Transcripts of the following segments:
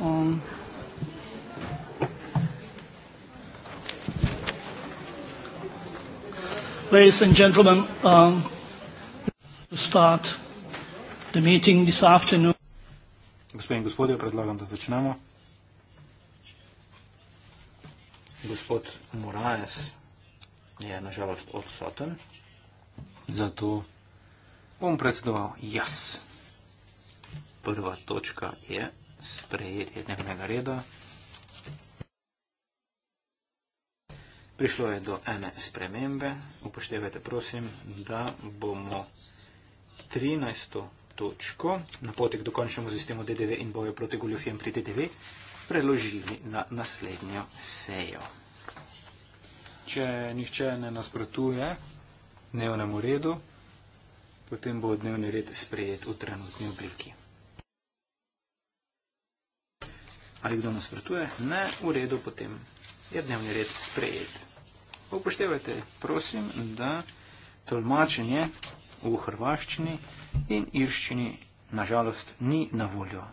Um. Ladies and gentlemen, um, to start the meeting this afternoon. Gospod in gospodje, predlagam, da začnemo. Gospod Moraes je nažalost odsoten, zato bom predsedoval jaz. Yes prva točka je sprejetje dnevnega reda. Prišlo je do ene spremembe. Upoštevajte, prosim, da bomo 13. točko na poti k dokončnemu sistemu DDV in boju proti goljofijem pri DDV preložili na naslednjo sejo. Če nišče ne nasprotuje dnevnemu redu, potem bo dnevni red sprejet v trenutni obliki. Ali kdo nasprotuje? Ne, v redu, potem je dnevni red sprejet. Upoštevajte, prosim, da tolmačenje v hrvaščini in irščini nažalost ni na voljo.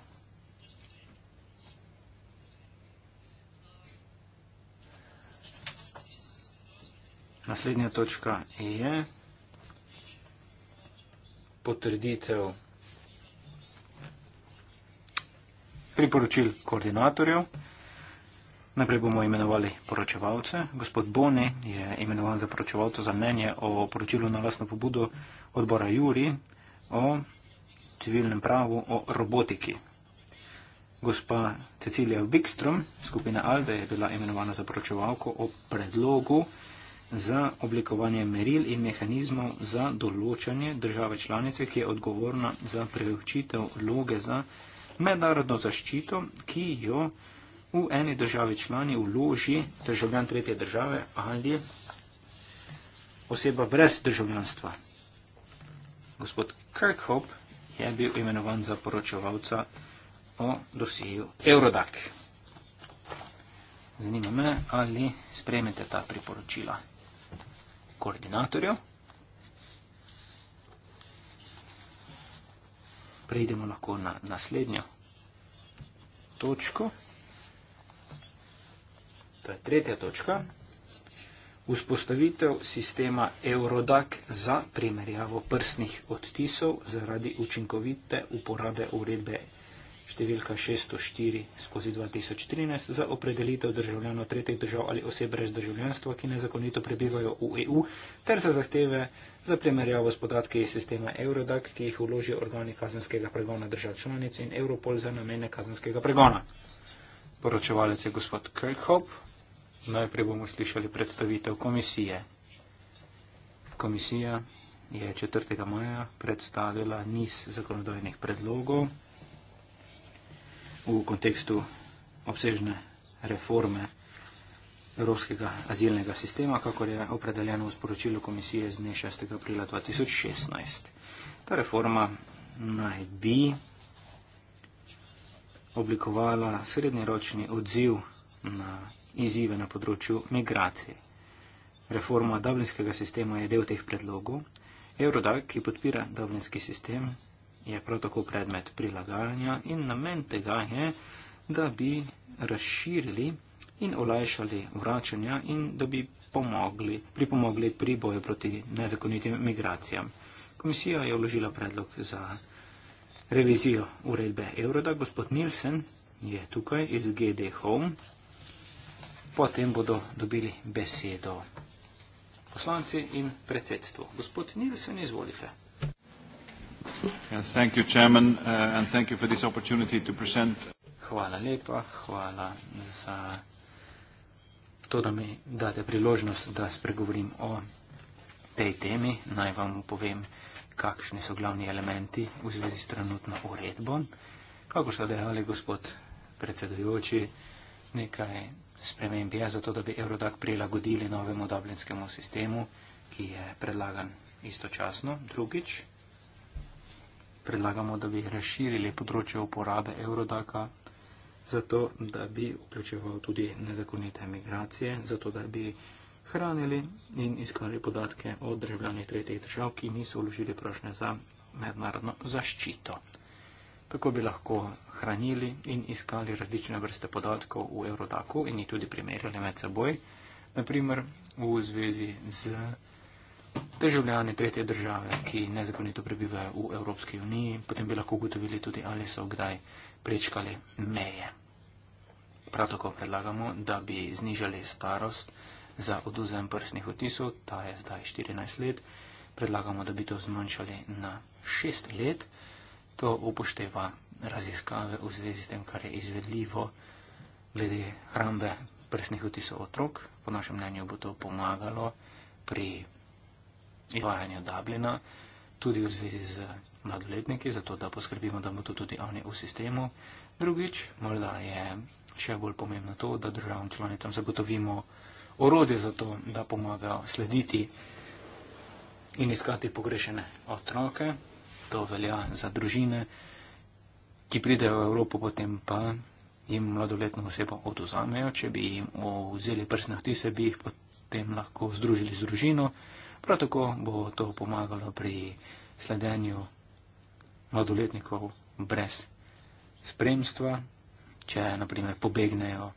Naslednja točka je potrditev. priporočil koordinatorjev. Najprej bomo imenovali poročevalce. Gospod Boni je imenovan za poročevalca za mnenje o poročilu na lastno pobudo odbora Juri o civilnem pravu, o robotiki. Gospa Cecilija Wikström, skupina Alde, je bila imenovana za poročevalko o predlogu za oblikovanje meril in mehanizmov za določanje države članice, ki je odgovorna za preučitev loge za mednarodno zaščito, ki jo v eni državi člani vloži državljan tretje države ali oseba brez državljanstva. Gospod Kirkhope je bil imenovan za poročevalca o dosiju Eurodac. Zanima me, ali sprejmete ta priporočila koordinatorjev. Prejdemo lahko na naslednjo točko. To je tretja točka. Vzpostavitev sistema Eurodac za primerjavo prstnih odtisov zaradi učinkovite uporabe uredbe številka 604 skozi 2013 za opredelitev državljanov tretjih držav ali oseb brez državljanstva, ki nezakonito prebivajo v EU, ter za zahteve za primerjavo s podatki iz sistema Eurodac, ki jih vloži organi kazenskega pregona držav članic in Europol za namene kazenskega pregona. Poročevalec je gospod Kirkhope. Najprej bomo slišali predstavitev komisije. Komisija je 4. maja predstavila niz zakonodajnih predlogov v kontekstu obsežne reforme evropskega azilnega sistema, kako je opredeljeno v sporočilu komisije z dne 6. aprila 2016. Ta reforma naj bi oblikovala srednjeročni odziv na izzive na področju migracije. Reforma dublinskega sistema je del teh predlogov. Eurodag, ki podpira dublinski sistem, je prav tako predmet prilagajanja in namen tega je, da bi razširili in olajšali vračanja in da bi pomogli, pripomogli pri boju proti nezakonitim migracijam. Komisija je vložila predlog za revizijo uredbe Euroda. Gospod Nilsen je tukaj iz GD Home. Potem bodo dobili besedo poslanci in predsedstvo. Gospod Nilsen, izvolite. Uh, hvala lepa, hvala za to, da mi date priložnost, da spregovorim o tej temi. Naj vam povem, kakšni so glavni elementi v zvezi s trenutno uredbo. Kako ste dejali, gospod predsedujoči, nekaj sprememb je za to, da bi Eurodak prilagodili novemu dublinskemu sistemu, ki je predlagan istočasno. Drugič, predlagamo, da bi razširili področje uporabe Eurodaka zato da bi vključeval tudi nezakonite migracije, zato da bi hranili in iskali podatke o državljanih tretjih držav, ki niso vložili prošnje za mednarodno zaščito. Tako bi lahko hranili in iskali različne vrste podatkov v Eurodaku in jih tudi primerjali med seboj, naprimer v zvezi z državljani tretje države, ki nezakonito prebivajo v Evropski uniji, potem bi lahko ugotovili tudi, ali so kdaj prečkali meje. Prav tako predlagamo, da bi znižali starost za oduzem prstnih otisov, ta je zdaj 14 let, predlagamo, da bi to zmanjšali na 6 let, to upošteva raziskave v zvezi s tem, kar je izvedljivo glede hrambe prstnih otisov otrok. Po našem mnenju bo to pomagalo pri izvajanju Dublina, tudi v zvezi z mladoletniki, zato da poskrbimo, da bodo tudi oni v sistemu. Drugič, morda je še bolj pomembno to, da državam članicam zagotovimo orodje za to, da pomagajo slediti in iskati pogrešene otroke. To velja za družine, ki pridejo v Evropo, potem pa jim mladoletno osebo oduzamejo. Če bi jim vzeli prsne vtise, bi jih potem lahko združili z družino. Prav tako bo to pomagalo pri sledenju mladoletnikov brez spremstva, če naprimer pobegnejo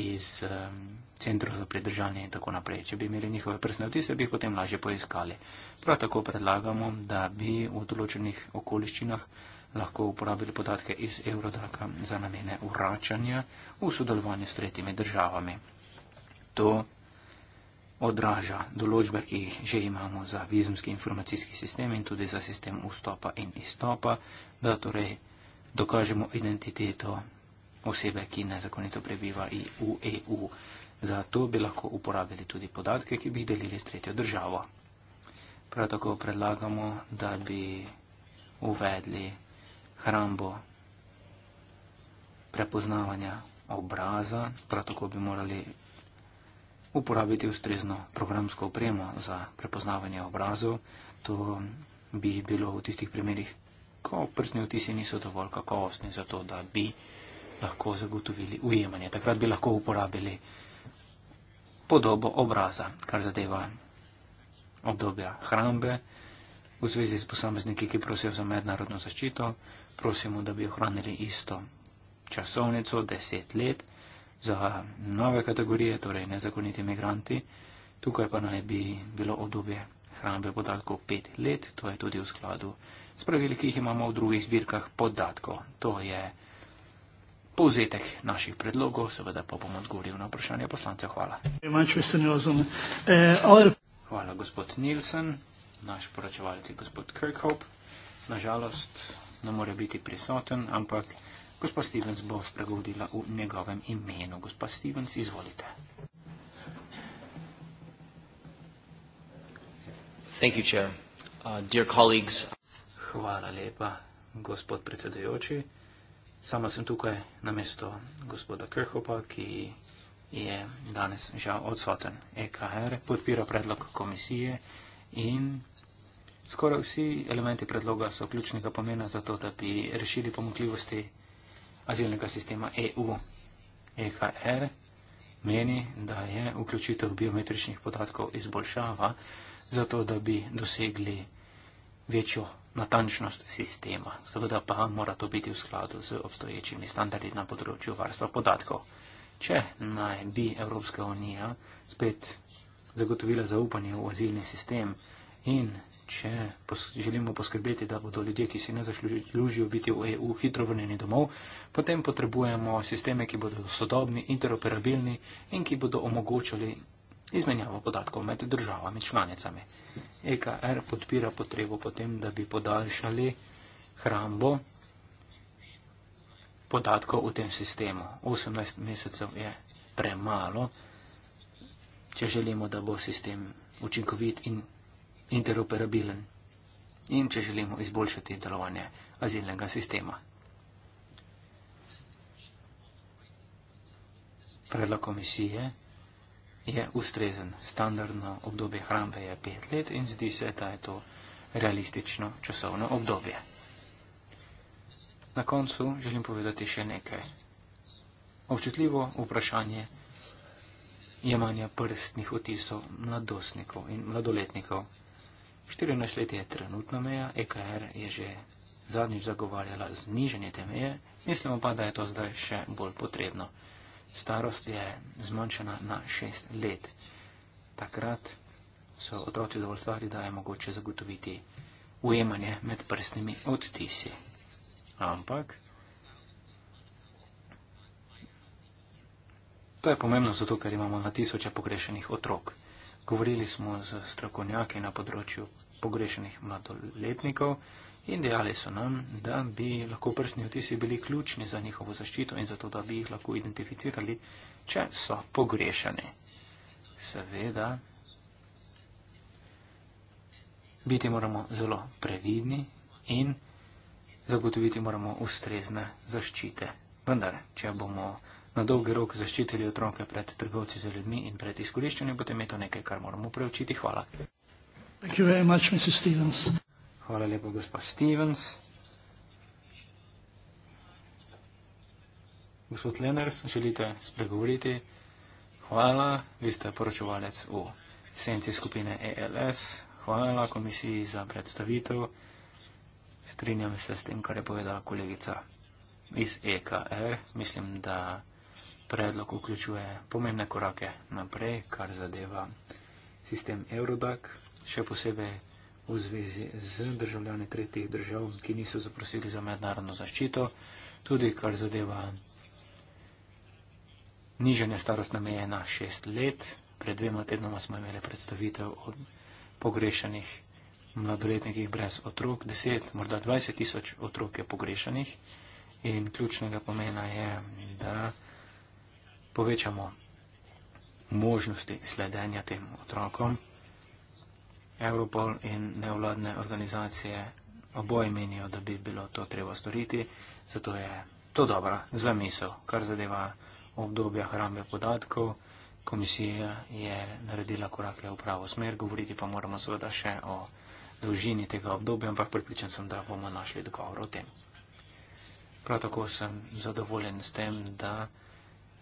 iz um, centrov za pridržanje in tako naprej. Če bi imeli njihove prsne otise, bi potem lažje poiskali. Prav tako predlagamo, da bi v določenih okoliščinah lahko uporabili podatke iz Eurodaka za namene vračanja v sodelovanju s tretjimi državami. To odraža določbe, ki jih že imamo za vizumski informacijski sistem in tudi za sistem vstopa in izstopa, da torej dokažemo identiteto osebe, ki nezakonito prebiva v EU. Zato bi lahko uporabili tudi podatke, ki bi jih delili s tretjo državo. Prav tako predlagamo, da bi uvedli hrambo prepoznavanja obraza, prav tako bi morali uporabiti ustrezno programsko opremo za prepoznavanje obrazov. To bi bilo v tistih primerih, ko prstni vtisi niso dovolj kakovostni za to, da bi lahko zagotovili ujemanje. Takrat bi lahko uporabili podobo obraza, kar zadeva obdobja hrambe. V zvezi s posamezniki, ki prosijo za mednarodno zaščito, prosimo, da bi ohranili isto časovnico deset let za nove kategorije, torej nezakoniti imigranti. Tukaj pa naj bi bilo odobje hrambe podatkov pet let, to je tudi v skladu s pravili, ki jih imamo v drugih zbirkah podatkov. To je povzetek naših predlogov, seveda pa bom odgovoril na vprašanje poslancev. Hvala. Hvala, gospod Nilsen, naš poročevalci, gospod Kirkhope. Nažalost, ne more biti prisoten, ampak. Gospa Stevens bo spregovorila v njegovem imenu. Gospa Stevens, izvolite. Thank you, chair. Uh, dear colleagues. Hvala lepa, gospod predsedujoči. Sama sem tukaj na mesto gospoda Krhopa, ki je danes žal odsoten. EKR er podpira predlog komisije in skoraj vsi elementi predloga so ključnega pomena za to, da bi rešili pomakljivosti azilnega sistema EU. SHR e meni, da je vključitev biometričnih podatkov izboljšava, zato da bi dosegli večjo natančnost sistema. Seveda pa mora to biti v skladu z obstoječimi standardi na področju varstva podatkov. Če naj bi Evropska unija spet zagotovila zaupanje v azilni sistem in če pos želimo poskrbeti, da bodo ljudje, ki si ne zaslužijo biti v EU, hitro vrnjeni domov, potem potrebujemo sisteme, ki bodo sodobni, interoperabilni in ki bodo omogočali izmenjavo podatkov med državami članicami. EKR podpira potrebo potem, da bi podaljšali hrambo podatkov v tem sistemu. 18 mesecev je premalo, če želimo, da bo sistem učinkovit in interoperabilen in če želimo izboljšati delovanje azilnega sistema. Predlog komisije je ustrezen. Standardno obdobje hrambe je pet let in zdi se, da je to realistično časovno obdobje. Na koncu želim povedati še nekaj. Občutljivo vprašanje jemanja prstnih otisov mladostnikov in mladoletnikov. 14 let je trenutna meja, EKR je že zadnjič zagovarjala znižanje te meje, mislimo pa, da je to zdaj še bolj potrebno. Starost je zmanjšana na 6 let. Takrat so otroci dovolj stari, da je mogoče zagotoviti ujemanje med prstnimi odtisi. Ampak. To je pomembno zato, ker imamo na tisoče pogrešenih otrok. Govorili smo z strokovnjaki na področju pogrešenih mladoletnikov in dejali so nam, da bi lahko prstni vtisi bili ključni za njihovo zaščito in zato, da bi jih lahko identificirali, če so pogrešani. Seveda, biti moramo zelo previdni in zagotoviti moramo ustrezne zaščite. Vendar, če bomo na dolgi rok zaščitili otroke pred trgovci z ljudmi in pred izkoriščanjem, potem je to nekaj, kar moramo preučiti. Hvala. Much, Hvala lepa, gospa Stevens. Gospod Lenners, želite spregovoriti? Hvala, vi ste poročevalec v senci skupine ELS. Hvala komisiji za predstavitev. Strinjam se s tem, kar je povedala kolegica iz EKR. Mislim, da predlog vključuje pomembne korake naprej, kar zadeva sistem Eurodac, še posebej v zvezi z državljani tretjih držav, ki niso zaprosili za mednarodno zaščito, tudi kar zadeva nižanje starostne meje na šest let. Pred dvema tednoma smo imeli predstavitev o pogrešanih mladoletnikih brez otrok. Deset, morda dvajset tisoč otrok je pogrešanih in ključnega pomena je, da povečamo možnosti sledenja tem otrokom. Europol in nevladne organizacije oboje menijo, da bi bilo to treba storiti, zato je to dobra zamisel, kar zadeva obdobja hrambe podatkov. Komisija je naredila korake v pravo smer, govoriti pa moramo seveda še o dolžini tega obdobja, ampak pripričan sem, da bomo našli dogovor o tem. Prav tako sem zadovoljen s tem, da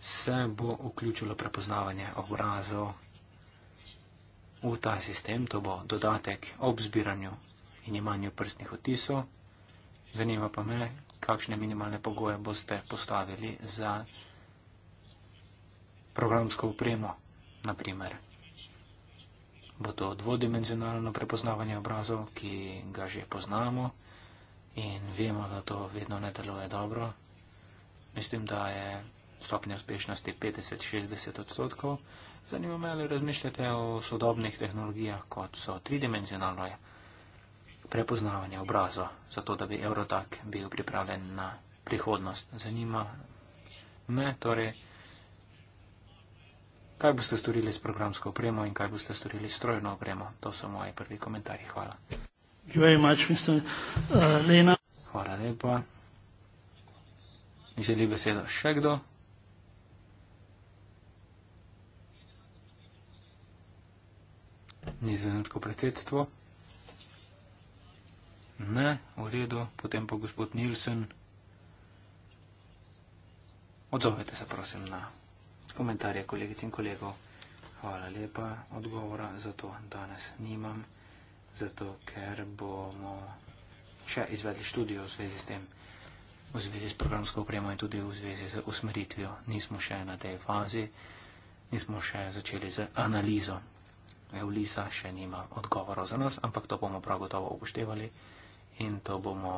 se bo vključilo prepoznavanje obrazov v ta sistem. To bo dodatek ob zbiranju in imanju prstnih otisov. Zanima pa me, kakšne minimalne pogoje boste postavili za programsko upremo, naprimer. Bo to dvodimenzionalno prepoznavanje obrazov, ki ga že poznamo in vemo, da to vedno ne deluje dobro. Mislim, da je stopnja uspešnosti 50-60 odstotkov. Zanima me, ali razmišljate o sodobnih tehnologijah, kot so tridimenzionalno prepoznavanje obrazo, zato da bi Eurodac bil pripravljen na prihodnost. Zanima me, torej, kaj boste storili s programsko opremo in kaj boste storili s strojno opremo. To so moji prvi komentarji. Hvala. Much, uh, Hvala lepa. Želi besedo še kdo? nizozemsko predsedstvo. Ne, v redu, potem pa gospod Nilsen. Odzovete se prosim na komentarje kolegic in kolegov. Hvala lepa, odgovora za to danes nimam, zato ker bomo še izvedli študijo v zvezi s tem, v zvezi s programsko opremo in tudi v zvezi z usmeritvijo. Nismo še na tej fazi, nismo še začeli z analizo Eulisa še nima odgovorov za nas, ampak to bomo prav gotovo upoštevali in to bomo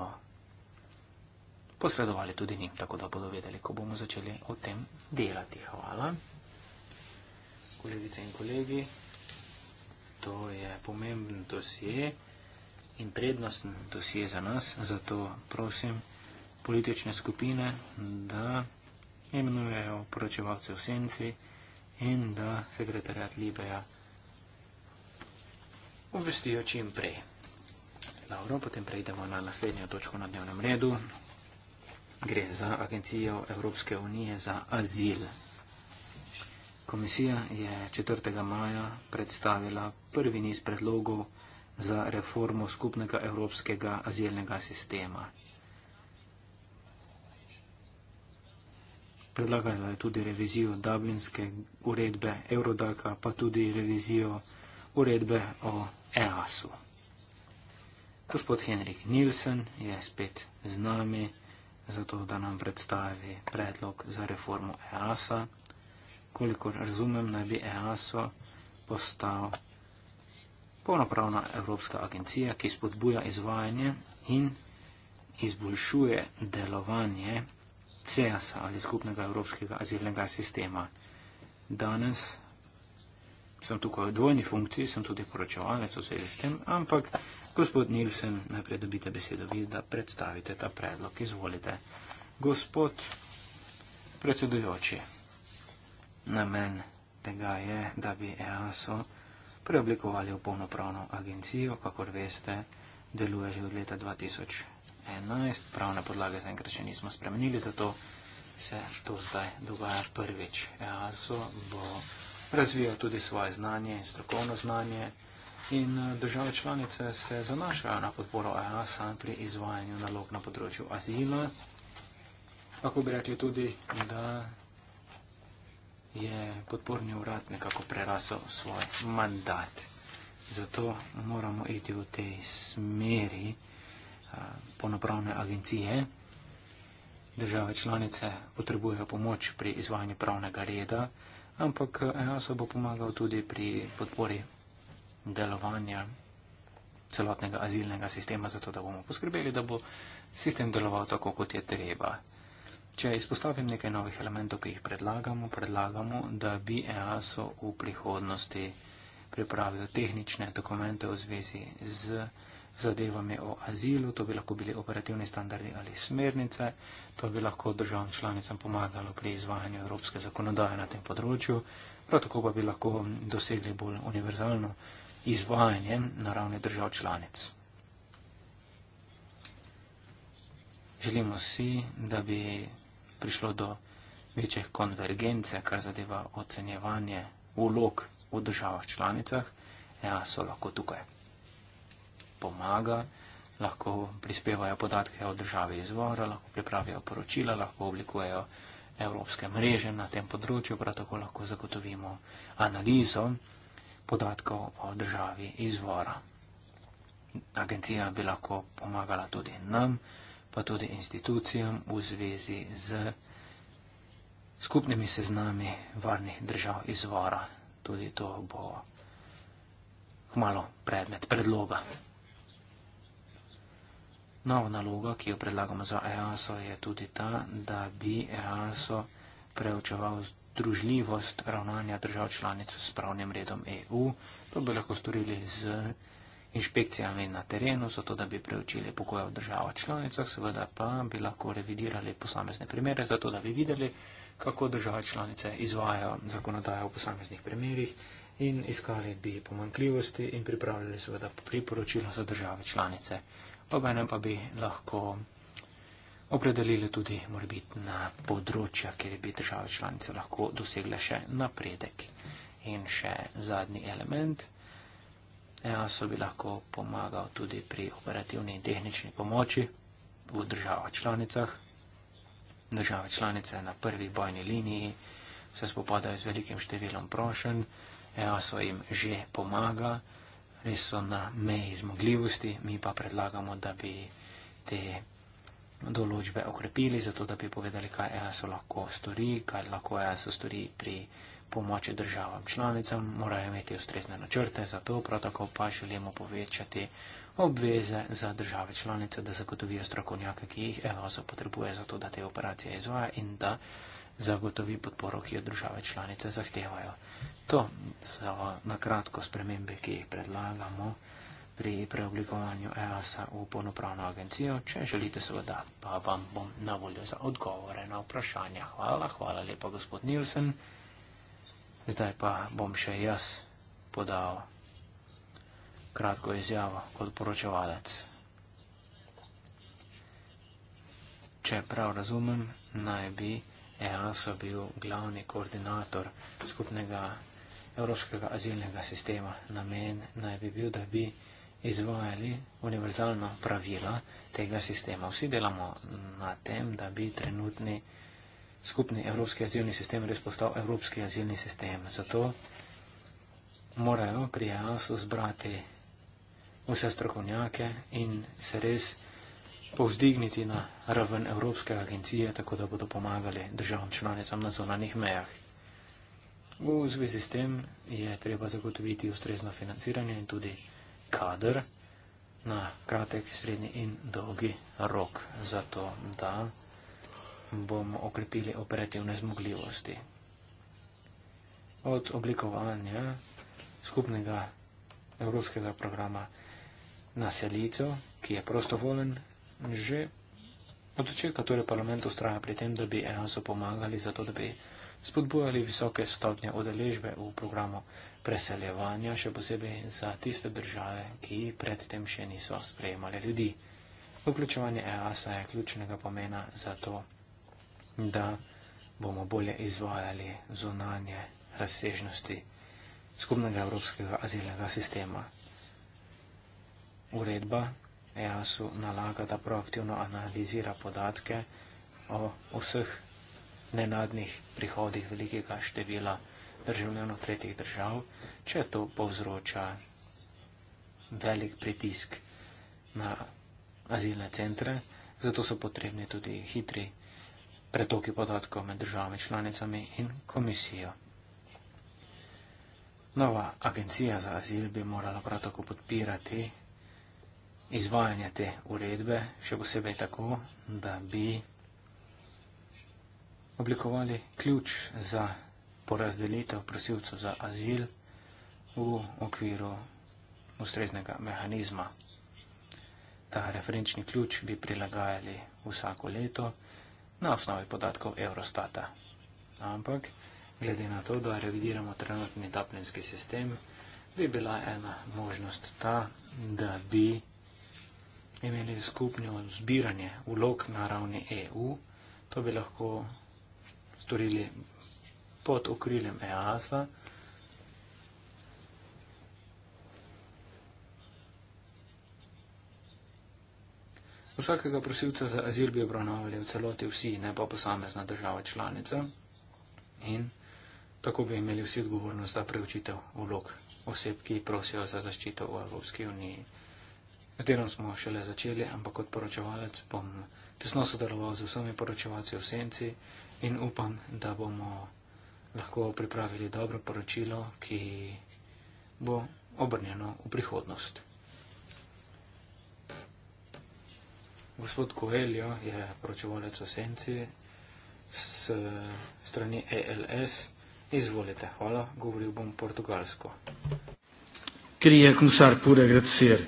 posredovali tudi njim, tako da bodo vedeli, ko bomo začeli o tem delati. Hvala. Kolegice in kolegi, to je pomemben dosje in prednostn dosje za nas, zato prosim politične skupine, da imenujejo poročevalce v senci in da sekretariat Libeja obvestijo čim prej. Dobro, potem prejdemo na naslednjo točko na dnevnem redu. Gre za Agencijo Evropske unije za azil. Komisija je 4. maja predstavila prvi niz predlogov za reformo skupnega evropskega azilnega sistema. Predlagala je tudi revizijo Dublinske uredbe Eurodaka, pa tudi revizijo uredbe o EASU. Gospod Henrik Nilsen je spet z nami, zato da nam predstavi predlog za reformo EASA. Kolikor razumem, naj bi EASO postal polnopravna evropska agencija, ki spodbuja izvajanje in izboljšuje delovanje CEASA ali skupnega evropskega azilnega sistema. Danes sem tukaj v dvojni funkciji, sem tudi poročevalec vse s tem, ampak gospod Nilsen, najprej dobite besedo vi, da predstavite ta predlog. Izvolite. Gospod predsedujoči, namen tega je, da bi EASO preoblikovali v polnopravno agencijo, kakor veste, deluje že od leta 2011, pravne podlage zaenkrat še nismo spremenili, zato se to zdaj dogaja prvič. EASO bo razvijajo tudi svoje znanje in strokovno znanje in eh, države članice se zanašajo na podporo EASA pri izvajanju nalog na področju azila. Lahko bi rekli tudi, da je podporni urad nekako prerasel svoj mandat. Zato moramo iti v tej smeri eh, ponopravne agencije. Države članice potrebujejo pomoč pri izvajanju pravnega reda ampak eh, EASA bo pomagal tudi pri podpori delovanja celotnega azilnega sistema, zato da bomo poskrbeli, da bo sistem deloval tako, kot je treba. Če izpostavim nekaj novih elementov, ki jih predlagamo, predlagamo, da bi EASO v prihodnosti pripravil tehnične dokumente v zvezi z zadevami o azilu, to bi lahko bili operativni standardi ali smernice, to bi lahko državam članicam pomagalo pri izvajanju evropske zakonodaje na tem področju, prav tako pa bi lahko dosegli bolj univerzalno izvajanje na ravni držav članic. Želimo si, da bi prišlo do večje konvergence, kar zadeva ocenjevanje vlog v državah članicah. Ja, so lahko tukaj pomaga, lahko prispevajo podatke o državi izvora, lahko pripravijo poročila, lahko oblikujejo evropske mreže na tem področju, prav tako lahko zagotovimo analizo podatkov o državi izvora. Agencija bi lahko pomagala tudi nam, pa tudi institucijam v zvezi z skupnimi seznami varnih držav izvora. Tudi to bo kmalo predmet predloga. Nova naloga, ki jo predlagamo za EASO, je tudi ta, da bi EASO preučeval združljivost ravnanja držav članic s pravnim redom EU. To bi lahko storili z inšpekcijami na terenu, zato da bi preučili pokoje v državah članicah, seveda pa bi lahko revidirali posamezne primere, zato da bi videli, kako države članice izvajajo zakonodajo v posameznih primerih in iskali bi pomankljivosti in pripravljali seveda priporočila za države članice obenem pa bi lahko opredelili tudi morbitna področja, kjer bi države članice lahko dosegle še napredek. In še zadnji element, EASO bi lahko pomagal tudi pri operativni in tehnični pomoči v državah članicah. Države članice na prvi bojni liniji se spopadajo z velikim številom prošen, EASO jim že pomaga res so na meji zmogljivosti, mi pa predlagamo, da bi te določbe okrepili, zato da bi povedali, kaj ESO lahko stori, kaj lahko ESO stori pri pomoči državam članicam, morajo imeti ustrezne načrte, zato prav tako pa želimo povečati obveze za države članice, da zagotovijo strokovnjake, ki jih ESO potrebuje za to, da te operacije izvaja in da zagotovi podporo, ki jo države članice zahtevajo. To so na kratko spremembe, ki jih predlagamo pri preoblikovanju EASA v ponopravno agencijo. Če želite, seveda, pa vam bom na voljo za odgovore na vprašanja. Hvala, hvala lepa, gospod Nilsen. Zdaj pa bom še jaz podal kratko izjavo kot poročevalec. Če prav razumem, naj bi EASA bil glavni koordinator skupnega evropskega azilnega sistema. Namen naj bi bil, da bi izvajali univerzalna pravila tega sistema. Vsi delamo na tem, da bi trenutni skupni evropski azilni sistem res postal evropski azilni sistem. Zato morajo pri EASO zbrati vse strokovnjake in se res povzdigniti na raven Evropske agencije, tako da bodo pomagali državam članicam na zunanih mejah. V zvezi s tem je treba zagotoviti ustrezno financiranje in tudi kader na kratek, srednji in dolgi rok, zato da bomo okrepili operativne zmogljivosti. Od oblikovanja skupnega evropskega programa naselitev, ki je prostovolen, že od očeka, torej parlament ustraja pri tem, da bi EASO pomagali za to, da bi spodbujali visoke stopnje odeležbe v programu preseljevanja, še posebej za tiste države, ki predtem še niso sprejemali ljudi. Vključevanje EASA je ključnega pomena za to, da bomo bolje izvajali zunanje razsežnosti skupnega evropskega azilnega sistema. Uredba EASU nalaga, da proaktivno analizira podatke o vseh nenadnih prihodih velikega števila državljanov tretjih držav, če to povzroča velik pritisk na azilne centre, zato so potrebni tudi hitri pretoki podatkov med državami članicami in komisijo. Nova agencija za azil bi morala prav tako podpirati izvajanje te uredbe, še posebej tako, da bi oblikovali ključ za porazdelitev prosilcev za azil v okviru ustreznega mehanizma. Ta referenčni ključ bi prilagajali vsako leto na osnovi podatkov Eurostata. Ampak, glede na to, da revidiramo trenutni Dublinski sistem, bi bila ena možnost ta, da bi imeli skupno zbiranje vlog na ravni EU. To bi lahko storili pod okriljem EASA. Vsakega prosilca za azil bi obravnavali v celoti vsi, ne pa posamezna država članica. In tako bi imeli vsi odgovornost za preučitev vlog oseb, ki prosijo za zaščito v Evropski uniji. Z delom smo šele začeli, ampak kot poročevalec bom tesno sodeloval z vsemi poročevalci v senci in upam, da bomo lahko pripravili dobro poročilo, ki bo obrnjeno v prihodnost. Gospod Koeljo je poročevalec o senci s strani ALS. Izvolite, hvala, govoril bom portugalsko. Krije komisar Pure Gracir,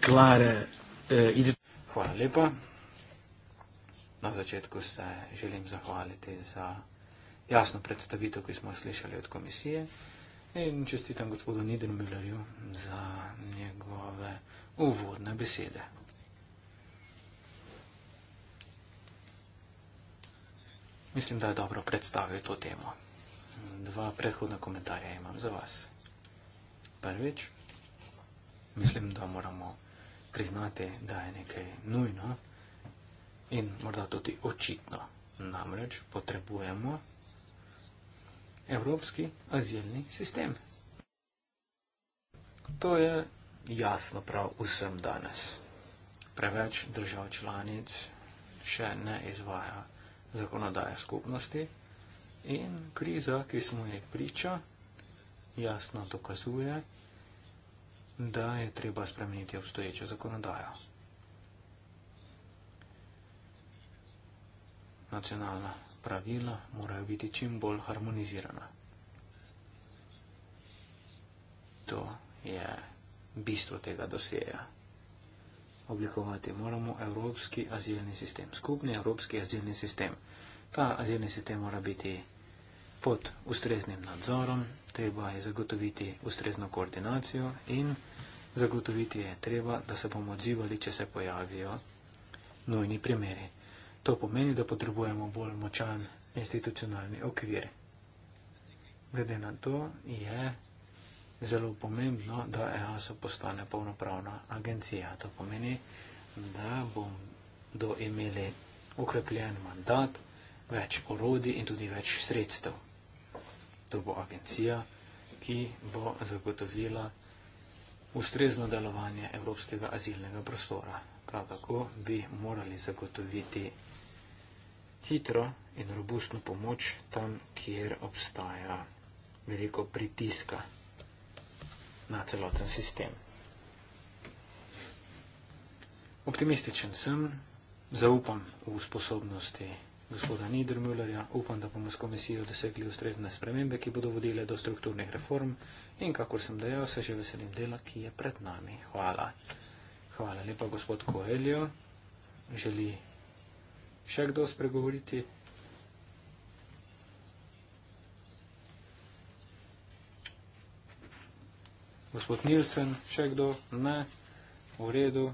Klare, eh, eh, idite. Hvala lepa. Na začetku se želim zahvaliti za jasno predstavitev, ki smo jo slišali od komisije in čestitam gospodu Nidenmüllerju za njegove uvodne besede. Mislim, da je dobro predstavil to temo. Dva predhodna komentarja imam za vas. Prvič, mislim, da moramo priznati, da je nekaj nujno in morda tudi očitno. Namreč potrebujemo evropski azilni sistem. To je jasno prav vsem danes. Preveč držav članic še ne izvaja zakonodaje skupnosti in kriza, ki smo jih priča, jasno dokazuje, da je treba spremeniti obstoječo zakonodajo. nacionalna pravila morajo biti čim bolj harmonizirana. To je bistvo tega dosjeja. Oblikovati moramo evropski azilni sistem, skupni evropski azilni sistem. Ta azilni sistem mora biti pod ustreznim nadzorom, treba je zagotoviti ustrezno koordinacijo in zagotoviti je treba, da se bomo odzivali, če se pojavijo nujni primeri. To pomeni, da potrebujemo bolj močan institucionalni okvir. Glede na to je zelo pomembno, da EASO postane polnopravna agencija. To pomeni, da bomo imeli ukrepljen mandat, več orodij in tudi več sredstev. To bo agencija, ki bo zagotovila ustrezno delovanje evropskega azilnega prostora. Prav tako bi morali zagotoviti hitro in robustno pomoč tam, kjer obstaja veliko pritiska na celoten sistem. Optimističen sem, zaupam v sposobnosti gospoda Niedermüllerja, upam, da bomo s komisijo dosegli ustrezne spremembe, ki bodo vodile do strukturnih reform in, kakor sem dejal, se že veselim dela, ki je pred nami. Hvala. Hvala lepa, gospod Koeljo. Želi še kdo spregovoriti? Gospod Nilsen, še kdo? Ne. V redu.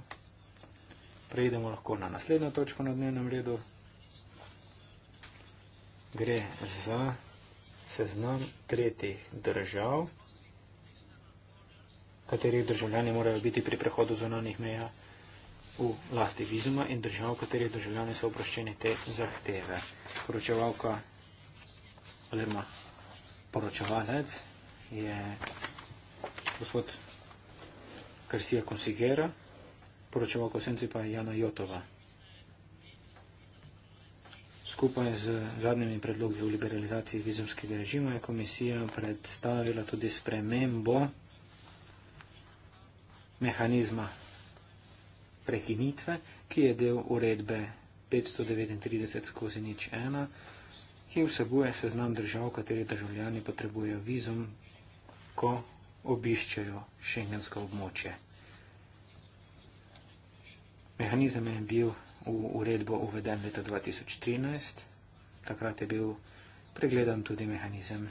Prejdemo lahko na naslednjo točko na dnevnem redu. Gre za seznam tretjih držav, katerih državljani morajo biti pri prehodu zunanih meja v lasti vizuma in držav, katerih državljani so oproščeni te zahteve. Poročevalka oziroma poročevalec je gospod Krsija Konsigera, poročevalka v senci pa je Jana Jotova. Skupaj z zadnjimi predlogi v liberalizaciji vizumskega režima je komisija predstavila tudi spremembo mehanizma prekinitve, ki je del uredbe 539 skozi nič ena, ki vsebuje seznam držav, kateri državljani potrebujejo vizum, ko obiščajo šengensko območje. Mehanizem je bil v uredbo uveden leta 2013, takrat je bil pregledan tudi mehanizem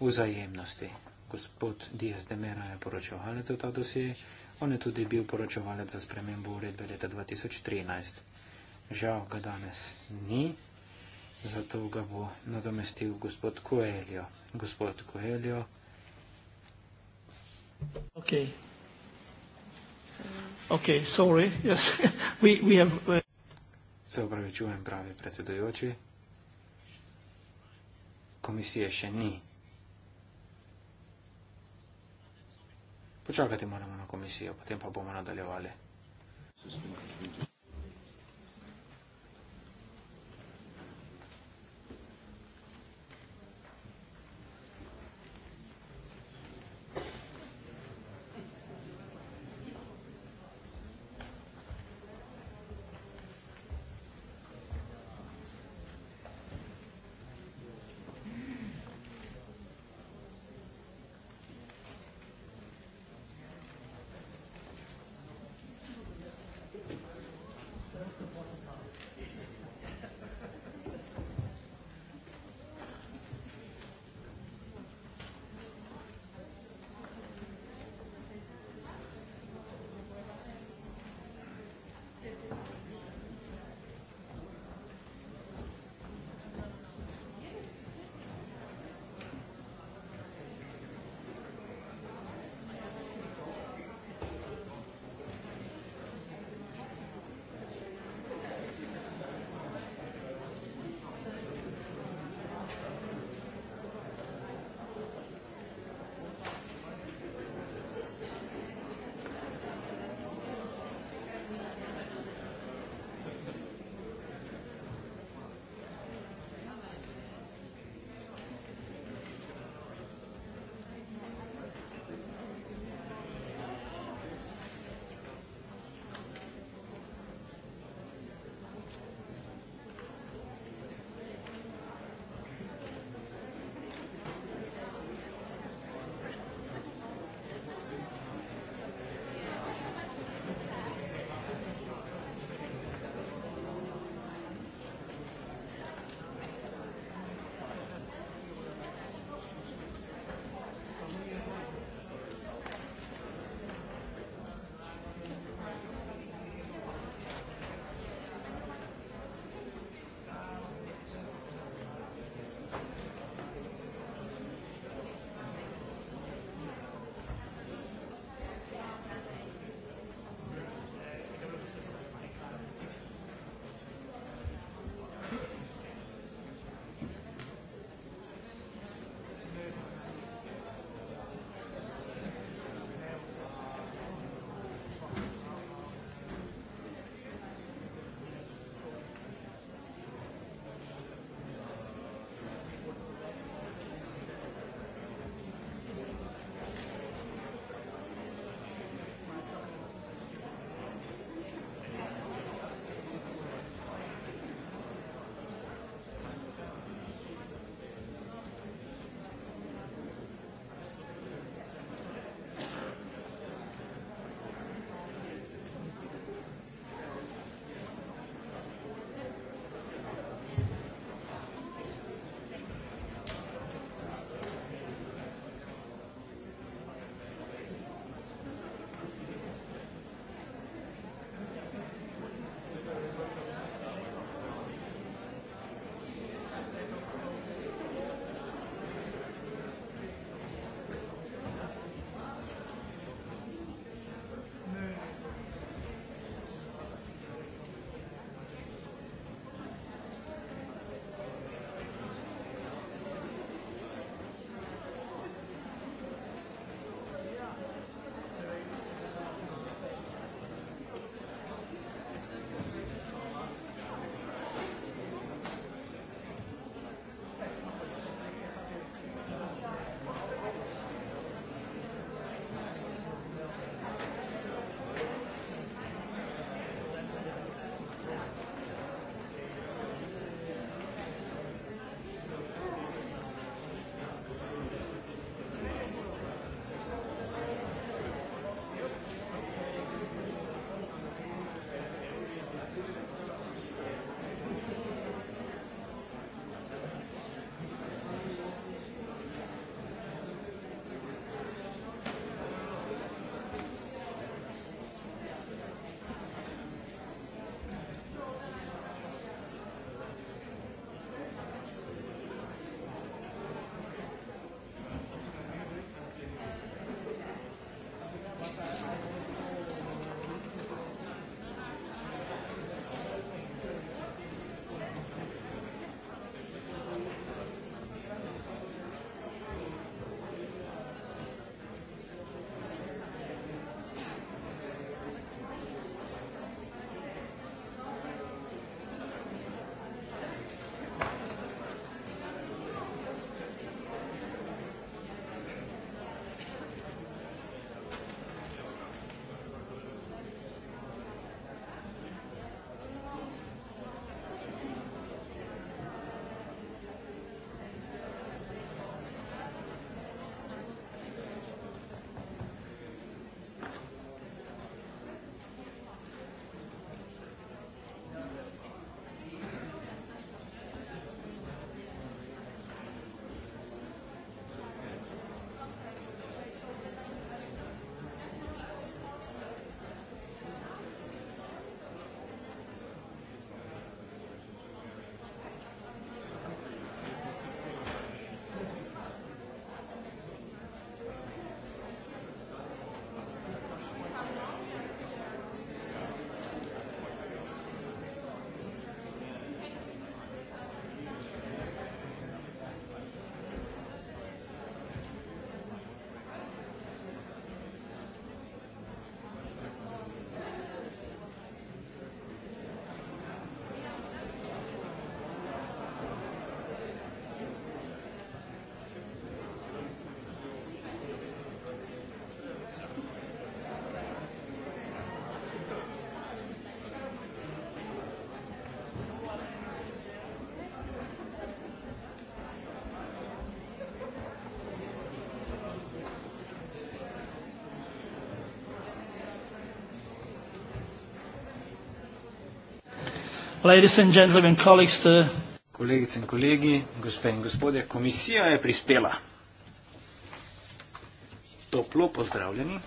vzajemnosti. Gospod Dias de Mera je poročevalec za ta dosje. On je tudi bil poročevalec za spremembo uredbe leta 2013. Žal ga danes ni, zato ga bo nadomestil gospod Koeljo. Gospod Koeljo. Ok. Ok, sorry, yes, we, we have... Uh... Se opravičujem, pravi predsedujoči. Komisije še ni. Mm. Počakati moramo na komisijo, potem pa bomo nadaljevali. Ladies and gentlemen, colleagues, the Kolegice in kolegi, gospe in gospodje, komisija je prispela. Toplo pozdravljeni.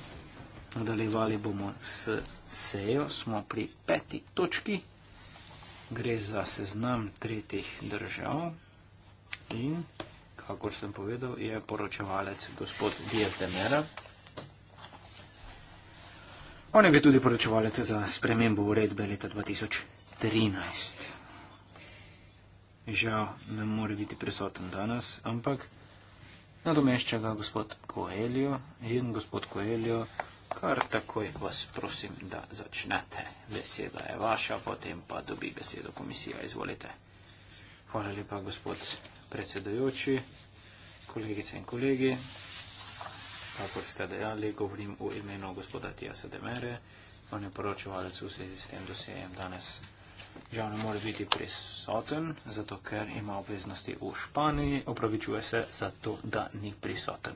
Nadaljevali bomo s sejo. Smo pri peti točki. Gre za seznam tretjih držav. In, kakor sem povedal, je poročevalec gospod Dias Demera. On je bil tudi poročevalec za spremembo uredbe leta 2020. 13. Žal ne more biti prisoten danes, ampak nadomešča ga gospod Koelijo in gospod Koelijo, kar takoj vas prosim, da začnete. Beseda je vaša, potem pa dobi besedo komisija, izvolite. Hvala lepa, gospod predsedojoči, kolegice in kolegi. Kako ste dejali, govorim v imenu gospoda Tija Sedemere, on je poročevalec v zvezi s tem dosejem danes žal ne more biti prisoten, zato ker ima obveznosti v Španiji, opravičuje se zato, da ni prisoten.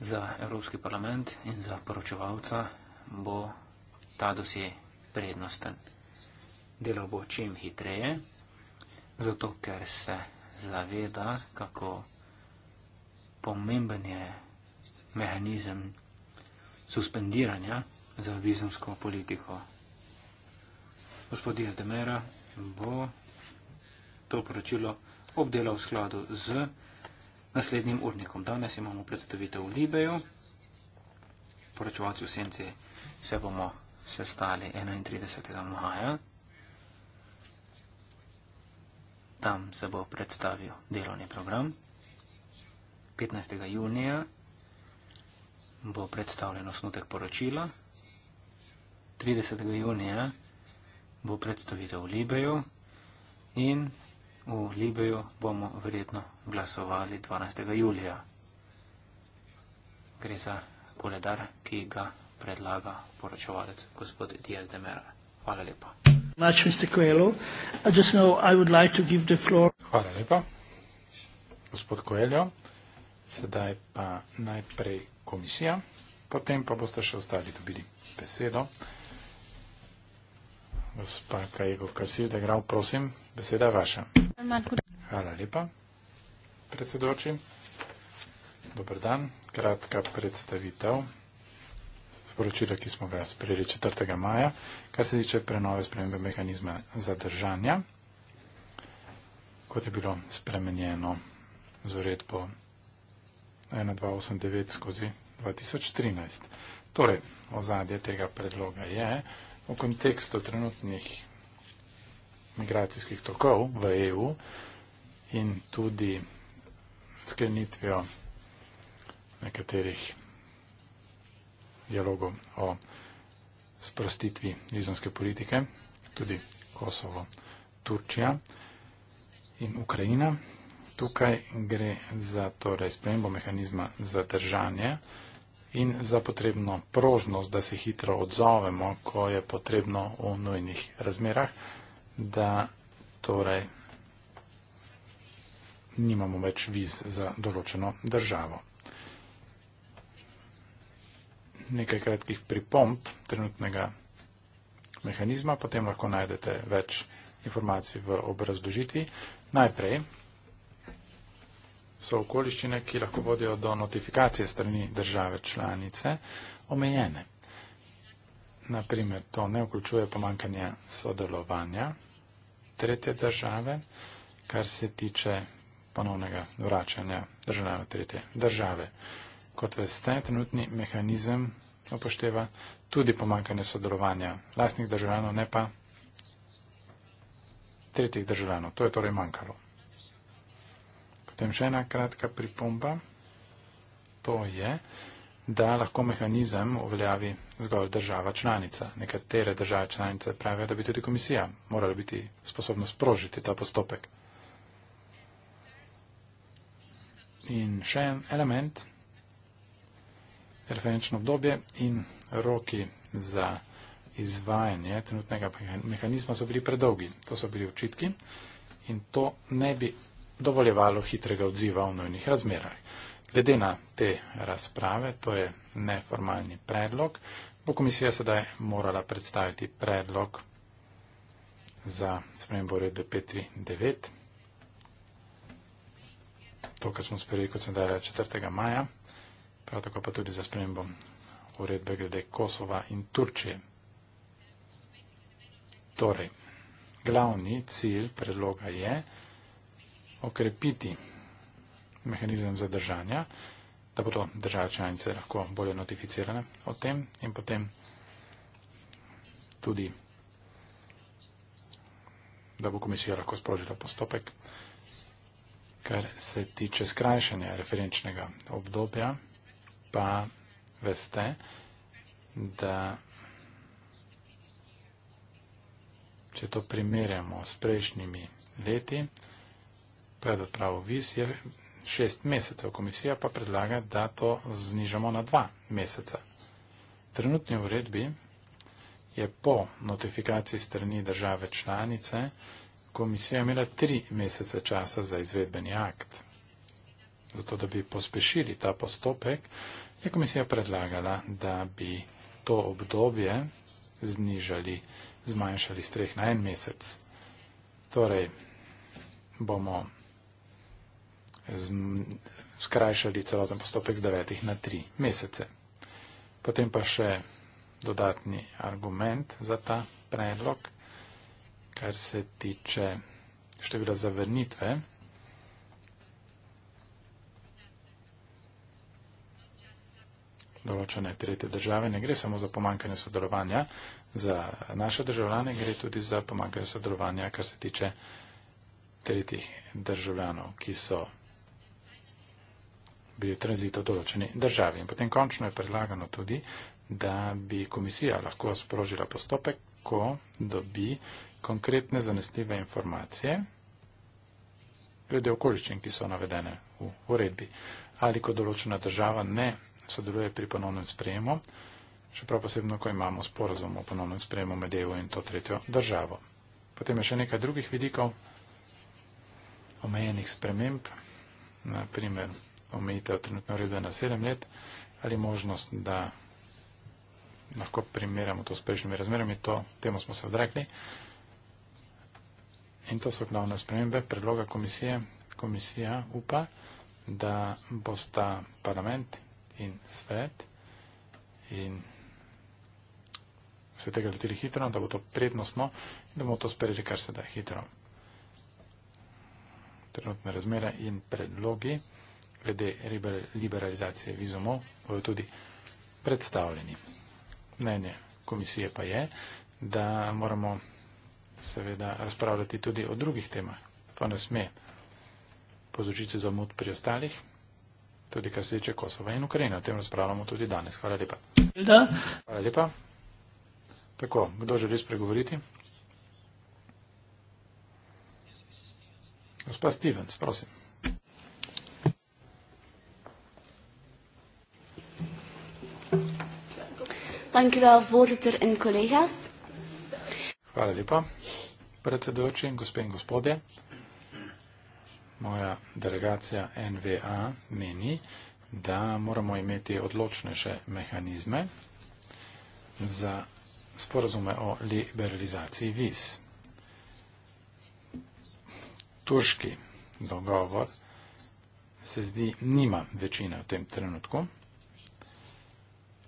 Za Evropski parlament in za poročevalca bo ta dosje prednosten. Delo bo čim hitreje, zato ker se zaveda, kako pomemben je mehanizem suspendiranja za vizumsko politiko gospod Diaz de Mera bo to poročilo obdelal v skladu z naslednjim urnikom. Danes imamo predstavitev v Libeju, poročevalci v Senci se bomo sestali 31. maja. Tam se bo predstavil delovni program. 15. junija bo predstavljen osnutek poročila. 30. junija bo predstavitev v Libiju in v Libiju bomo verjetno glasovali 12. julija. Gre za koledar, ki ga predlaga poročevalec gospod Diaz de Mera. Hvala lepa. Much, Mr. Coelho. I just know I would like to give the floor. Hvala lepa, gospod Coelho. Sedaj pa najprej komisija, potem pa boste še ostali dobili besedo gospa Kajko Kasil, da grav, prosim, beseda je vaša. Hvala lepa, predsedoči. Dobar dan, kratka predstavitev poročila, ki smo ga sprejeli 4. maja, kar se tiče prenove spremembe mehanizma zadržanja, kot je bilo spremenjeno z uredbo 1289 skozi 2013. Torej, ozadje tega predloga je, v kontekstu trenutnih migracijskih tokov v EU in tudi sklenitvijo nekaterih dialogov o sprostitvi vizonske politike, tudi Kosovo, Turčija in Ukrajina. Tukaj gre za torej spremembo mehanizma zadržanja in za potrebno prožnost, da se hitro odzovemo, ko je potrebno v nujnih razmerah, da torej nimamo več viz za določeno državo. Nekaj kratkih pripomp trenutnega mehanizma, potem lahko najdete več informacij v obrazložitvi. Najprej so okoliščine, ki lahko vodijo do notifikacije strani države članice, omejene. Naprimer, to ne vključuje pomankanje sodelovanja tretje države, kar se tiče ponovnega vračanja državljanov tretje države. Kot veste, trenutni mehanizem upošteva tudi pomankanje sodelovanja lastnih državljanov, ne pa tretjih državljanov. To je torej manjkalo. Potem še ena kratka pripomba. To je, da lahko mehanizem uveljavi zgolj država članica. Nekatere države članice pravijo, da bi tudi komisija morala biti sposobna sprožiti ta postopek. In še en element, referenčno obdobje in roki za izvajanje trenutnega mehanizma so bili predolgi. To so bili očitki in to ne bi dovoljevalo hitrega odziva v nojnih razmerah. Glede na te razprave, to je neformalni predlog, bo komisija sedaj morala predstaviti predlog za spremembo uredbe 539. To, kar smo sprejeli, kot sem dajala, 4. maja, prav tako pa tudi za spremembo uredbe glede Kosova in Turčije. Torej, glavni cilj predloga je, okrepiti mehanizem zadržanja, da bodo države članice lahko bolje notificirane o tem in potem tudi, da bo komisija lahko sprožila postopek, kar se tiče skrajšanja referenčnega obdobja, pa veste, da če to primerjamo s prejšnjimi leti, pred odpravo viz je šest mesecev. Komisija pa predlaga, da to znižamo na dva meseca. V trenutni uredbi je po notifikaciji strani države članice komisija imela tri mesece časa za izvedbeni akt. Zato, da bi pospešili ta postopek, je komisija predlagala, da bi to obdobje znižali, zmanjšali streh na en mesec. Torej, bomo skrajšali celoten postopek z devetih na tri mesece. Potem pa še dodatni argument za ta predlog, kar se tiče števila zavrnitve. Določene tretje države ne gre samo za pomankanje sodelovanja za naše državljane, gre tudi za pomankanje sodelovanja, kar se tiče tretjih državljanov, ki so bil tranzit v določeni državi. In potem končno je predlagano tudi, da bi komisija lahko sprožila postopek, ko dobi konkretne zanesljive informacije glede okoliščin, ki so navedene v uredbi. Ali ko določena država ne sodeluje pri ponovnem sprejemu, čeprav posebno, ko imamo sporozum o ponovnem sprejemu med EU in to tretjo državo. Potem je še nekaj drugih vidikov omejenih sprememb, naprimer omejitev trenutno reda na 7 let ali možnost, da lahko primerjamo to s prejšnjimi razmerami, to, temu smo se odrekli. In to so glavne spremembe predloga komisije. Komisija upa, da bosta parlament in svet in vse tega leteli hitro, da bo to prednostno in da bomo to sprejeli kar se da hitro. Trenutne razmere in predlogi glede liberalizacije vizumov, bojo tudi predstavljeni. Mnenje komisije pa je, da moramo seveda razpravljati tudi o drugih temah. To ne sme povzročiti zamud pri ostalih, tudi kar se tiče Kosova in Ukrajine. O tem razpravljamo tudi danes. Hvala lepa. Da. Hvala lepa. Tako, kdo želi spregovoriti? Gospa Stevens, prosim. Dank u wel, voorzitter en collega's. Hvala lepa, predsedujoči, gospe in gospodje. Moja delegacija NVA meni, da moramo imeti odločnejše mehanizme za sporozume o liberalizaciji viz. Turški dogovor se zdi nima večine v tem trenutku.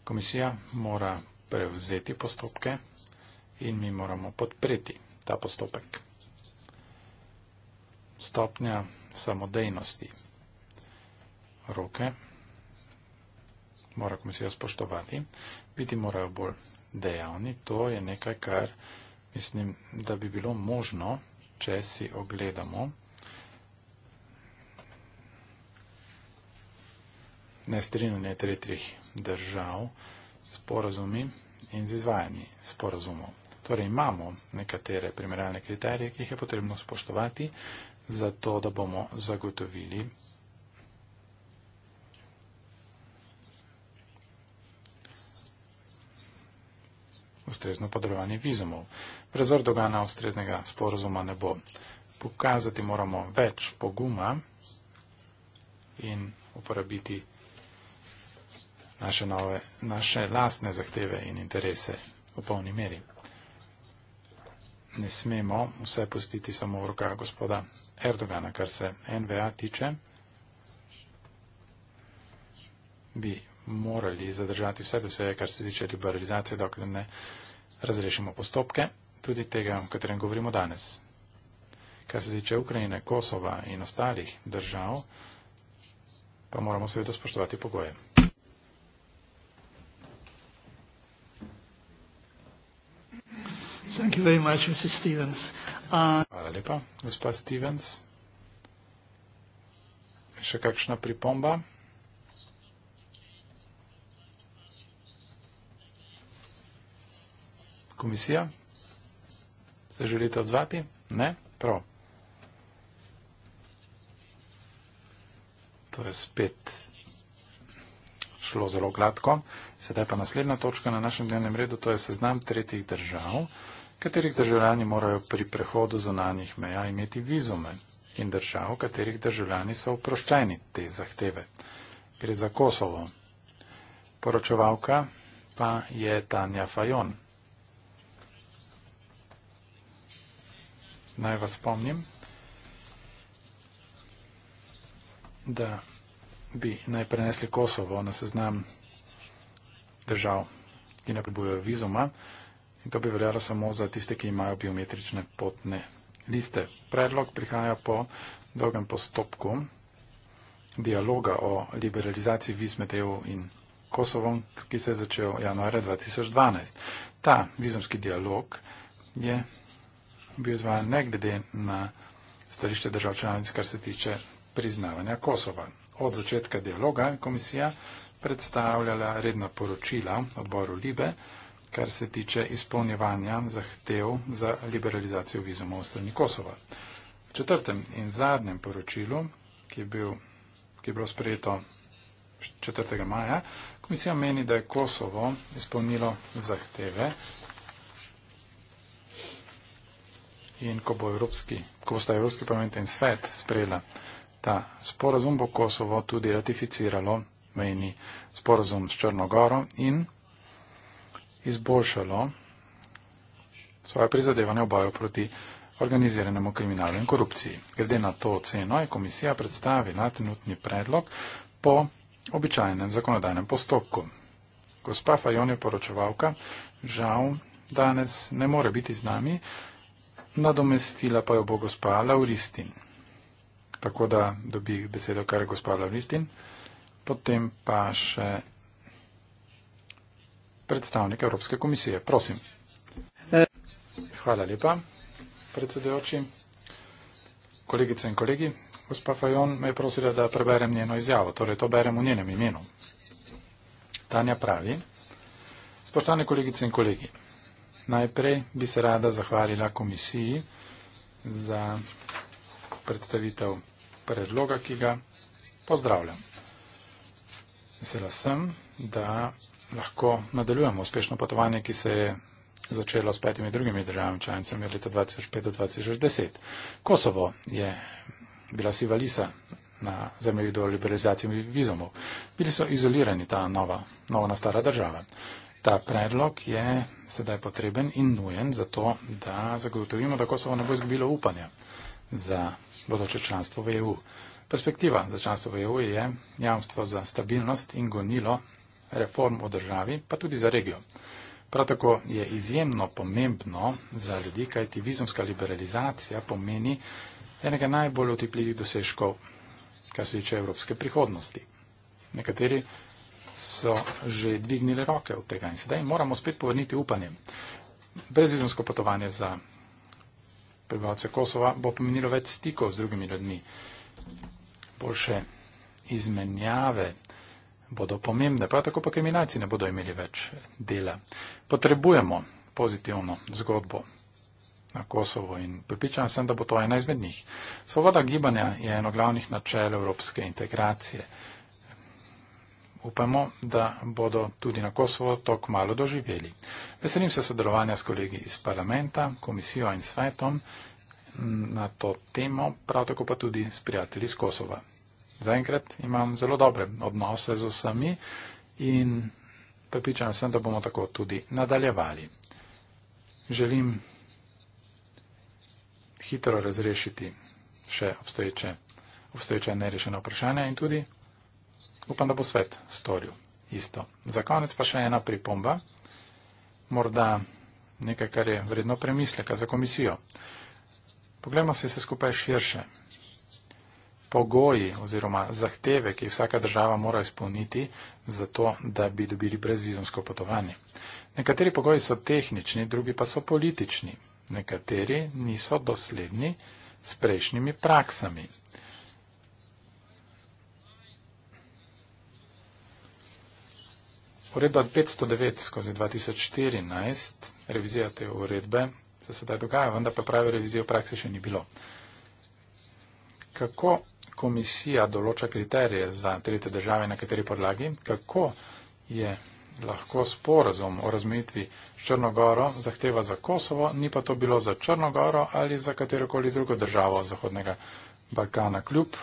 Komisija mora prevzeti postopke in mi moramo podpreti ta postopek. Stopnja samodejnosti. Roke mora komisija spoštovati, biti morajo bolj dejavni. To je nekaj, kar mislim, da bi bilo možno, če si ogledamo nestrinjanje tretjih držav s porazumi in z izvajanji sporazumov. Torej imamo nekatere primerjalne kriterije, ki jih je potrebno spoštovati, zato da bomo zagotovili ustrezno podarovanje vizumov. Prezor dogana ustreznega sporozuma ne bo. Pokazati moramo več poguma in uporabiti vizumov naše, nove, naše lastne zahteve in interese v polni meri. Ne smemo vse pustiti samo v rokah gospoda Erdogana, kar se NVA tiče, bi morali zadržati vse dosege, kar se tiče liberalizacije, dokler ne razrešimo postopke, tudi tega, o katerem govorimo danes. Kar se tiče Ukrajine, Kosova in ostalih držav, pa moramo seveda spoštovati pogoje. Thank you very much, Mr. Stevens. Uh, Hvala lepa, gospa Stevens. Še kakšna pripomba? Komisija? Se želite odzvati? Ne? Prav. To je spet šlo zelo gladko. Sedaj pa naslednja točka na našem dnevnem redu, to je seznam tretjih držav katerih državljani morajo pri prehodu zunanjih meja imeti vizume in držav, katerih državljani so oproščeni te zahteve. Gre za Kosovo. Poročevalka pa je Tanja Fajon. Naj vas spomnim, da bi naj prenesli Kosovo na seznam držav, ki ne potrebujejo vizuma. In to bi veljalo samo za tiste, ki imajo biometrične potne liste. Predlog prihaja po dolgem postopku dialoga o liberalizaciji viz med EU in Kosovom, ki se je začel januarja 2012. Ta vizumski dialog je bil izvajan ne glede na stališče držav članic, kar se tiče priznavanja Kosova. Od začetka dialoga je komisija predstavljala redna poročila odboru Libe, kar se tiče izpolnjevanja zahtev za liberalizacijo vizumov v strani Kosova. V četrtem in zadnjem poročilu, ki je, bil, ki je bilo sprejeto 4. maja, komisija meni, da je Kosovo izpolnilo zahteve in ko bo Evropski, ko sta Evropski parlament in svet sprejela ta sporazum, bo Kosovo tudi ratificiralo meni sporazum s Črnogoro in izboljšalo svoje prizadevanje v boju proti organiziranemu kriminalu in korupciji. Glede na to oceno je komisija predstavila trenutni predlog po običajnem zakonodajnem postopku. Gospa Fajon je poročevalka, žal danes ne more biti z nami, nadomestila pa jo bo gospa Lauristin. Tako da dobi besedo kar gospa Lauristin, potem pa še predstavnik Evropske komisije. Prosim. Hvala lepa, predsedojoči. Kolegice in kolegi, gospa Fajon me je prosila, da preberem njeno izjavo, torej to berem v njenem imenu. Tanja pravi, spoštovane kolegice in kolegi, najprej bi se rada zahvalila komisiji za predstavitev predloga, ki ga pozdravljam. Vesela sem, da lahko nadaljujemo uspešno potovanje, ki se je začelo s petimi drugimi državami članicami leta 2005-2010. Kosovo je bila siva lisa na zemljih do liberalizacije vizumov. Bili so izolirani ta nova, nova nastala država. Ta predlog je sedaj potreben in nujen za to, da zagotovimo, da Kosovo ne bo izgubilo upanja za bodoče članstvo v EU. Perspektiva za članstvo v EU je jamstvo za stabilnost in gonilo reform v državi, pa tudi za regijo. Prav tako je izjemno pomembno za ljudi, kajti vizumska liberalizacija pomeni enega najbolj otipljivih dosežkov, kar se tiče evropske prihodnosti. Nekateri so že dvignili roke od tega in sedaj moramo spet povrniti upanje. Brezvizumsko potovanje za prebivalce Kosova bo pomenilo več stikov z drugimi ljudmi, boljše izmenjave bodo pomembne, prav tako pa kriminalci ne bodo imeli več dela. Potrebujemo pozitivno zgodbo na Kosovo in pripričan sem, da bo to ena izmed njih. Svoboda gibanja je eno glavnih načel evropske integracije. Upamo, da bodo tudi na Kosovo to kmalo doživeli. Veselim se sodelovanja s kolegi iz parlamenta, komisijo in svetom na to temo, prav tako pa tudi s prijatelji iz Kosova. Zaenkrat imam zelo dobre odnose z vsemi in pripričan sem, da bomo tako tudi nadaljevali. Želim hitro razrešiti še obstoječe, obstoječe nerešene vprašanja in tudi upam, da bo svet storil isto. Za konec pa še ena pripomba, morda nekaj, kar je vredno premisleka za komisijo. Poglejmo se skupaj širše pogoji oziroma zahteve, ki vsaka država mora izpolniti, zato da bi dobili brezvizumsko potovanje. Nekateri pogoji so tehnični, drugi pa so politični. Nekateri niso dosledni s prejšnjimi praksami. Uredba 509 skozi 2014, revizija te uredbe se sedaj dogaja, vendar pa prave revizije v praksi še ni bilo. Kako komisija določa kriterije za tretje države, na kateri podlagi, kako je lahko sporazum o razmejitvi s Črnogoro zahteva za Kosovo, ni pa to bilo za Črnogoro ali za katerokoli drugo državo Zahodnega Balkana, kljub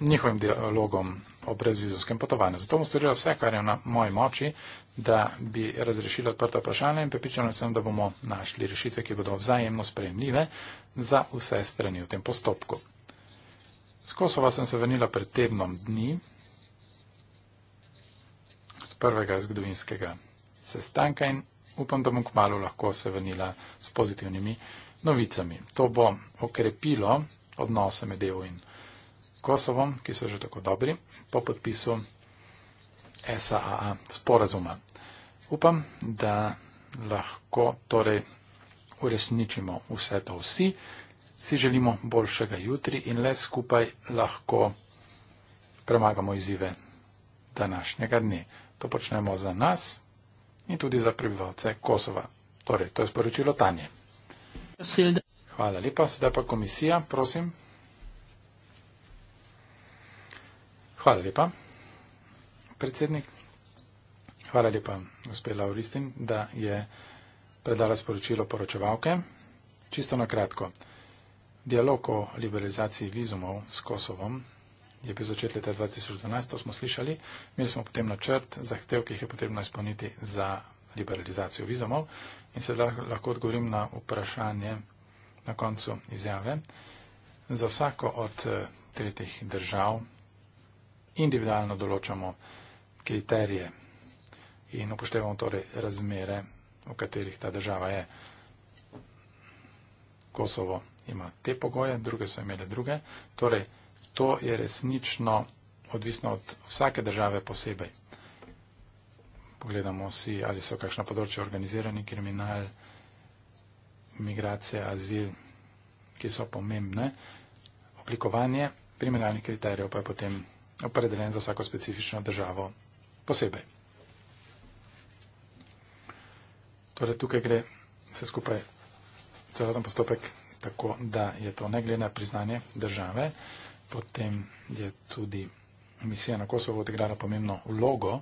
njihovim dialogom o brezvizovskem potovanju. Zato bom storila vse, kar je na moji moči, da bi razrešila odprto vprašanje in pripričana sem, da bomo našli rešitve, ki bodo vzajemno sprejemljive za vse strani v tem postopku. S Kosova sem se vrnila pred tednom dni, z prvega zgodovinskega sestanka in upam, da bom kmalo lahko se vrnila s pozitivnimi novicami. To bo okrepilo odnose med EU in Kosovom, ki so že tako dobri, po podpisu SAA sporazuma. Upam, da lahko torej uresničimo vse to vsi si želimo boljšega jutri in le skupaj lahko premagamo izzive današnjega dne. To počnemo za nas in tudi za prebivalce Kosova. Torej, to je sporočilo Tanje. Hvala lepa, sedaj pa komisija, prosim. Hvala lepa, predsednik. Hvala lepa, gospod Lauristin, da je predala sporočilo poročevalke. Čisto na kratko. Dialog o liberalizaciji vizumov s Kosovom je bil začet leta 2012, to smo slišali. Imeli smo potem načrt zahtev, ki jih je potrebno izpolniti za liberalizacijo vizumov. In se lahko odgovorim na vprašanje na koncu izjave. Za vsako od eh, tretjih držav individualno določamo kriterije in upoštevamo torej razmere, v katerih ta država je. Kosovo ima te pogoje, druge so imele druge. Torej, to je resnično odvisno od vsake države posebej. Pogledamo si, ali so kakšna področja organizirani kriminal, migracije, azil, ki so pomembne. Oblikovanje kriminalnih kriterijev pa je potem opredeljen za vsako specifično državo posebej. Torej, tukaj gre vse skupaj, celoten postopek Tako da je to ne glede na priznanje države, potem je tudi misija na Kosovo odigrala pomembno vlogo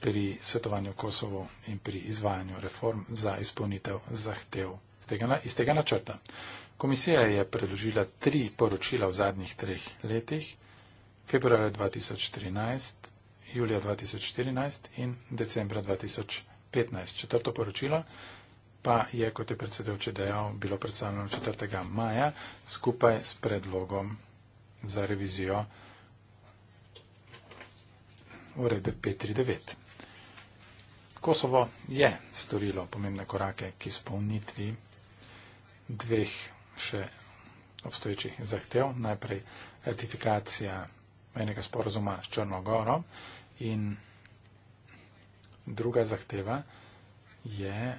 pri svetovanju Kosovo in pri izvajanju reform za izpolnitev zahtev z tega, iz tega načrta. Komisija je predložila tri poročila v zadnjih treh letih, februarja 2013, julija 2014 in decembra 2015. Četrto poročilo pa je, kot je predsedujoče dejal, bilo predstavljeno 4. maja skupaj s predlogom za revizijo uredbe 539. Kosovo je storilo pomembne korake k izpolnitvi dveh še obstoječih zahtev. Najprej ratifikacija enega sporozuma s Črnogoro in druga zahteva je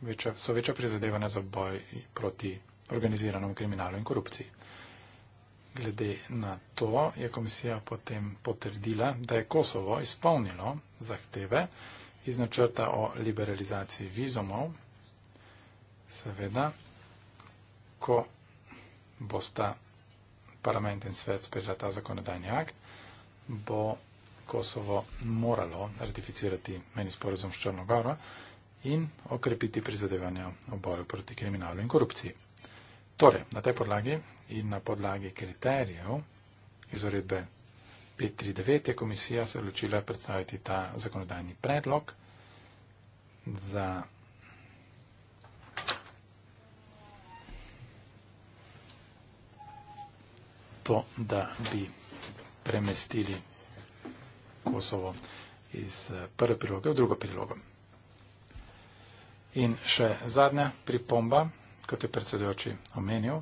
večja, so večja prizadevanja za boj proti organiziranemu kriminalu in korupciji. Glede na to je komisija potem potrdila, da je Kosovo izpolnilo zahteve iz načrta o liberalizaciji vizumov, seveda, ko bosta parlament in svet sprejela ta zakonodajni akt, bo Kosovo moralo ratificirati meni sporozum s Črnogoro in okrepiti prizadevanja v boju proti kriminalu in korupciji. Torej, na tej podlagi in na podlagi kriterijev iz uredbe 539 je komisija se odločila predstaviti ta zakonodajni predlog za to, da bi premestili Kosovo iz eh, prve priloge v drugo prilogo. In še zadnja pripomba, kot je predsedujoči omenil,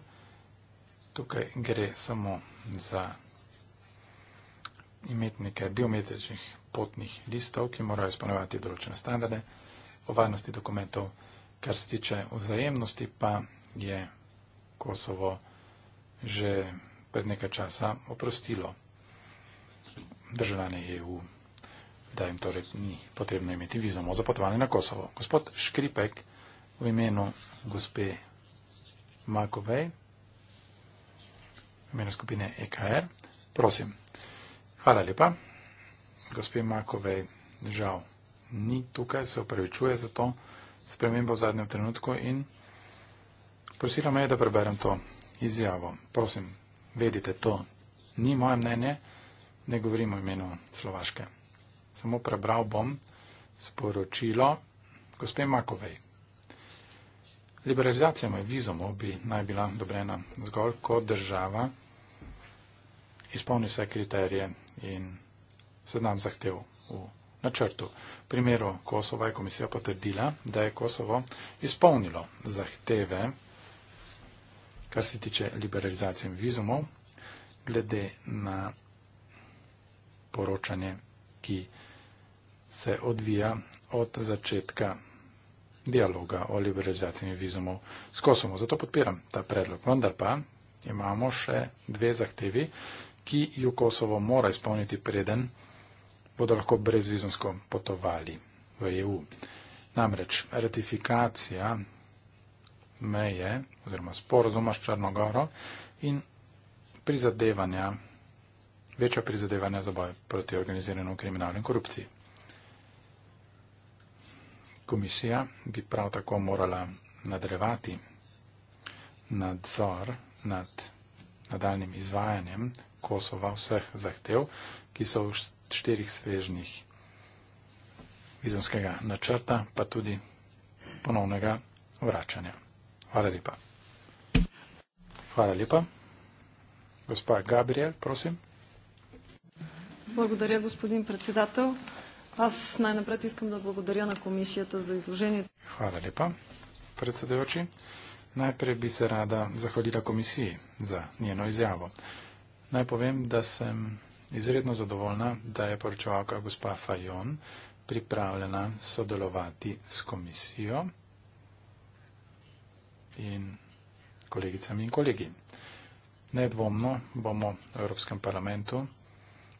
tukaj gre samo za imetnike biometričnih potnih listov, ki morajo izpolnjevati določene standarde o varnosti dokumentov. Kar se tiče vzajemnosti, pa je Kosovo že pred nekaj časa oprostilo državljane EU da jim torej ni potrebno imeti vizumo za potovanje na Kosovo. Gospod Škripek v imenu gospe Makovej, v imenu skupine EKR, prosim. Hvala lepa. Gospe Makovej, žal, ni tukaj, se upravičuje za to spremembo v zadnjem trenutku in prosila me je, da preberem to izjavo. Prosim, vedite, to ni moje mnenje, ne govorim o imenu Slovaške samo prebral bom sporočilo gospe Makovej. Liberalizacija moj vizumov bi naj bila dobrena zgolj, ko država izpolni vse kriterije in seznam zahtev v načrtu. V primeru Kosova je komisija potrdila, da je Kosovo izpolnilo zahteve, kar se tiče liberalizacije vizumov, glede na poročanje, ki je se odvija od začetka dialoga o liberalizaciji vizumov s Kosovo. Zato podpiram ta predlog. Vendar pa imamo še dve zahtevi, ki ju Kosovo mora izpolniti preden bodo lahko brezvizumsko potovali v EU. Namreč ratifikacija meje oziroma sporozuma s Črnogoro in prizadevanja, večja prizadevanja za boj proti organiziranemu kriminalu in korupciji. Komisija bi prav tako morala nadrevati nadzor nad nadaljnim izvajanjem Kosova vseh zahtev, ki so v štirih svežnih vizumskega načrta, pa tudi ponovnega vračanja. Hvala lepa. Hvala lepa. Gospod Gabriel, prosim. Благодаря, господин председател. Аз най-напред искам да благодаря на комисията за изложението. Хвала лепа, председавачи. Najprej bi se rada zahvalila komisiji za njeno izjavo. Naj povem, da sem izredno zadovoljna, da je poročevalka gospa Fajon pripravljena sodelovati s komisijo in kolegicami in kolegi. Nedvomno bomo v Evropskem parlamentu,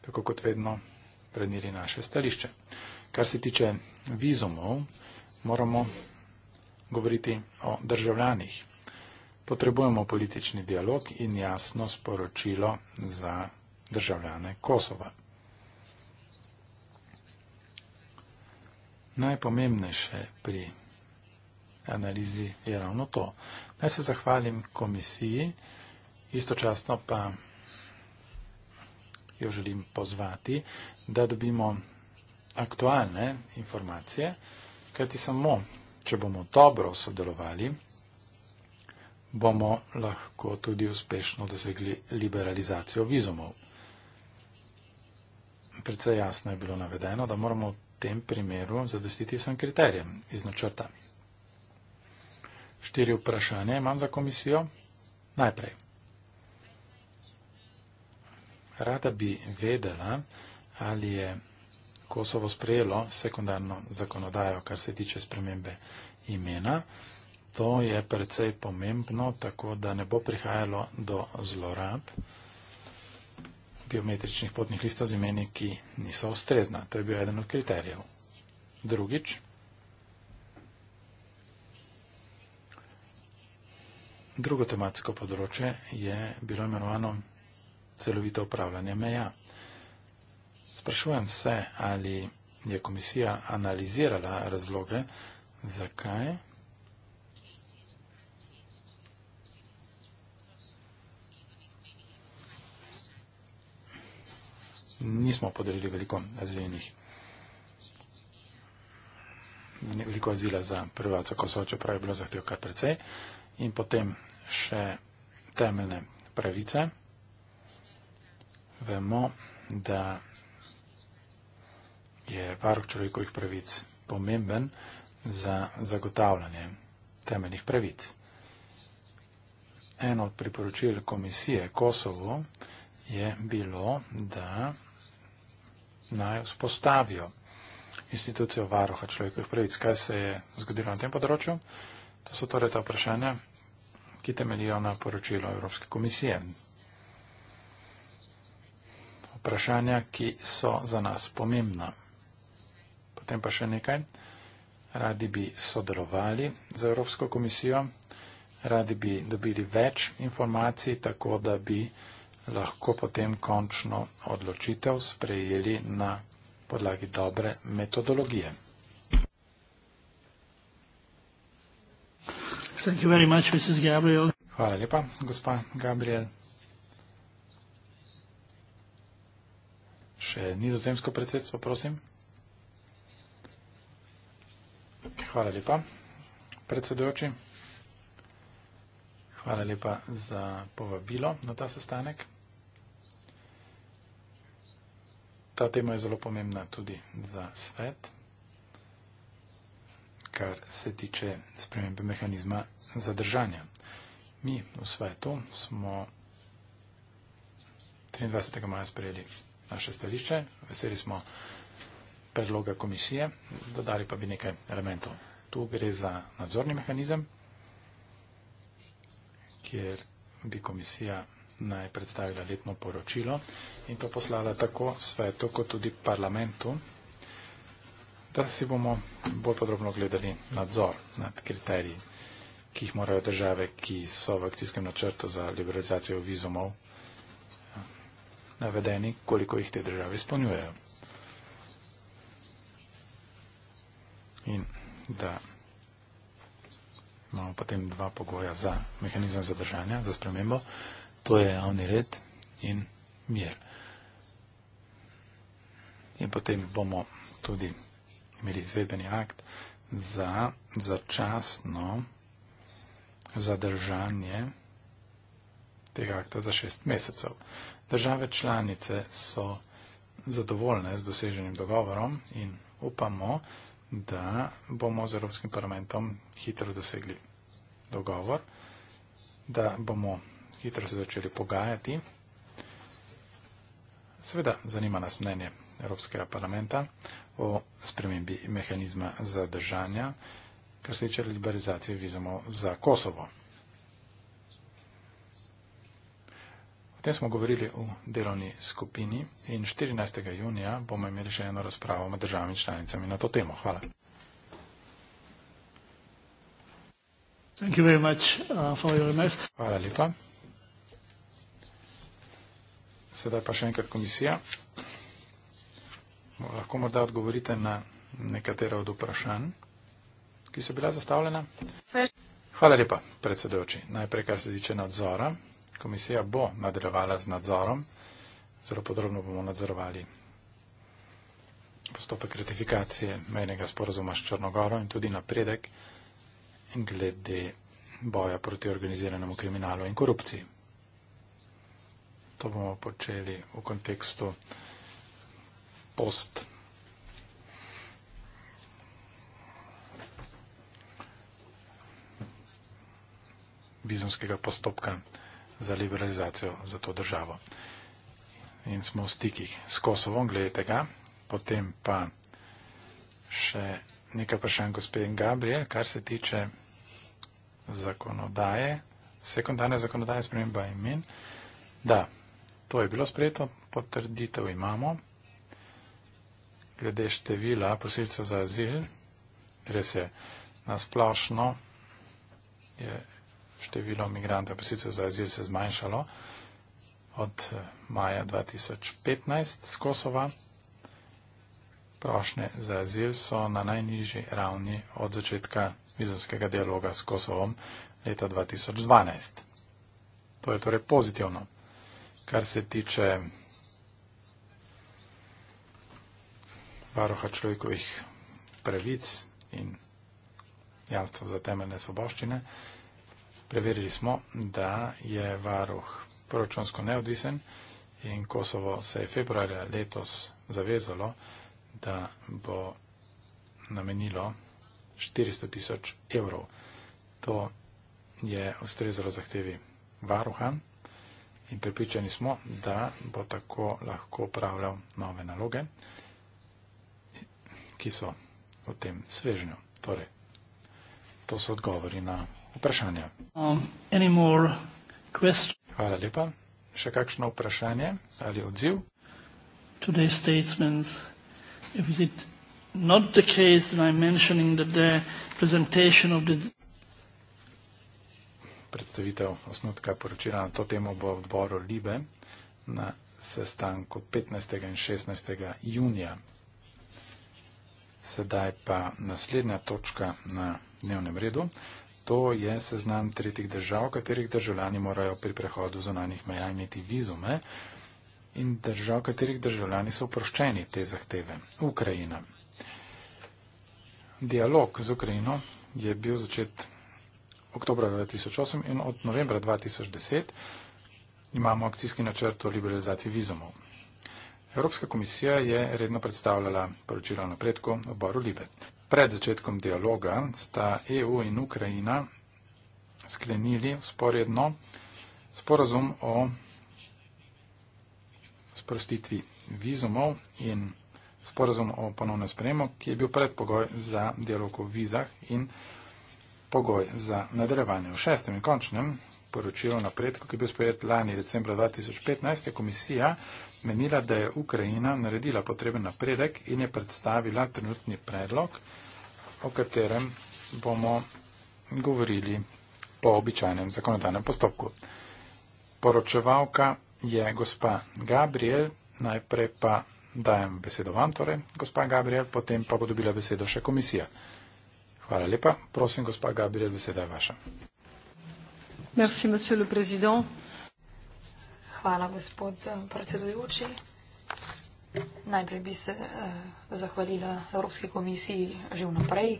tako kot vedno, predneli naše stališče. Kar se tiče vizumov, moramo govoriti o državljanih. Potrebujemo politični dialog in jasno sporočilo za državljane Kosova. Najpomembnejše pri analizi je ravno to. Naj se zahvalim komisiji, istočasno pa jo želim pozvati, da dobimo aktualne informacije, kajti samo, če bomo dobro sodelovali, bomo lahko tudi uspešno dosegli liberalizacijo vizumov. Predvsej jasno je bilo navedeno, da moramo v tem primeru zadostiti vsem kriterijem iz načrta. Štiri vprašanja imam za komisijo. Najprej. Rada bi vedela, ali je Kosovo sprejelo sekundarno zakonodajo, kar se tiče spremembe imena. To je precej pomembno, tako da ne bo prihajalo do zlorab biometričnih potnih listov z imeni, ki niso ustrezna. To je bil eden od kriterijev. Drugič, drugo tematsko področje je bilo imenovano celovito upravljanje meja sprašujem se, ali je komisija analizirala razloge, zakaj. Nismo podelili veliko azilnih, veliko azila za prvaca Kosova, čeprav je bilo zahtev kar precej. In potem še temeljne pravice. Vemo, da je varuh človekovih pravic pomemben za zagotavljanje temeljnih pravic. Eno od priporočil komisije Kosovo je bilo, da naj vzpostavijo institucijo varuha človekovih pravic. Kaj se je zgodilo na tem področju? To so torej ta vprašanja, ki temeljijo na poročilo Evropske komisije. Vprašanja, ki so za nas pomembna. Potem pa še nekaj. Radi bi sodelovali z Evropsko komisijo, radi bi dobili več informacij, tako da bi lahko potem končno odločitev sprejeli na podlagi dobre metodologije. Hvala lepa, gospa Gabriel. Še nizozemsko predsedstvo, prosim. Hvala lepa, predsedujoči. Hvala lepa za povabilo na ta sestanek. Ta tema je zelo pomembna tudi za svet, kar se tiče spremembe mehanizma zadržanja. Mi v svetu smo 23. maja sprejeli naše stališče. Veseli smo predloga komisije, dodali pa bi nekaj elementov. Tu gre za nadzorni mehanizem, kjer bi komisija naj predstavila letno poročilo in to poslala tako svetu kot tudi parlamentu, da si bomo bolj podrobno gledali nadzor nad kriteriji, ki jih morajo države, ki so v akcijskem načrtu za liberalizacijo vizumov navedeni, koliko jih te države izpolnjujejo. in da imamo potem dva pogoja za mehanizem zadržanja, za spremembo, to je javni red in mir. In potem bomo tudi imeli izvedbeni akt za začasno zadržanje tega akta za šest mesecev. Države članice so zadovoljne z doseženim dogovorom in upamo, da da bomo z Evropskim parlamentom hitro dosegli dogovor, da bomo hitro se začeli pogajati. Seveda zanima nas mnenje Evropskega parlamenta o spremembi mehanizma zadržanja, kar se tiče liberalizacije vizumov za Kosovo. O tem smo govorili v delovni skupini in 14. junija bomo imeli še eno razpravo med državami članicami na to temo. Hvala. Uh, Hvala lepa. Sedaj pa še enkrat komisija. Lahko morda odgovorite na nekatera od vprašanj, ki so bila zastavljena. Hvala lepa, predsedujoči. Najprej, kar se tiče nadzora. Komisija bo nadaljevala z nadzorom, zelo podrobno bomo nadzorovali postopek ratifikacije mejnega sporozuma s Črnogoro in tudi napredek glede boja proti organiziranemu kriminalu in korupciji. To bomo počeli v kontekstu post vizumskega postopka za liberalizacijo za to državo. In smo v stikih s Kosovom, glede tega, potem pa še nekaj vprašanj gospodin Gabriel, kar se tiče zakonodaje, sekundarne zakonodaje sprememba imen. Da, to je bilo sprejeto, potrditev imamo. Glede števila prosilcev za azil, res je, nasplošno je število migrantov, prosilcev za azil se zmanjšalo od eh, maja 2015 z Kosova. Prošnje za azil so na najnižji ravni od začetka vizumskega dialoga s Kosovom leta 2012. To je torej pozitivno. Kar se tiče varoha človekovih pravic in jamstva za temeljne svoboščine, Preverili smo, da je varuh proračunsko neodvisen in Kosovo se je februarja letos zavezalo, da bo namenilo 400 tisoč evrov. To je ustrezalo zahtevi varuha in pripričani smo, da bo tako lahko upravljal nove naloge, ki so v tem svežnju. Torej, to so odgovori na vprašanja. Um, Hvala lepa. Še kakšno vprašanje ali odziv? Predstavitev osnutka poročila na to temo bo v odboru Libe na sestanku 15. in 16. junija. Sedaj pa naslednja točka na dnevnem redu to je seznam tretjih držav, katerih državljani morajo pri prehodu zonanih meja imeti vizume in držav, katerih državljani so oproščeni te zahteve. Ukrajina. Dialog z Ukrajino je bil začet oktober 2008 in od novembra 2010 imamo akcijski načrt o liberalizaciji vizumov. Evropska komisija je redno predstavljala poročilo napredku v Baru Libe. Pred začetkom dialoga sta EU in Ukrajina sklenili sporedno sporazum o sprostitvi vizumov in sporazum o ponovnem sprejemu, ki je bil predpogoj za dialog o vizah in pogoj za nadaljevanje. V šestem in končnem poročilu napredku, ki je bil sprejet lani decembra 2015, je komisija menila, da je Ukrajina naredila potreben napredek in je predstavila trenutni predlog, o katerem bomo govorili po običajnem zakonodajnem postopku. Poročevalka je gospa Gabriel, najprej pa dajem besedo vam, torej gospa Gabriel, potem pa bo dobila besedo še komisija. Hvala lepa. Prosim, gospa Gabriel, beseda je vaša. Merci, monsieur le président. Hvala, gospod eh, predsedujoči. Najprej bi se eh, zahvalila Evropski komisiji že vnaprej. Eh,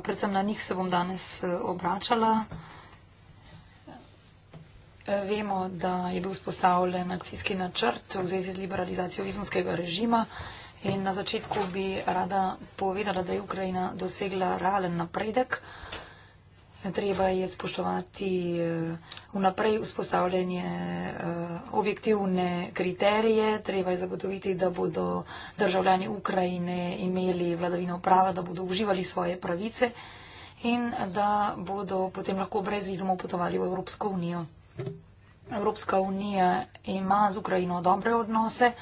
predvsem na njih se bom danes eh, obračala. Eh, vemo, da je bil spostavljen akcijski načrt v zvezi z liberalizacijo vizumskega režima in na začetku bi rada povedala, da je Ukrajina dosegla realen napredek. Eh, treba je spoštovati eh, vnaprej vzpostavljanje eh, objektivne kriterije, treba je zagotoviti, da bodo državljani Ukrajine imeli vladavino prava, da bodo uživali svoje pravice in da bodo potem lahko brez vizumov potovali v Evropsko unijo. Evropska unija ima z Ukrajino dobre odnose.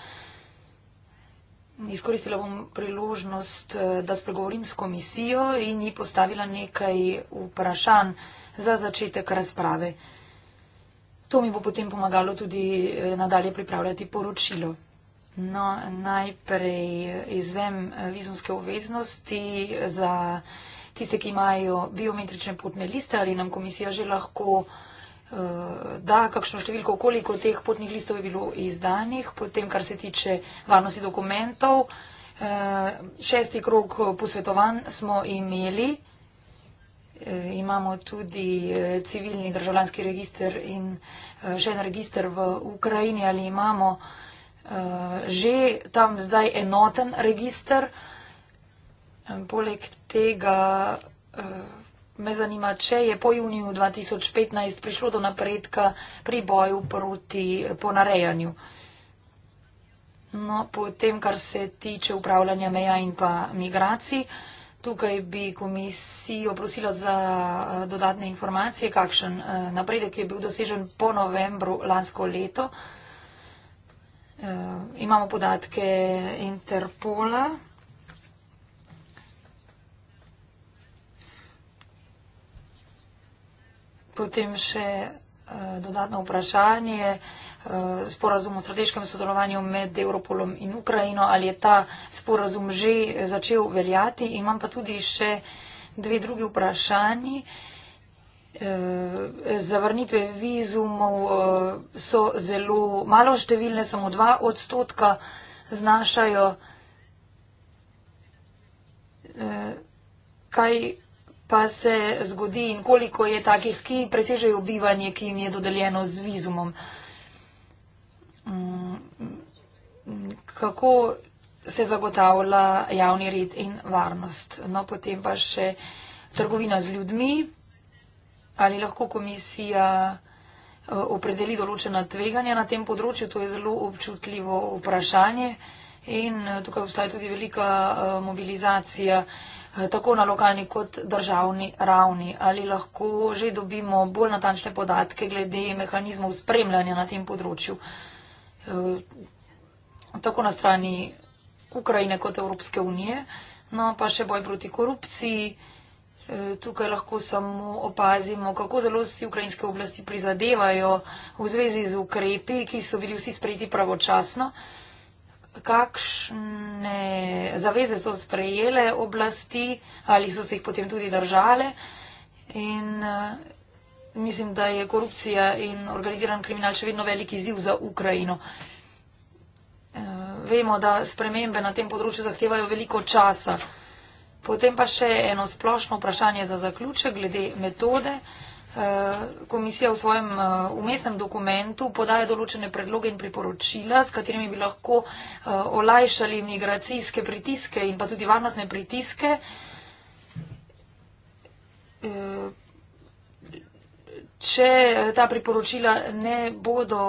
Izkoristila bom priložnost, eh, da spregovorim s komisijo in ji postavila nekaj vprašanj za začetek razprave. To mi bo potem pomagalo tudi eh, nadalje pripravljati poročilo. No, najprej izvzem eh, vizumske obveznosti za tiste, ki imajo biometrične potne liste ali nam komisija že lahko Eh, da, kakšno številko, koliko teh potnih listov je bilo izdanih, potem kar se tiče varnosti dokumentov. Eh, šesti krok posvetovanj smo imeli, eh, imamo tudi civilni državljanski register in še en register v Ukrajini, ali imamo že tam zdaj enoten register. Poleg tega me zanima, če je po juniju 2015 prišlo do napredka pri boju proti ponarejanju. No, potem, kar se tiče upravljanja meja in pa migracij, tukaj bi komisijo prosila za dodatne informacije, kakšen napredek je bil dosežen po novembru lansko leto. E, imamo podatke Interpola. Potem še eh, dodatno vprašanje. Eh, sporazum o strateškem sodelovanju med Evropolom in Ukrajino. Ali je ta sporazum že začel veljati? Imam pa tudi še dve drugi vprašanji. Eh, zavrnitve vizumov so zelo malo številne, samo dva odstotka znašajo. Kaj pa se zgodi in koliko je takih, ki presežejo bivanje, ki jim je dodeljeno z vizumom. Mm, kako se zagotavlja javni red in varnost? No, potem pa še trgovina z ljudmi. Ali lahko komisija eh, opredeli določena tveganja na tem področju? To je zelo občutljivo vprašanje. In eh, tukaj obstaja tudi velika eh, mobilizacija Eh, tako na lokalni kot državni ravni. Ali lahko že dobimo bolj natančne podatke glede mehanizmov spremljanja na tem področju, eh, tako na strani Ukrajine kot Evropske unije, no pa še boj proti korupciji. Eh, tukaj lahko samo opazimo, kako zelo si ukrajinske oblasti prizadevajo v zvezi z ukrepi, ki so bili vsi sprejeti pravočasno kakšne zaveze so sprejele oblasti ali so se jih potem tudi držale. In eh, mislim, da je korupcija in organiziran kriminal še vedno veliki ziv za Ukrajino. Eh, vemo, da spremembe na tem področju zahtevajo veliko časa. Potem pa še eno splošno vprašanje za zaključek glede metode. Eh, komisija v svojem umestnem eh, dokumentu podaja določene predloge in priporočila, s katerimi bi lahko eh, olajšali migracijske pritiske in pa tudi varnostne pritiske. Če ta priporočila ne bodo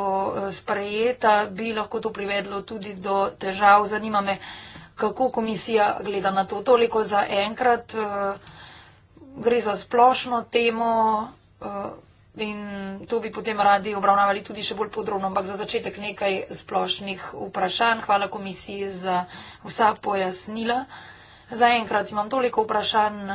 sprejeta, bi lahko to privedlo tudi do težav. Zanima me, kako komisija gleda na to. Toliko za enkrat. Gre za splošno temo, Eh, in to bi potem radi obravnavali tudi še bolj podrobno, ampak za začetek nekaj splošnih vprašanj. Hvala komisiji za vsa pojasnila. Zaenkrat imam toliko vprašanj.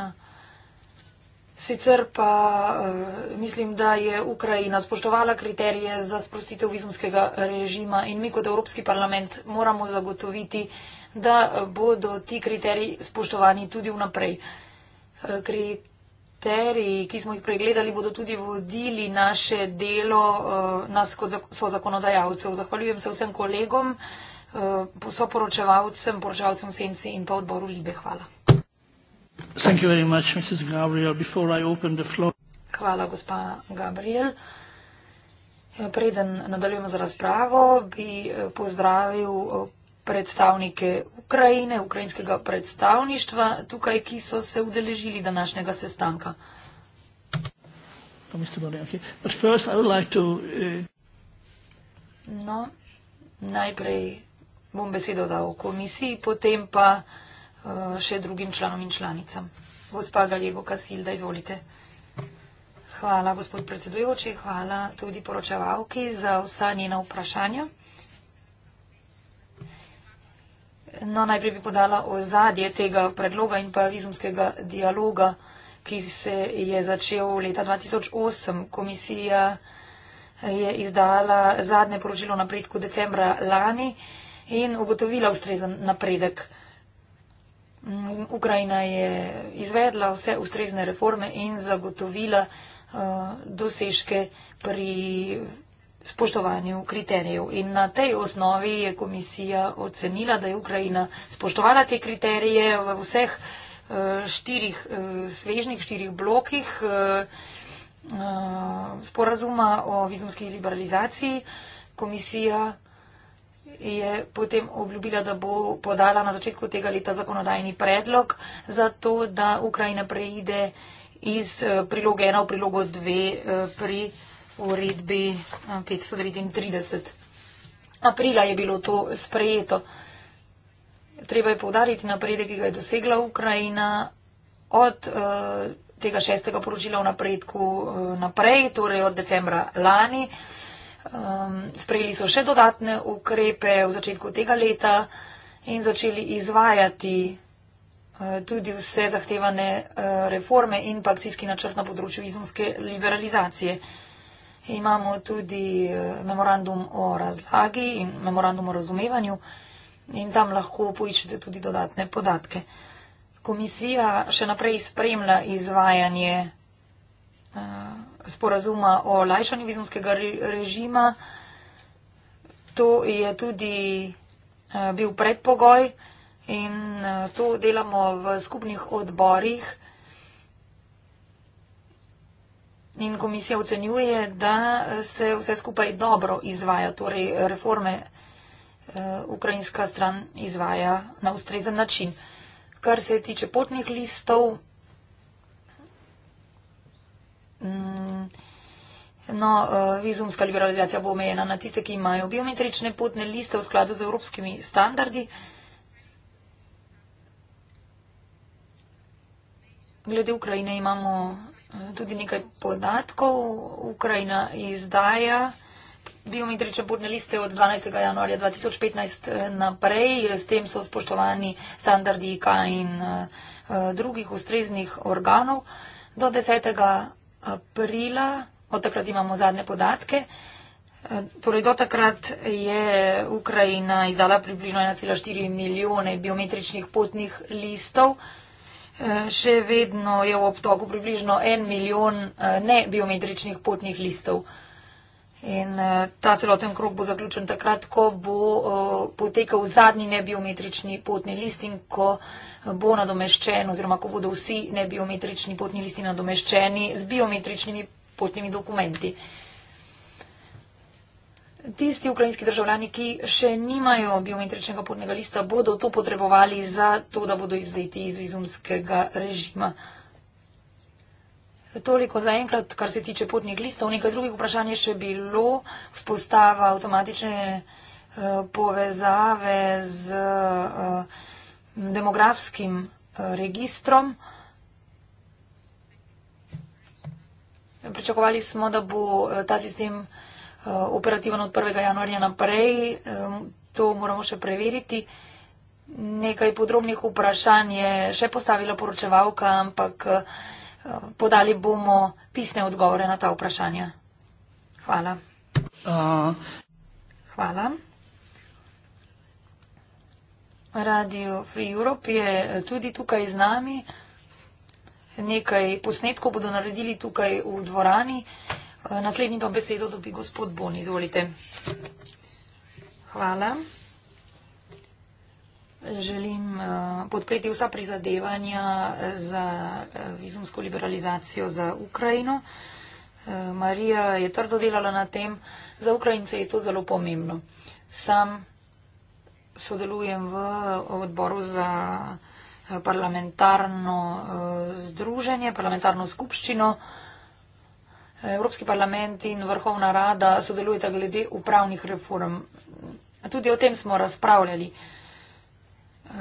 Sicer pa eh, mislim, da je Ukrajina spoštovala kriterije za sprostitev vizumskega režima in mi kot Evropski parlament moramo zagotoviti, da bodo ti kriteriji spoštovani tudi vnaprej. Eh, Kriter kriteriji, ki smo jih pregledali, bodo tudi vodili naše delo, eh, nas kot so zakonodajalcev. Zahvaljujem se vsem kolegom, eh, soporočevalcem, poročevalcem Senci in pa odboru Libe. Hvala. Much, Gabriel, floor... Hvala, gospa Gabriel. Ja, preden nadaljujemo z razpravo, bi eh, pozdravil predstavnike Ukrajine, ukrajinskega predstavništva tukaj, ki so se udeležili današnjega sestanka. Oh, uh, no, najprej bom besedo dal komisiji, potem pa uh, še drugim članom in članicam. Gospa Galjevo Kasilda, izvolite. Hvala, gospod predsedujoči, hvala tudi poročevalki za vsa njena vprašanja. No, najprej bi podala ozadje tega predloga in pa vizumskega dialoga, ki se je začel leta 2008. Komisija je izdala zadnje poročilo napredku decembra lani in ugotovila ustrezen napredek. Ukrajina je izvedla vse ustrezne reforme in zagotovila uh, dosežke pri spoštovanju kriterijev. In na tej osnovi je komisija ocenila, da je Ukrajina spoštovala te kriterije v vseh eh, štirih eh, svežnih, štirih blokih eh, sporazuma o vizumski liberalizaciji. Komisija je potem obljubila, da bo podala na začetku tega leta zakonodajni predlog za to, da Ukrajina preide iz priloge ena v prilogo dve pri uredbi 539. Eh, Aprila je bilo to sprejeto. Treba je povdariti napredek, ki ga je dosegla Ukrajina od eh, tega šestega poročila o napredku eh, naprej, torej od decembra lani. Ehm, sprejeli so še dodatne ukrepe v začetku tega leta in začeli izvajati tudi vse zahtevane reforme in pa akcijski načrt na področju izumske liberalizacije imamo tudi eh, memorandum o razlagi in memorandum o razumevanju in tam lahko poiščete tudi dodatne podatke. Komisija še naprej spremlja izvajanje eh, sporazuma o lajšanju vizumskega režima. To je tudi eh, bil predpogoj in to delamo v skupnih odborih In komisija ocenjuje, da se vse skupaj dobro izvaja, torej reforme eh, ukrajinska stran izvaja na ustrezen način. Kar se tiče potnih listov, mm, no, eh, vizumska liberalizacija bo omejena na tiste, ki imajo biometrične potne liste v skladu z evropskimi standardi. Glede Ukrajine imamo tudi nekaj podatkov. Ukrajina izdaja biometrične potne liste od 12. januarja 2015 eh, naprej. S tem so spoštovani standardi IK in eh, eh, drugih ustreznih organov. Do 10. aprila, od takrat imamo zadnje podatke, torej do takrat je Ukrajina izdala približno 1,4 milijone biometričnih potnih listov. Eh, še vedno je v obtoku približno en milijon eh, nebiometričnih potnih listov. In eh, ta celoten krok bo zaključen takrat, ko bo potekal zadnji nebiometrični potni list in ko bo nadomeščen oziroma ko bodo vsi nebiometrični potni listi nadomeščeni z biometričnimi potnimi dokumenti. Tisti ukrajinski državljani, ki še nimajo biometričnega potnega lista, bodo to potrebovali za to, da bodo izzeti iz vizumskega režima. Toliko za enkrat, kar se tiče potnih listov. Nekaj drugih vprašanj je še bilo. Vzpostava avtomatične eh, povezave z eh, demografskim eh, registrom. Pričakovali smo, da bo ta sistem. Eh, operativen od 1. januarja naprej. To moramo še preveriti. Nekaj podrobnih vprašanj je še postavila poročevalka, ampak eh, podali bomo pisne odgovore na ta vprašanja. Hvala. Uh. Hvala. Radio Free Europe je eh, tudi tukaj z nami. Nekaj posnetkov bodo naredili tukaj v dvorani. Eh, naslednji pa besedo dobi gospod Bon, izvolite. Hvala. Želim eh, podpreti vsa prizadevanja za eh, vizumsko liberalizacijo za Ukrajino. Marija je trdo delala na tem, za Ukrajince je to zelo pomembno. Sam sodelujem v odboru za parlamentarno združenje, parlamentarno skupščino. Evropski parlament in Vrhovna rada sodelujeta glede upravnih reform. Tudi o tem smo razpravljali.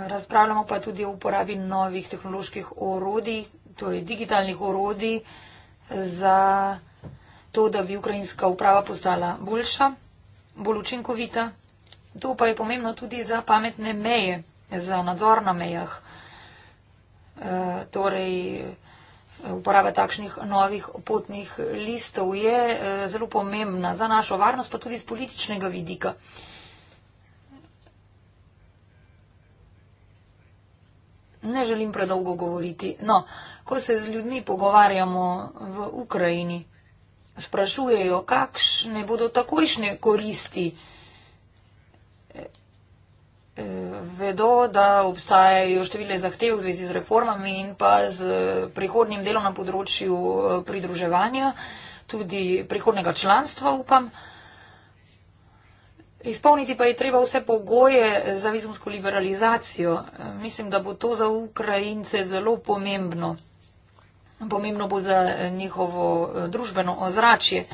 Razpravljamo pa tudi o uporabi novih tehnoloških orodij, torej digitalnih orodij, za to, da bi ukrajinska uprava postala boljša, bolj učinkovita. To pa je pomembno tudi za pametne meje, za nadzor na mejah. E, torej, uporaba takšnih novih potnih listov je eh, zelo pomembna za našo varnost, pa tudi z političnega vidika. Ne želim predolgo govoriti. No, ko se z ljudmi pogovarjamo v Ukrajini, sprašujejo, kakšne bodo takojšnje koristi. Eh, vedo, da obstajajo številne zahteve v zvezi z reformami in pa z prihodnim delom na področju eh, pridruževanja, tudi prihodnega članstva, upam. Izpolniti pa je treba vse pogoje za vizumsko liberalizacijo. Eh, mislim, da bo to za Ukrajince zelo pomembno. Pomembno bo za njihovo družbeno ozračje.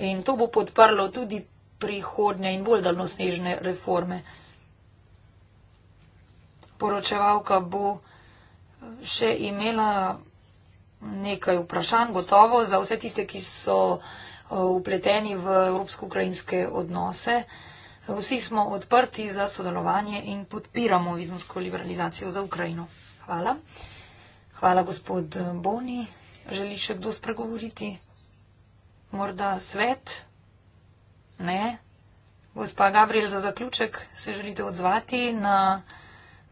In to bo podprlo tudi prihodnje in bolj daljnosnežne reforme. Poročevalka bo še imela nekaj vprašanj, gotovo, za vse tiste, ki so upleteni eh, v evropsko-ukrajinske odnose. Vsi smo odprti za sodelovanje in podpiramo vizumsko liberalizacijo za Ukrajino. Hvala. Hvala, gospod Boni. Želi še kdo spregovoriti? Morda svet? Ne. Gospa Gabriel, za zaključek se želite odzvati na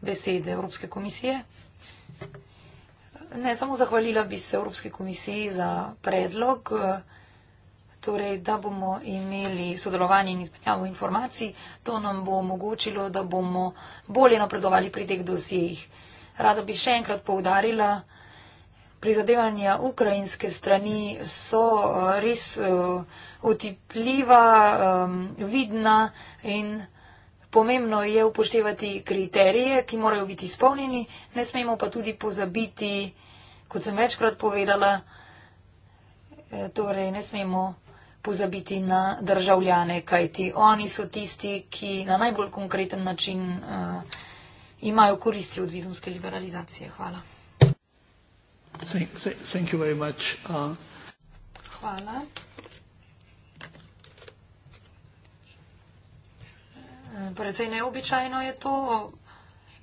besede Evropske komisije. Ne samo zahvalila bi se Evropski komisiji za predlog, torej, da bomo imeli sodelovanje in izmenjavo informacij, to nam bo omogočilo, da bomo bolje napredovali pri teh dosjejih. Rada bi še enkrat poudarila, da prizadevanja ukrajinske strani so eh, res utipljiva, eh, vidna in pomembno je upoštevati kriterije, ki morajo biti izpolnjeni, ne smemo pa tudi pozabiti, kot sem večkrat povedala, eh, torej ne smemo pozabiti na državljane, kajti oni so tisti, ki na najbolj konkreten način uh, imajo koristi od vizumske liberalizacije. Hvala. Thank you very much. Uh, Hvala. Predvsej neobičajno je to.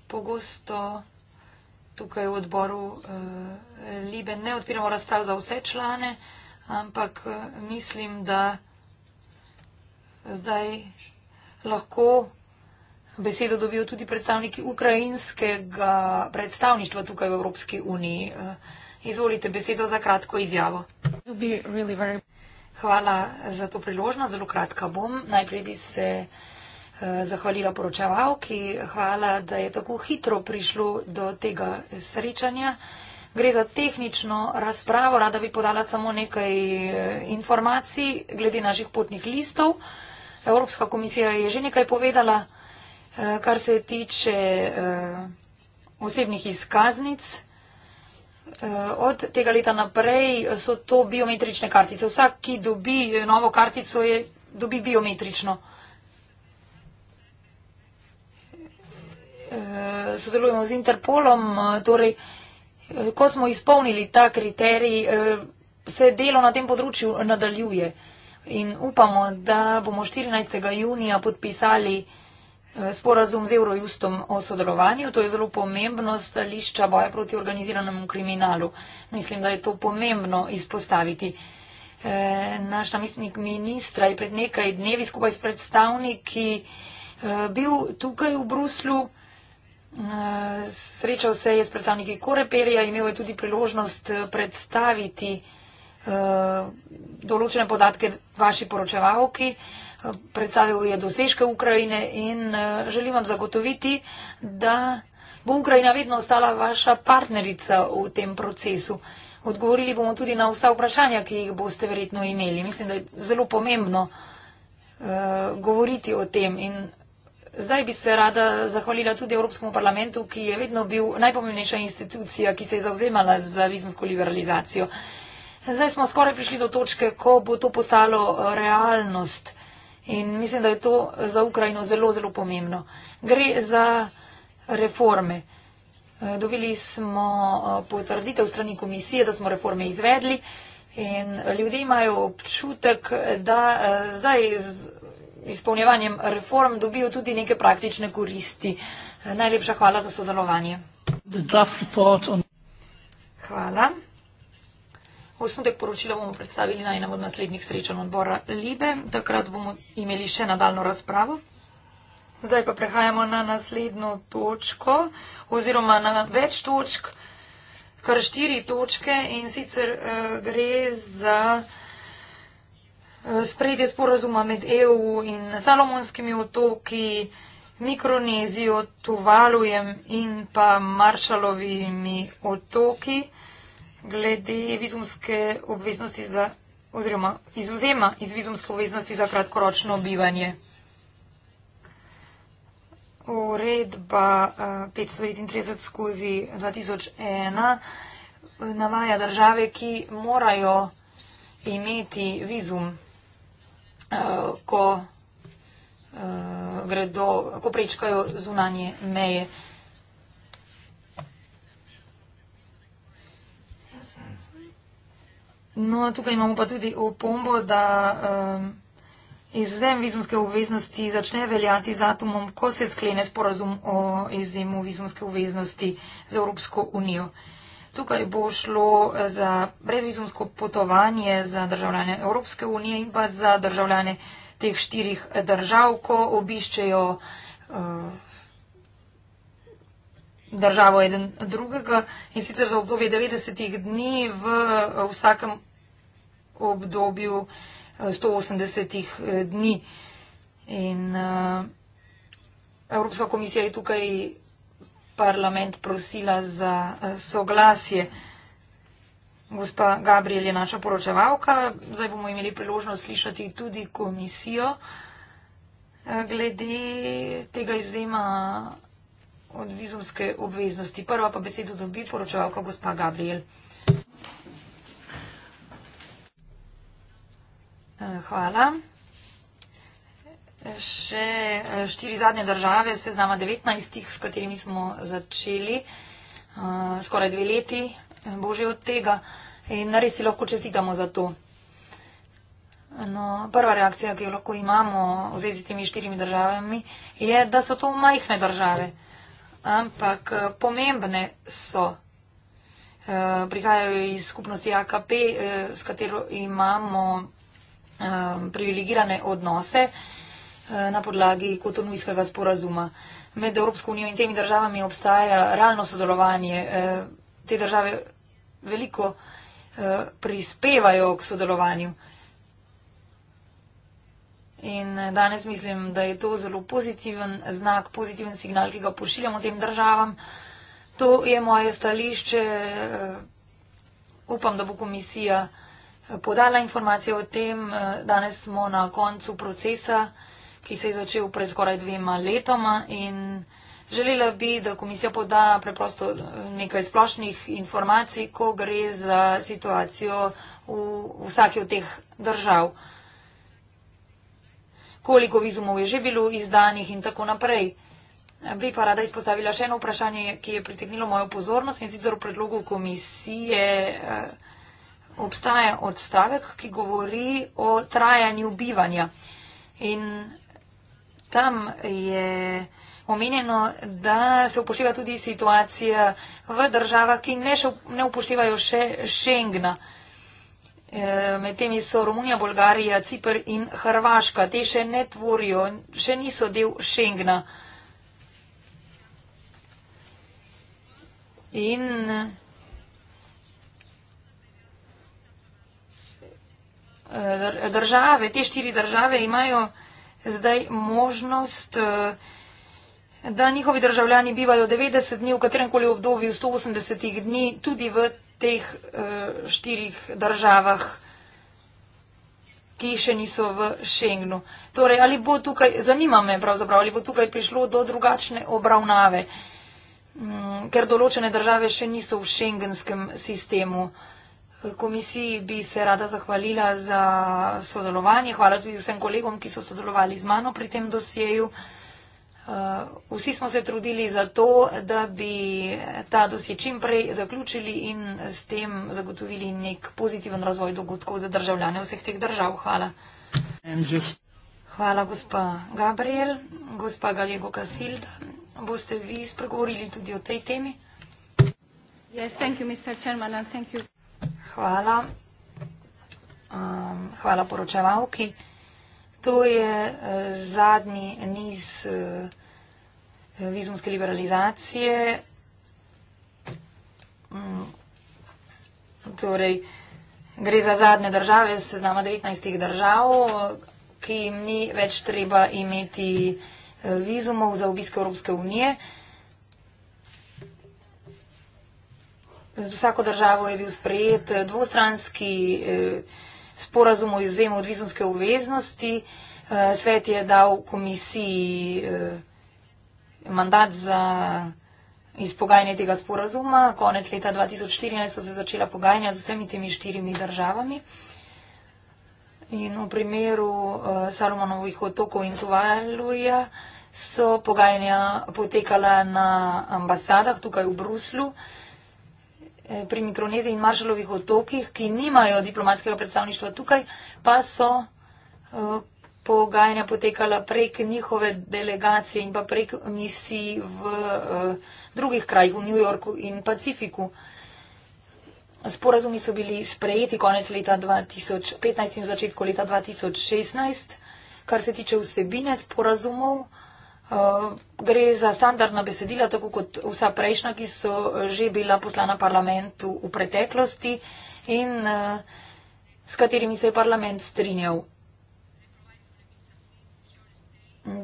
Pogosto tukaj v odboru uh, Libe ne odpiramo razprav za vse člane, ampak eh, mislim, da zdaj lahko besedo dobijo tudi predstavniki ukrajinskega predstavništva tukaj v Evropski uniji. Uh, Izvolite besedo za kratko izjavo. Hvala za to priložnost, zelo kratka bom. Najprej bi se eh, zahvalila poročevalki, hvala, da je tako hitro prišlo do tega srečanja. Gre za tehnično razpravo, rada bi podala samo nekaj eh, informacij glede naših potnih listov. Evropska komisija je že nekaj povedala, eh, kar se tiče osebnih izkaznic. Eh, od tega leta naprej so to biometrične kartice. Vsak, ki dobi novo kartico, je, dobi biometrično. Eh, sodelujemo z Interpolom, eh, torej, ko smo izpolnili ta kriterij, se delo na tem področju nadaljuje. In upamo, da bomo 14. junija podpisali Eh, sporazum z Eurojustom o sodelovanju. To je zelo pomembno stališča boja proti organiziranemu kriminalu. Mislim, da je to pomembno izpostaviti. Eh, naš namestnik ministra je pred nekaj dnevi skupaj s predstavniki eh, bil tukaj v Bruslju. Srečal se je s predstavniki Koreperja, imel je tudi priložnost predstaviti določene podatke vaši poročevalki predstavil je dosežke Ukrajine in eh, želim vam zagotoviti, da bo Ukrajina vedno ostala vaša partnerica v tem procesu. Odgovorili bomo tudi na vsa vprašanja, ki jih boste verjetno imeli. Mislim, da je zelo pomembno eh, govoriti o tem. In zdaj bi se rada zahvalila tudi Evropskemu parlamentu, ki je vedno bil najpomembnejša institucija, ki se je zauzemala za vizumsko liberalizacijo. Zdaj smo skoraj prišli do točke, ko bo to postalo eh, realnost. In mislim, da je to za Ukrajino zelo, zelo pomembno. Gre za reforme. Eh, dobili smo eh, potrditev strani komisije, da smo reforme izvedli in ljudje imajo občutek, da eh, zdaj z izpolnjevanjem reform dobijo tudi neke praktične koristi. Najlepša hvala za sodelovanje. Hvala. Osnutek poročila bomo predstavili na enem od naslednjih srečanj odbora Libe. Takrat bomo imeli še nadaljno razpravo. Zdaj pa prehajamo na naslednjo točko oziroma na več točk, kar štiri točke in sicer uh, gre za uh, sprejetje sporozuma med EU in Salomonskimi otoki, Mikronezijo, Tuvalujem in pa Maršalovimi otoki. Uh, glede vizumske obveznosti za, oziroma izuzema iz vizumske obveznosti za kratkoročno obivanje. Uredba 539 eh, skozi 2001 navaja države, ki morajo imeti vizum, eh, ko, eh, gredo, ko prečkajo zunanje meje. No, tukaj imamo pa tudi opombo, da um, izvzem vizumske obveznosti začne veljati z datumom, ko se sklene sporazum o izjemu vizumske obveznosti z Evropsko unijo. Tukaj bo šlo eh, za brezvizumsko potovanje za državljane Evropske unije in pa za državljane teh štirih držav, ko obiščejo. Uh, državo eden drugega in sicer za obdobje 90 dni v vsakem obdobju 180 eh, eh, dni. In eh, Evropska komisija je tukaj parlament prosila za soglasje. Gospa Gabriel je naša poročevalka, zdaj bomo imeli priložnost slišati tudi komisijo glede tega izjema od vizumske obveznosti. Prva pa besedo dobi poročevalka gospa Gabriel. Eh, hvala. Še eh, štiri zadnje države se znama 19, s katerimi smo začeli eh, skoraj dve leti, bože od tega, in res si lahko čestitamo za to. No, prva reakcija, ki jo lahko imamo v zvezi s temi štirimi državami, je, da so to majhne države ampak eh, pomembne so. Eh, prihajajo iz skupnosti AKP, eh, s katero imamo privilegirane odnose na podlagi kotonujskega sporazuma. Med Evropsko unijo in temi državami obstaja realno sodelovanje. Te države veliko prispevajo k sodelovanju. In eh, danes mislim, da je to zelo pozitiven znak, pozitiven signal, ki ga pošiljamo tem državam. To je moje stališče. Eh, upam, da bo komisija eh, podala informacije o tem. Danes smo na koncu procesa, ki se je začel pred skoraj dvema letoma in želela bi, da komisija poda preprosto nekaj splošnih informacij, ko gre za situacijo v vsaki od teh držav koliko vizumov je že bilo izdanih in tako naprej. Bi pa rada izpostavila še eno vprašanje, ki je pritegnilo mojo pozornost in sicer v predlogu komisije eh, obstaja odstavek, ki govori o trajanju bivanja. In tam je omenjeno, da se upošteva tudi situacija v državah, ki ne, še, ne upoštevajo še Schengna. Še Eh, Medtemi so Romunija, Bolgarija, Cipr in Hrvaška. Te še ne tvorijo, še niso del Schengna. In eh, države, te štiri države imajo zdaj možnost, eh, da njihovi državljani bivajo 90 dni, v katerem koli obdobju 180 dni, tudi v teh uh, štirih državah, ki še niso v Schengnu. Torej, ali bo tukaj, zanima me pravzaprav, ali bo tukaj prišlo do drugačne obravnave, um, ker določene države še niso v šengenskem sistemu. Komisiji bi se rada zahvalila za sodelovanje. Hvala tudi vsem kolegom, ki so sodelovali z mano pri tem dosjeju. Eh, vsi smo se trudili za to, da bi ta dosje čim prej zaključili in s tem zagotovili nek pozitiven razvoj dogodkov za državljane vseh teh držav. Hvala. Hvala, gospa Gabriel. Gospa Galego Kasilda, boste vi spregovorili tudi o tej temi? Yes, thank you, Mr. Chairman, and thank you. Hvala. Um, hvala poročevalki. Okay. To je eh, zadnji niz eh, vizumske liberalizacije. Mm. Torej, gre za zadnje države, se znamo 19 držav, ki jim ni več treba imeti eh, vizumov za obisk Evropske unije. Z vsako državo je bil sprejet dvostranski eh, sporazum o izvzemu od vizumske obveznosti. Eh, svet je dal komisiji eh, mandat za izpogajanje tega sporazuma. Konec leta 2014 so se začela pogajanja z vsemi temi štirimi državami. In v primeru eh, Salomonovih otokov in Tuvaluja so pogajanja potekala na ambasadah tukaj v Bruslu. Eh, pri Mikroneziji in Maršalovih otokih, ki nimajo diplomatskega predstavništva tukaj, pa so eh, pogajanja potekala prek njihove delegacije in pa prek misij v eh, drugih krajih, v New Yorku in Pacifiku. Sporazumi so bili sprejeti konec leta 2015 in v začetku leta 2016. Kar se tiče vsebine sporazumov, Eh, gre za standardna besedila, tako kot vsa prejšnja, ki so že bila poslana parlamentu v preteklosti in eh, s katerimi se je parlament strinjal.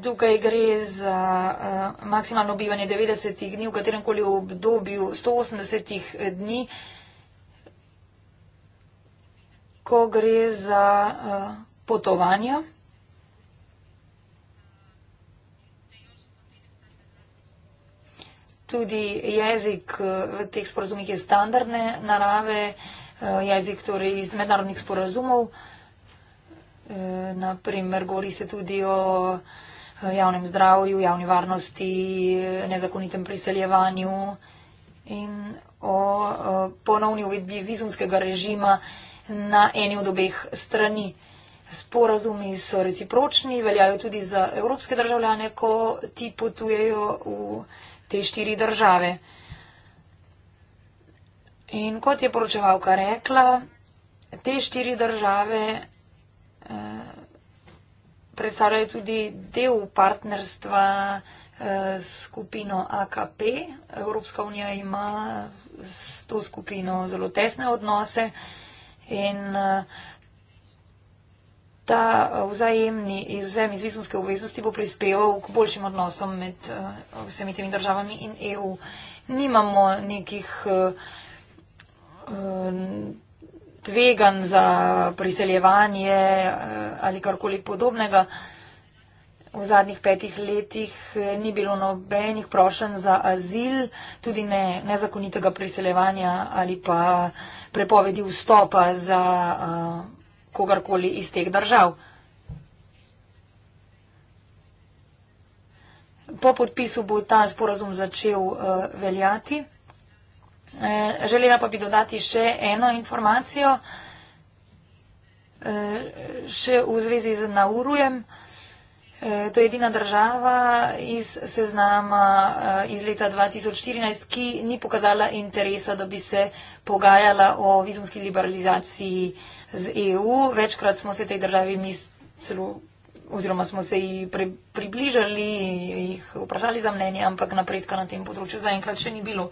Tukaj gre za uh, maksimalno bivanje 90 dni, v katerem koli obdobju 180 dni, ko gre za uh, potovanja. tudi jezik eh, v teh sporazumih je standardne narave, eh, jezik torej iz mednarodnih sporazumov. Eh, Naprimer, govori se tudi o javnem zdravju, javni varnosti, nezakonitem priseljevanju in o ponovni uvedbi vizumskega režima na eni od obeh strani. Sporazumi so recipročni, veljajo tudi za evropske državljane, ko ti potujejo v te štiri države. In kot je poročevalka rekla, te štiri države eh, predstavljajo tudi del partnerstva eh, skupino AKP. Evropska unija ima s to skupino zelo tesne odnose in uh, ta eh, vzajemni izvzem iz vizumske obveznosti bo prispeval k boljšim odnosom med eh, vsemi temi državami in EU. Nimamo nekih eh, tvegan za priseljevanje ali karkoli podobnega. V zadnjih petih letih ni bilo nobenih prošen za azil, tudi ne, nezakonitega priseljevanja ali pa prepovedi vstopa za uh, kogarkoli iz teh držav. Po podpisu bo ta sporazum začel uh, veljati. E, želela pa bi dodati še eno informacijo, e, še v zvezi z Naurujem. E, to je edina država iz seznama e, iz leta 2014, ki ni pokazala interesa, da bi se pogajala o vizumski liberalizaciji. E, z EU. Večkrat smo se tej državi mi celo, oziroma smo se ji pri, približali, jih vprašali za mnenje, ampak napredka na tem področju zaenkrat še ni bilo.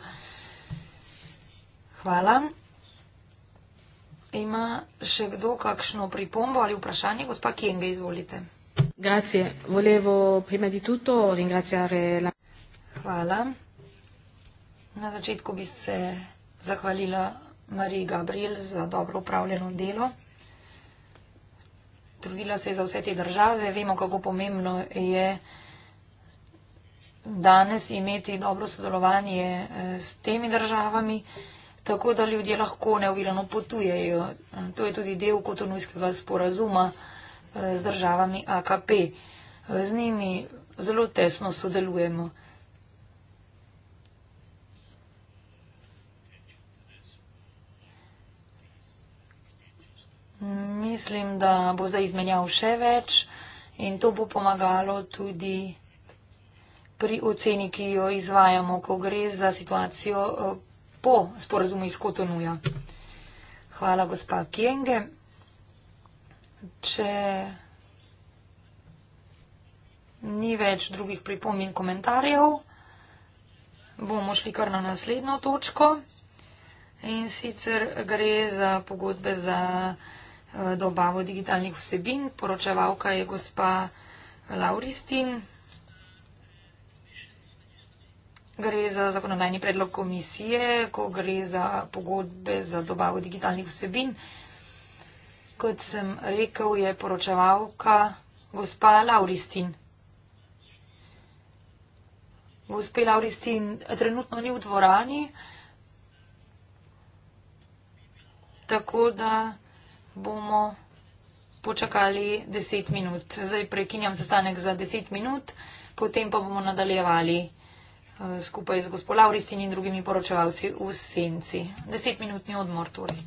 Hvala. Ima še kdo kakšno pripombo ali vprašanje? Gospa Kenge, izvolite. Grazie. Volevo prima di tutto ringraziare la. Hvala. Na začetku bi se zahvalila Mariji Gabriel za dobro upravljeno delo. Trudila se je za vse te države. Vemo, kako pomembno je danes imeti dobro sodelovanje eh, s temi državami, tako da ljudje lahko neovirano potujejo. To je tudi del kotonujskega sporazuma eh, z državami AKP. Z njimi zelo tesno sodelujemo. Mislim, da bo zdaj izmenjal še več in to bo pomagalo tudi pri oceni, ki jo izvajamo, ko gre za situacijo eh, po sporazumu iz Kotonuja. Hvala, gospa Kjenge. Če ni več drugih pripomb in komentarjev, bomo šli kar na naslednjo točko. In sicer gre za pogodbe za. Eh, dobavo digitalnih vsebin. Poročevalka je gospa Lauristin. Gre za zakonodajni predlog komisije, ko gre za pogodbe za dobavo digitalnih vsebin. Kot sem rekel, je poročevalka gospa Lauristin. Gospe Lauristin trenutno ni v dvorani, tako da bomo počakali 10 minut. Zdaj prekinjam sestanek za 10 minut, potem pa bomo nadaljevali eh, skupaj z gospod Lauristin in drugimi poročevalci v senci. 10 minutni odmor torej.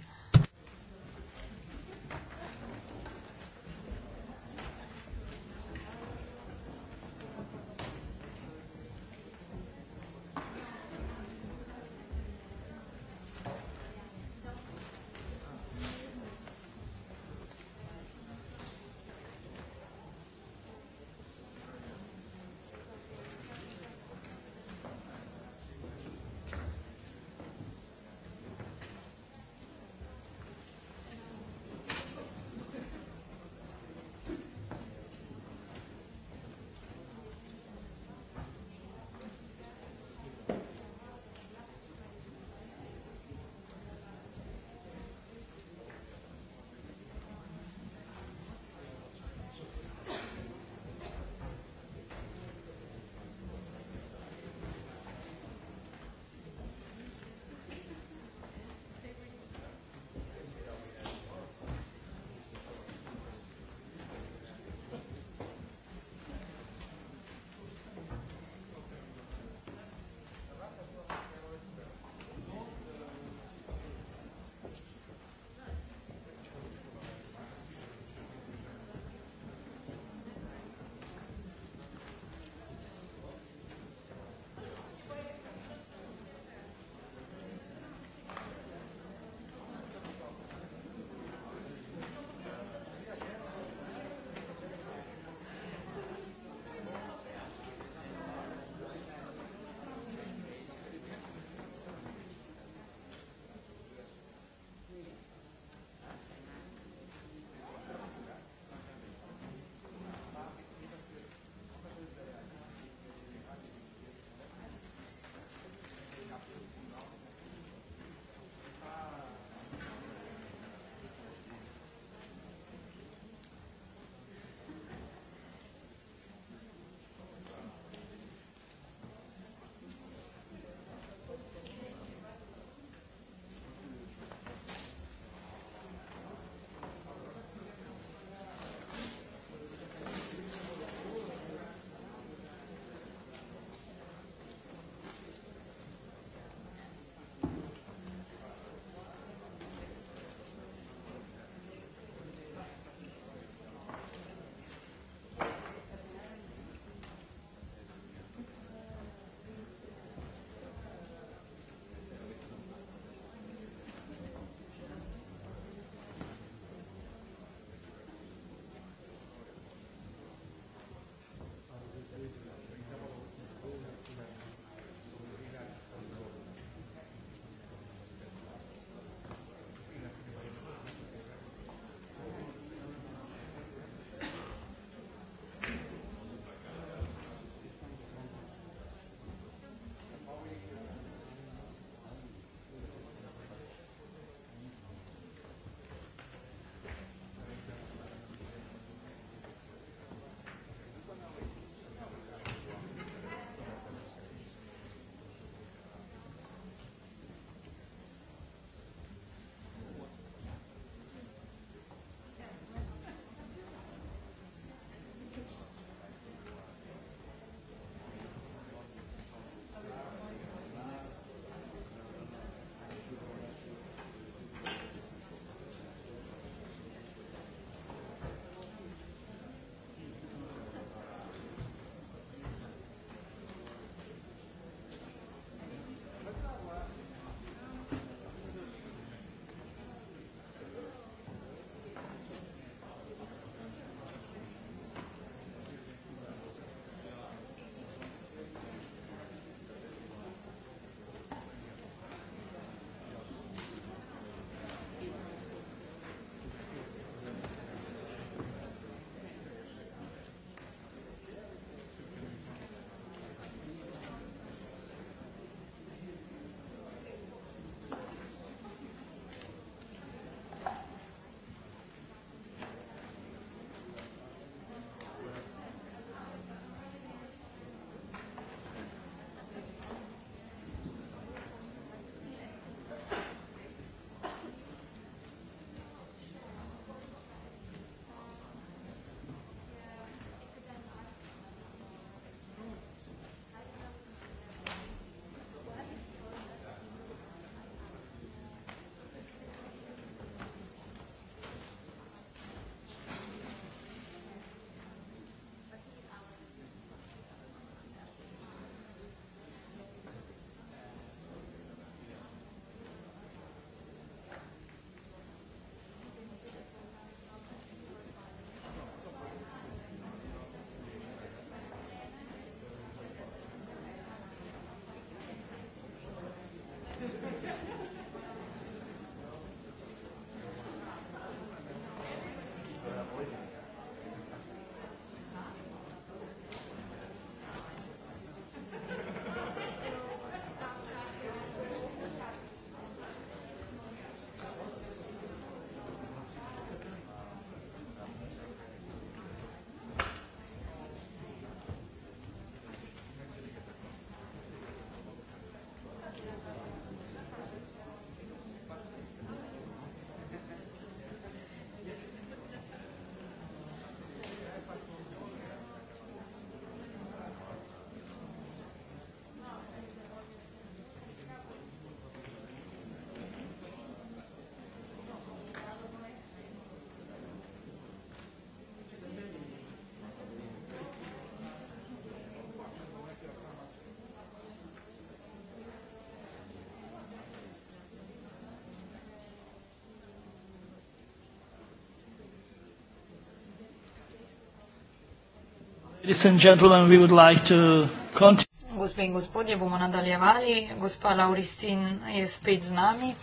Gospe in gospodje, bomo nadaljevali. Gospa Lauristin je spet z nami.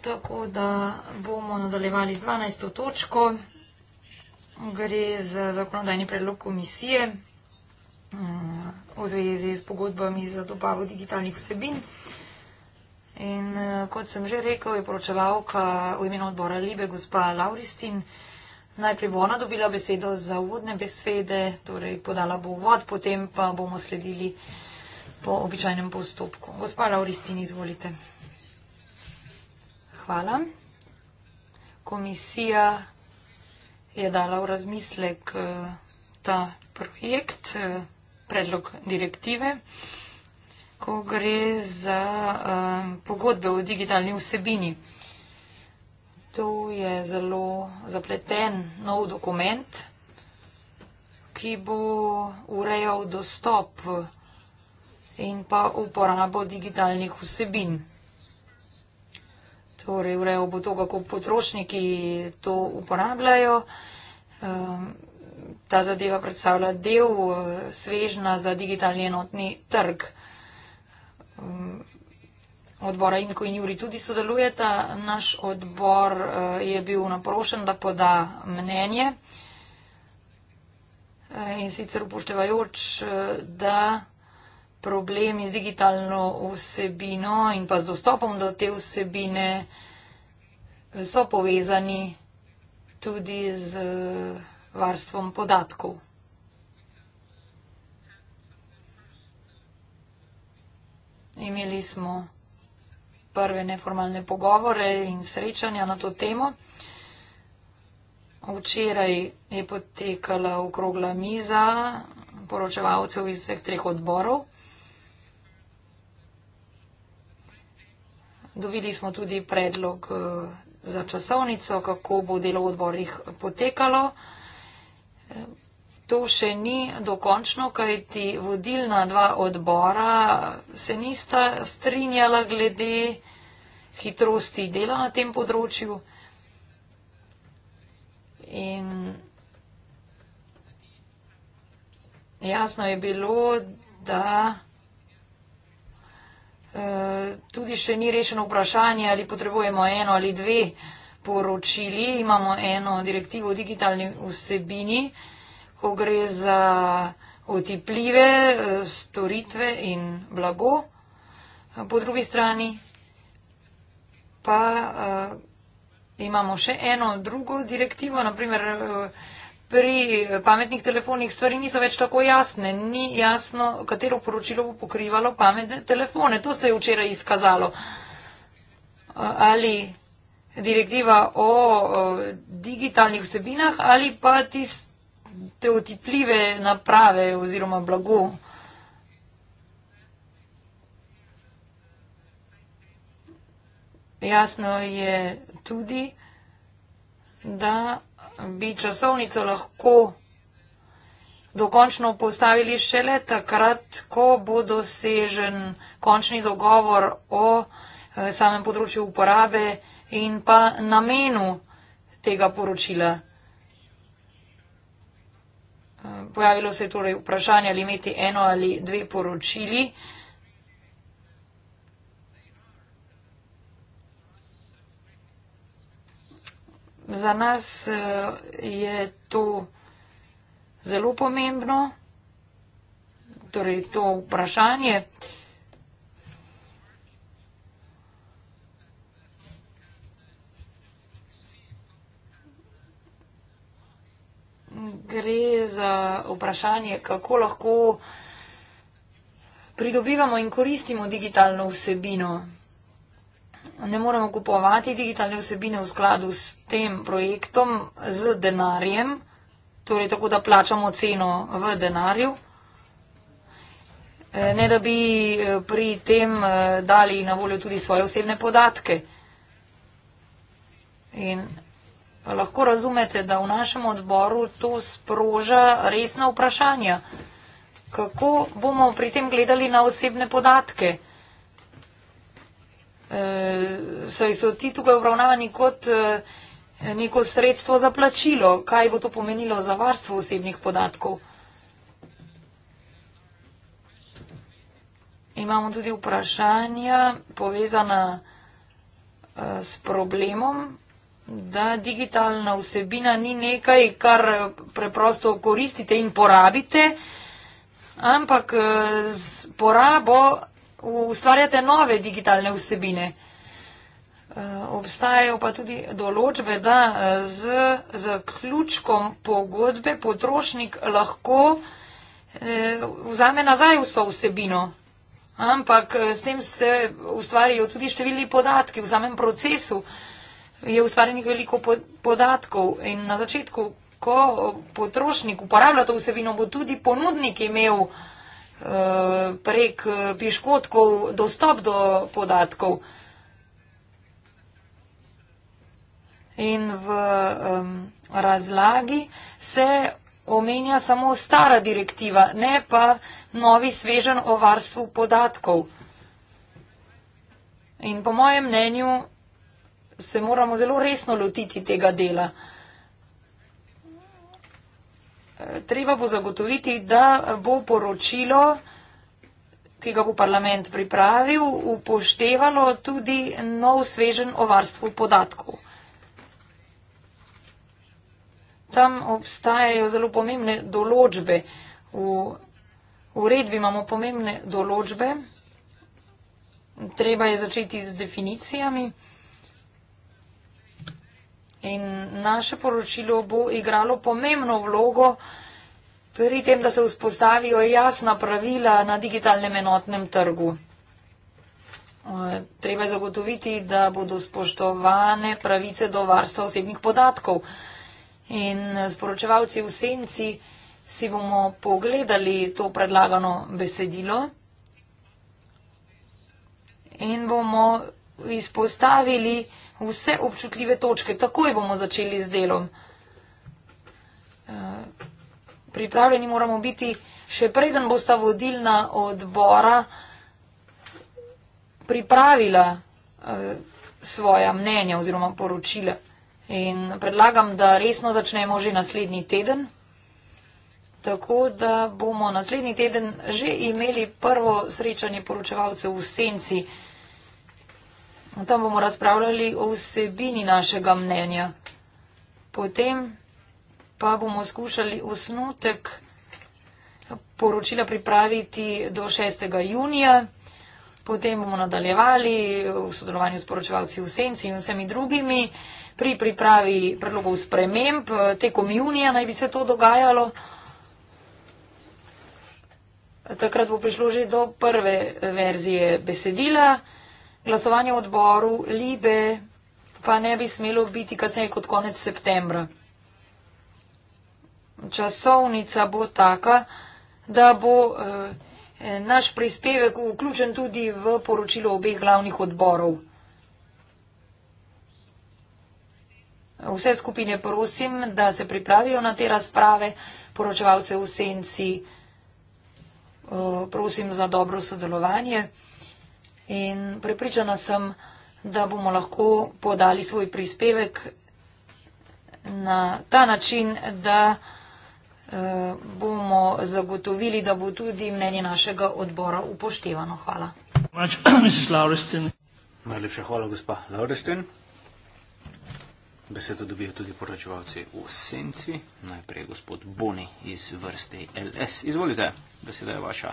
Tako da bomo nadaljevali z 12. točko. Gre za zakonodajni predlog komisije mm, v zvezi s pogodbami za dobavo digitalnih vsebin. In eh, kot sem že rekel, je poročevalka v imenu odbora Libe, gospa Lauristin, Najprej bo ona dobila besedo za uvodne besede, torej podala bo uvod, potem pa bomo sledili po običajnem postopku. Gospa Lauristin, izvolite. Hvala. Komisija je dala v razmislek eh, ta projekt, eh, predlog direktive, ko gre za eh, pogodbe o digitalni vsebini. To je zelo zapleten nov dokument, ki bo urejal dostop in pa uporabo digitalnih vsebin. Torej, urejal bo to, kako potrošniki to uporabljajo. Ehm, ta zadeva predstavlja del eh, svežna za digitalni enotni trg. Ehm, odbora Inko in Juri tudi sodelujeta. Naš odbor eh, je bil naprošen, da poda mnenje eh, in sicer upoštevajoč, eh, da problemi z digitalno vsebino in pa z dostopom do te vsebine so povezani tudi z varstvom podatkov. Imeli smo prve neformalne pogovore in srečanja na to temo. Včeraj je potekala okrogla miza poročevalcev iz vseh treh odborov. Dobili smo tudi predlog eh, za časovnico, kako bo delo v odborih potekalo to še ni dokončno, kajti vodilna dva odbora se nista strinjala glede hitrosti dela na tem področju. In jasno je bilo, da eh, tudi še ni rešeno vprašanje, ali potrebujemo eno ali dve poročili. Imamo eno direktivo o digitalni vsebini ko gre za otipljive eh, storitve in blago, eh, po drugi strani pa eh, imamo še eno drugo direktivo, naprimer pri pametnih telefonih stvari niso več tako jasne, ni jasno, katero poročilo bo pokrivalo pametne telefone, to se je včeraj izkazalo. Ali direktiva o digitalnih vsebinah ali pa tisti te otipljive naprave oziroma blago. Jasno je tudi, da bi časovnico lahko dokončno postavili šele takrat, ko bo dosežen končni dogovor o eh, samem področju uporabe in pa namenu tega poročila. Pojavilo se je torej vprašanje, ali imeti eno ali dve poročili. Za nas eh, je to zelo pomembno, torej to vprašanje. gre za vprašanje, kako lahko pridobivamo in koristimo digitalno vsebino. Ne moremo kupovati digitalne vsebine v skladu s tem projektom, z denarjem, torej tako, da plačamo ceno v denarju. Eh, ne da bi eh, pri tem eh, dali na voljo tudi svoje osebne podatke. In lahko razumete, da v našem odboru to sproža resna vprašanja. Kako bomo pri tem gledali na osebne podatke? E, saj so ti tukaj obravnavani kot e, neko sredstvo za plačilo. Kaj bo to pomenilo za varstvo osebnih podatkov? Imamo tudi vprašanja povezana e, s problemom, da digitalna vsebina ni nekaj, kar preprosto koristite in porabite, ampak z porabo ustvarjate nove digitalne vsebine. Obstajajo pa tudi določbe, da z zaključkom pogodbe potrošnik lahko vzame nazaj vso vsebino. Ampak s tem se ustvarijo tudi številni podatki v samem procesu je ustvarjenih veliko podatkov in na začetku, ko potrošnik uporablja to vsebino, bo tudi ponudnik imel eh, prek eh, piškotkov dostop do podatkov. In v um, razlagi se omenja samo stara direktiva, ne pa novi svežen o varstvu podatkov. In po mojem mnenju se moramo zelo resno lotiti tega dela. E, treba bo zagotoviti, da bo poročilo, ki ga bo parlament pripravil, upoštevalo tudi nov svežen o varstvu podatkov. Tam obstajajo zelo pomembne določbe. V uredbi imamo pomembne določbe. Treba je začeti z definicijami. In naše poročilo bo igralo pomembno vlogo pri tem, da se vzpostavijo jasna pravila na digitalnem enotnem trgu. E, treba je zagotoviti, da bodo spoštovane pravice do varstva osebnih podatkov. In e, sporočevalci v senci si bomo pogledali to predlagano besedilo in bomo izpostavili, vse občutljive točke. Takoj bomo začeli z delom. E, pripravljeni moramo biti, še preden bosta vodilna odbora pripravila e, svoja mnenja oziroma poročila. In predlagam, da resno začnemo že naslednji teden. Tako da bomo naslednji teden že imeli prvo srečanje poročevalcev v senci. Tam bomo razpravljali o vsebini našega mnenja. Potem pa bomo skušali osnutek poročila pripraviti do 6. junija. Potem bomo nadaljevali v sodelovanju s poročevalci v Senci in vsemi drugimi pri pripravi predlogov sprememb. Tekom junija naj bi se to dogajalo. Takrat bo prišlo že do prve verzije besedila glasovanje v odboru Libe pa ne bi smelo biti kasneje kot konec septembra. Časovnica bo taka, da bo eh, naš prispevek vključen tudi v poročilo obeh glavnih odborov. Vse skupine prosim, da se pripravijo na te razprave, poročevalce v senci eh, prosim za dobro sodelovanje in prepričana sem, da bomo lahko podali svoj prispevek na ta način, da eh, bomo zagotovili, da bo tudi mnenje našega odbora upoštevano. Hvala. Najlepša hvala, gospa Laurestin. Besedo dobijo tudi poročevalci v senci. Najprej gospod Boni iz vrste LS. Izvolite, beseda je vaša.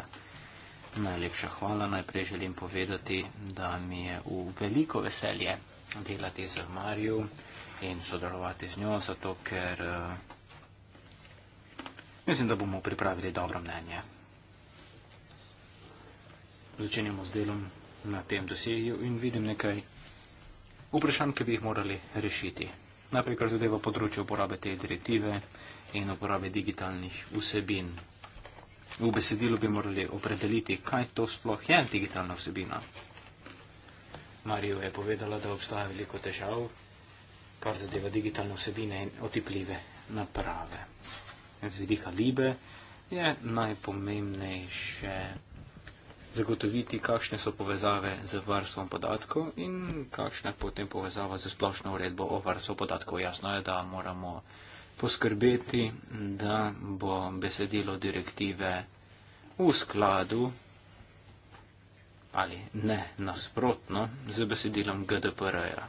Najlepša hvala. Najprej želim povedati, da mi je v veliko veselje delati z Marijo in sodelovati z njo, zato ker uh, mislim, da bomo pripravili dobro mnenje. Začenjamo z delom na tem dosjeju in vidim nekaj vprašanj, ki bi jih morali rešiti. Najprej, kar zadeva področje uporabe te direktive in uporabe digitalnih vsebin v besedilu bi morali opredeliti, kaj to sploh je digitalna vsebina. Marijo je povedala, da obstaja veliko težav, kar zadeva digitalne vsebine in otipljive naprave. Z vidika libe je najpomembnejše zagotoviti, kakšne so povezave z varstvom podatkov in kakšna je potem povezava z splošno uredbo o varstvu podatkov. Jasno je, da moramo poskrbeti, da bo besedilo direktive v skladu ali ne nasprotno z besedilom GDPR-ja.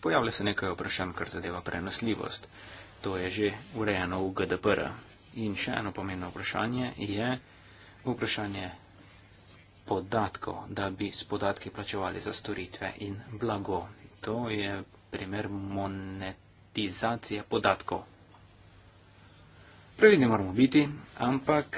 Pojavlja se nekaj vprašanj, kar zadeva prenosljivost. To je že urejeno v GDPR. In še eno pomembno vprašanje je vprašanje podatkov, da bi s podatki plačevali za storitve in blago. To je primer monet automatizacija podatkov. Previdni moramo biti, ampak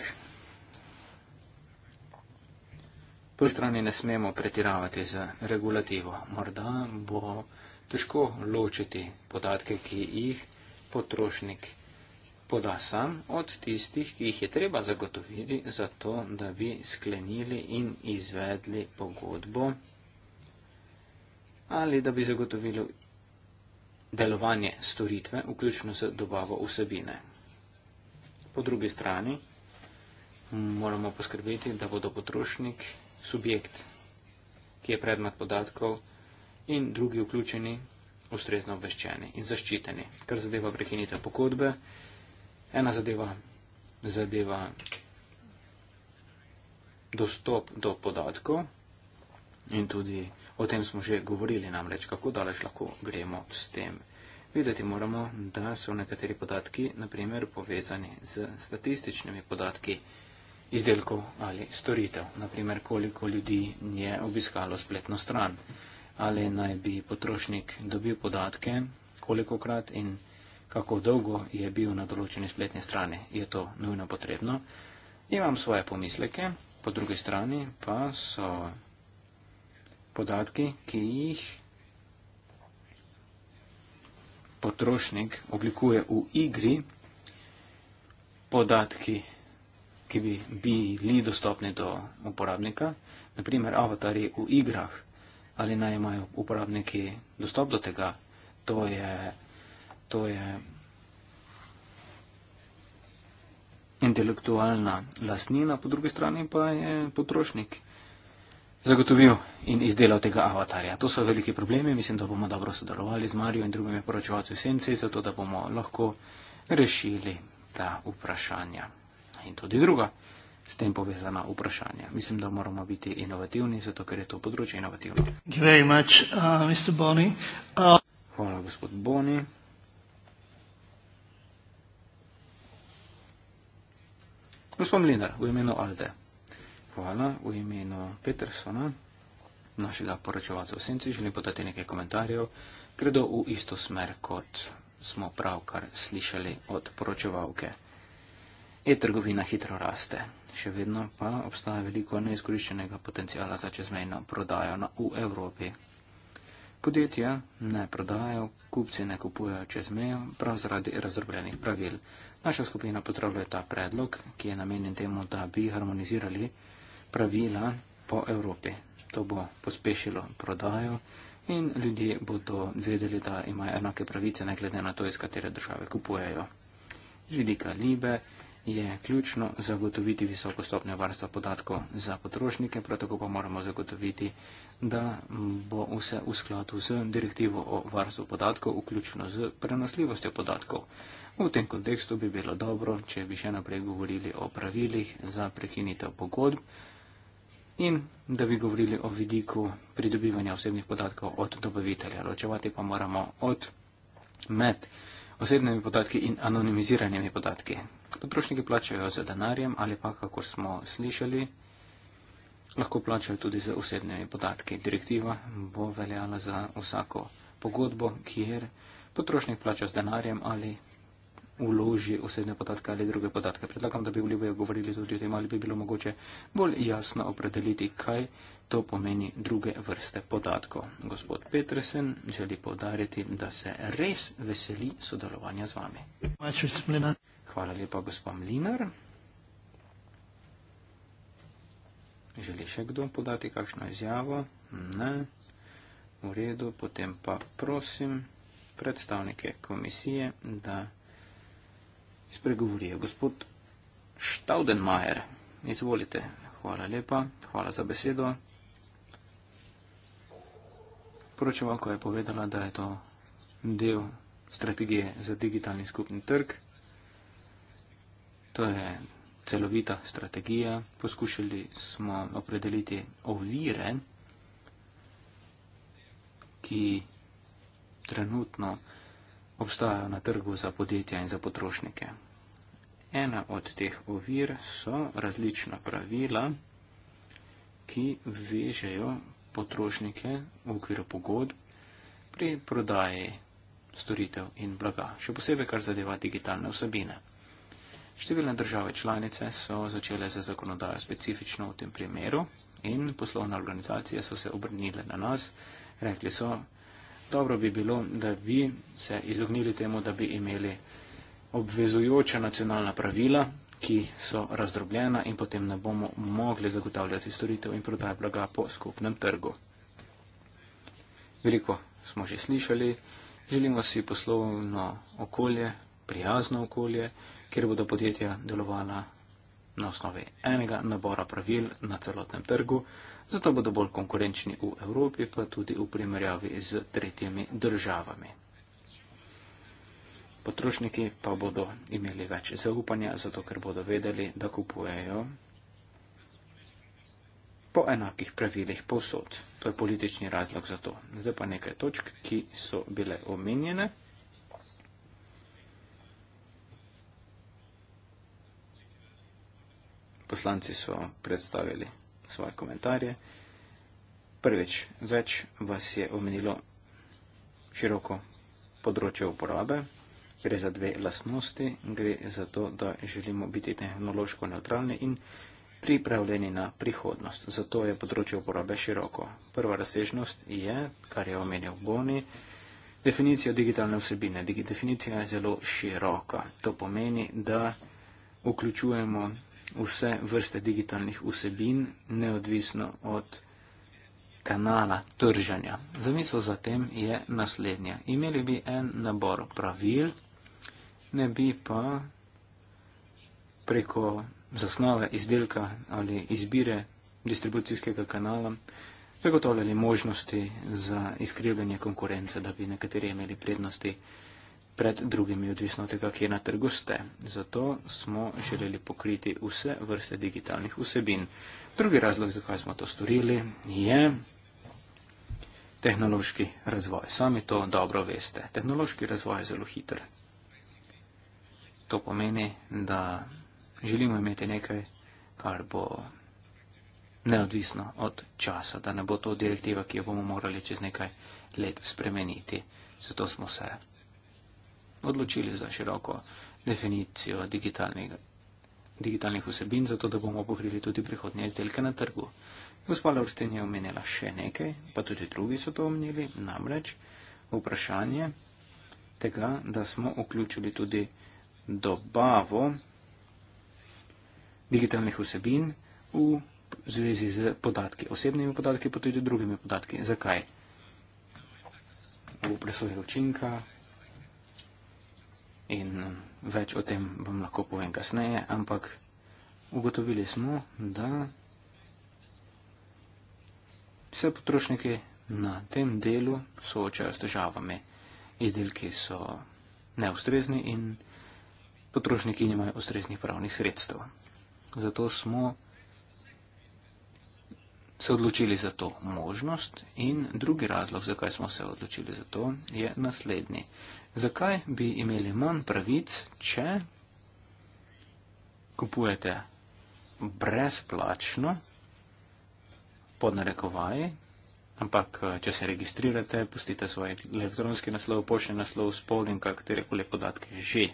po strani ne smemo pretiravati z regulativo. Morda bo težko ločiti podatke, ki jih potrošnik poda sam, od tistih, ki jih je treba zagotoviti, zato da bi sklenili in izvedli pogodbo ali da bi zagotovili delovanje storitve, vključno z dobavo vsebine. Po drugi strani moramo poskrbeti, da bodo potrošnik subjekt, ki je predmet podatkov in drugi vključeni ustrezno obveščeni in zaščiteni. Kar zadeva prekinitev pogodbe, ena zadeva zadeva dostop do podatkov in tudi O tem smo že govorili namreč, kako daleč lahko gremo s tem. Videti moramo, da so nekateri podatki, naprimer, povezani z statističnimi podatki izdelkov ali storitev, naprimer, koliko ljudi je obiskalo spletno stran, ali naj bi potrošnik dobil podatke, koliko krat in kako dolgo je bil na določeni spletni strani, je to nujno potrebno. Imam svoje pomisleke, po drugi strani pa so podatki, ki jih potrošnik oblikuje v igri, podatki, ki bi bili dostopni do uporabnika, naprimer avatari v igrah, ali naj imajo uporabniki dostop do tega, to je, to je intelektualna lasnina, po drugi strani pa je potrošnik zagotovil in izdelal tega avatarja. To so veliki problemi, mislim, da bomo dobro sodelovali z Marijo in drugimi poročevalci v Senci, zato da bomo lahko rešili ta vprašanja in tudi druga s tem povezana vprašanja. Mislim, da moramo biti inovativni, zato ker je to področje inovativno. Much, uh, uh... Hvala, gospod Boni. Gospod Mlinar, v imenu Alde. Hvala v imenu Petersona, našega poročevalca v senci. Želim podati nekaj komentarjev, gredo v isto smer, kot smo pravkar slišali od poročevalke. E-trgovina hitro raste, še vedno pa obstaja veliko neizkoriščenega potencijala za čezmejno prodajo na, v Evropi. Podjetja ne prodajo, kupci ne kupujejo čez mejo, prav zaradi razdrobljenih pravil. Naša skupina potrebuje ta predlog, ki je namenjen temu, da bi harmonizirali pravila po Evropi. To bo pospešilo prodajo in ljudje bodo vedeli, da imajo enake pravice, ne glede na to, iz katere države kupujejo. Z vidika Libe je ključno zagotoviti visoko stopnjo varstva podatkov za potrošnike, prav tako pa moramo zagotoviti, da bo vse v skladu z direktivo o varstvu podatkov, vključno z prenosljivostjo podatkov. V tem kontekstu bi bilo dobro, če bi še naprej govorili o pravilih za prekinitev pogodb in da bi govorili o vidiku pridobivanja osebnih podatkov od dobavitelja. Ločevati pa moramo od med osebnimi podatki in anonimiziranimi podatki. Potrošniki plačajo z denarjem ali pa, kako smo slišali, lahko plačajo tudi z osebnimi podatki. Direktiva bo veljala za vsako pogodbo, kjer potrošnik plača z denarjem ali vloži osebne podatke ali druge podatke. Predlagam, da bi v Ljubeju govorili tudi o tem, ali bi bilo mogoče bolj jasno opredeliti, kaj to pomeni druge vrste podatkov. Gospod Petersen želi povdariti, da se res veseli sodelovanja z vami. Hvala lepa, gospod Mlinar. Želi še kdo podati kakšno izjavo? Ne. V redu, potem pa prosim predstavnike komisije, da spregovori je gospod Staudenmajer. Izvolite. Hvala lepa. Hvala za besedo. Poročevalko je povedala, da je to del strategije za digitalni skupni trg. To je celovita strategija. Poskušali smo opredeliti ovire, ki trenutno obstajajo na trgu za podjetja in za potrošnike. Ena od teh ovir so različna pravila, ki vežejo potrošnike v okviru pogodb pri prodaji storitev in blaga, še posebej kar zadeva digitalne vsebine. Številne države članice so začele za zakonodajo specifično v tem primeru in poslovne organizacije so se obrnile na nas, rekli so, dobro bi bilo, da bi se izognili temu, da bi imeli obvezujoča nacionalna pravila, ki so razdrobljena in potem ne bomo mogli zagotavljati storitev in prodaj blaga po skupnem trgu. Veliko smo že slišali, želimo si poslovno okolje, prijazno okolje, kjer bodo podjetja delovala na osnovi enega nabora pravil na celotnem trgu, zato bodo bolj konkurenčni v Evropi, pa tudi v primerjavi z tretjimi državami potrošniki pa bodo imeli več zaupanja, zato ker bodo vedeli, da kupujejo po enakih pravilih povsod. To je politični razlog za to. Zdaj pa nekaj točk, ki so bile omenjene. Poslanci so predstavili svoje komentarje. Prvič, več vas je omenilo široko področje uporabe, Gre za dve lasnosti, gre za to, da želimo biti tehnološko neutralni in pripravljeni na prihodnost. Zato je področje uporabe široko. Prva razsežnost je, kar je omenil Boni, definicija digitalne vsebine. Definicija je zelo široka. To pomeni, da vključujemo vse vrste digitalnih vsebin, neodvisno od kanala tržanja. Zamisel za tem je naslednja. Imeli bi en nabor pravil, ne bi pa preko zasnove izdelka ali izbire distribucijskega kanala zagotavljali možnosti za izkrivljanje konkurence, da bi nekateri imeli prednosti pred drugimi, odvisno od tega, kje na trgu ste. Zato smo želeli pokriti vse vrste digitalnih vsebin. Drugi razlog, zakaj smo to storili, je tehnološki razvoj. Sami to dobro veste. Tehnološki razvoj je zelo hiter to pomeni, da želimo imeti nekaj, kar bo neodvisno od časa, da ne bo to direktiva, ki jo bomo morali čez nekaj let spremeniti. Zato smo se odločili za široko definicijo digitalnega digitalnih vsebin, zato da bomo pokrili tudi prihodnje izdelke na trgu. Gospa Lovsten je omenila še nekaj, pa tudi drugi so to omenili, namreč vprašanje tega, da smo vključili tudi dobavo digitalnih vsebin v zvezi z podatki, osebnimi podatki, pa tudi drugimi podatki. Zakaj? V presoji učinka in več o tem vam lahko povem kasneje, ampak ugotovili smo, da se potrošniki na tem delu soočajo s težavami. Izdelki so neustrezni in neustrezni potrošniki nimajo ustreznih pravnih sredstev. Zato smo se odločili za to možnost in drugi razlog, zakaj smo se odločili za to, je naslednji. Zakaj bi imeli manj pravic, če kupujete brezplačno pod narekovaji, ampak eh, če se registrirate, pustite svoj elektronski naslov, poštni naslov, spol in kakorkoli podatke že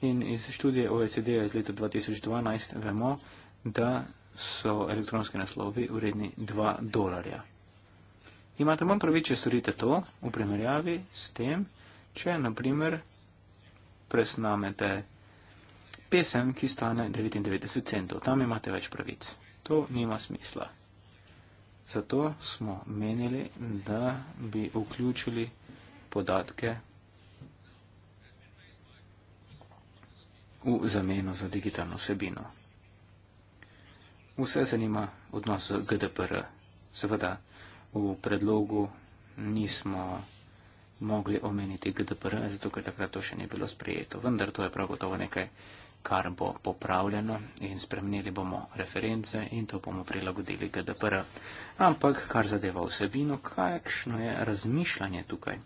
In iz študije OECD-ja iz leta 2012 vemo, da so elektronski naslovi vredni 2 dolarja. Imate manj pravi, če storite to v primerjavi s tem, če naprimer presnamete pesem, ki stane 99 centov. Tam imate več pravic. To nima smisla. Zato smo menili, da bi vključili podatke v zameno za digitalno vsebino. Vse zanima odnos z GDPR. Seveda, v predlogu nismo mogli omeniti GDPR, zato ker takrat to še ni bilo sprejeto. Vendar to je prav gotovo nekaj, kar bo popravljeno in spremenili bomo reference in to bomo prilagodili GDPR. Ampak, kar zadeva vsebino, kakšno je razmišljanje tukaj?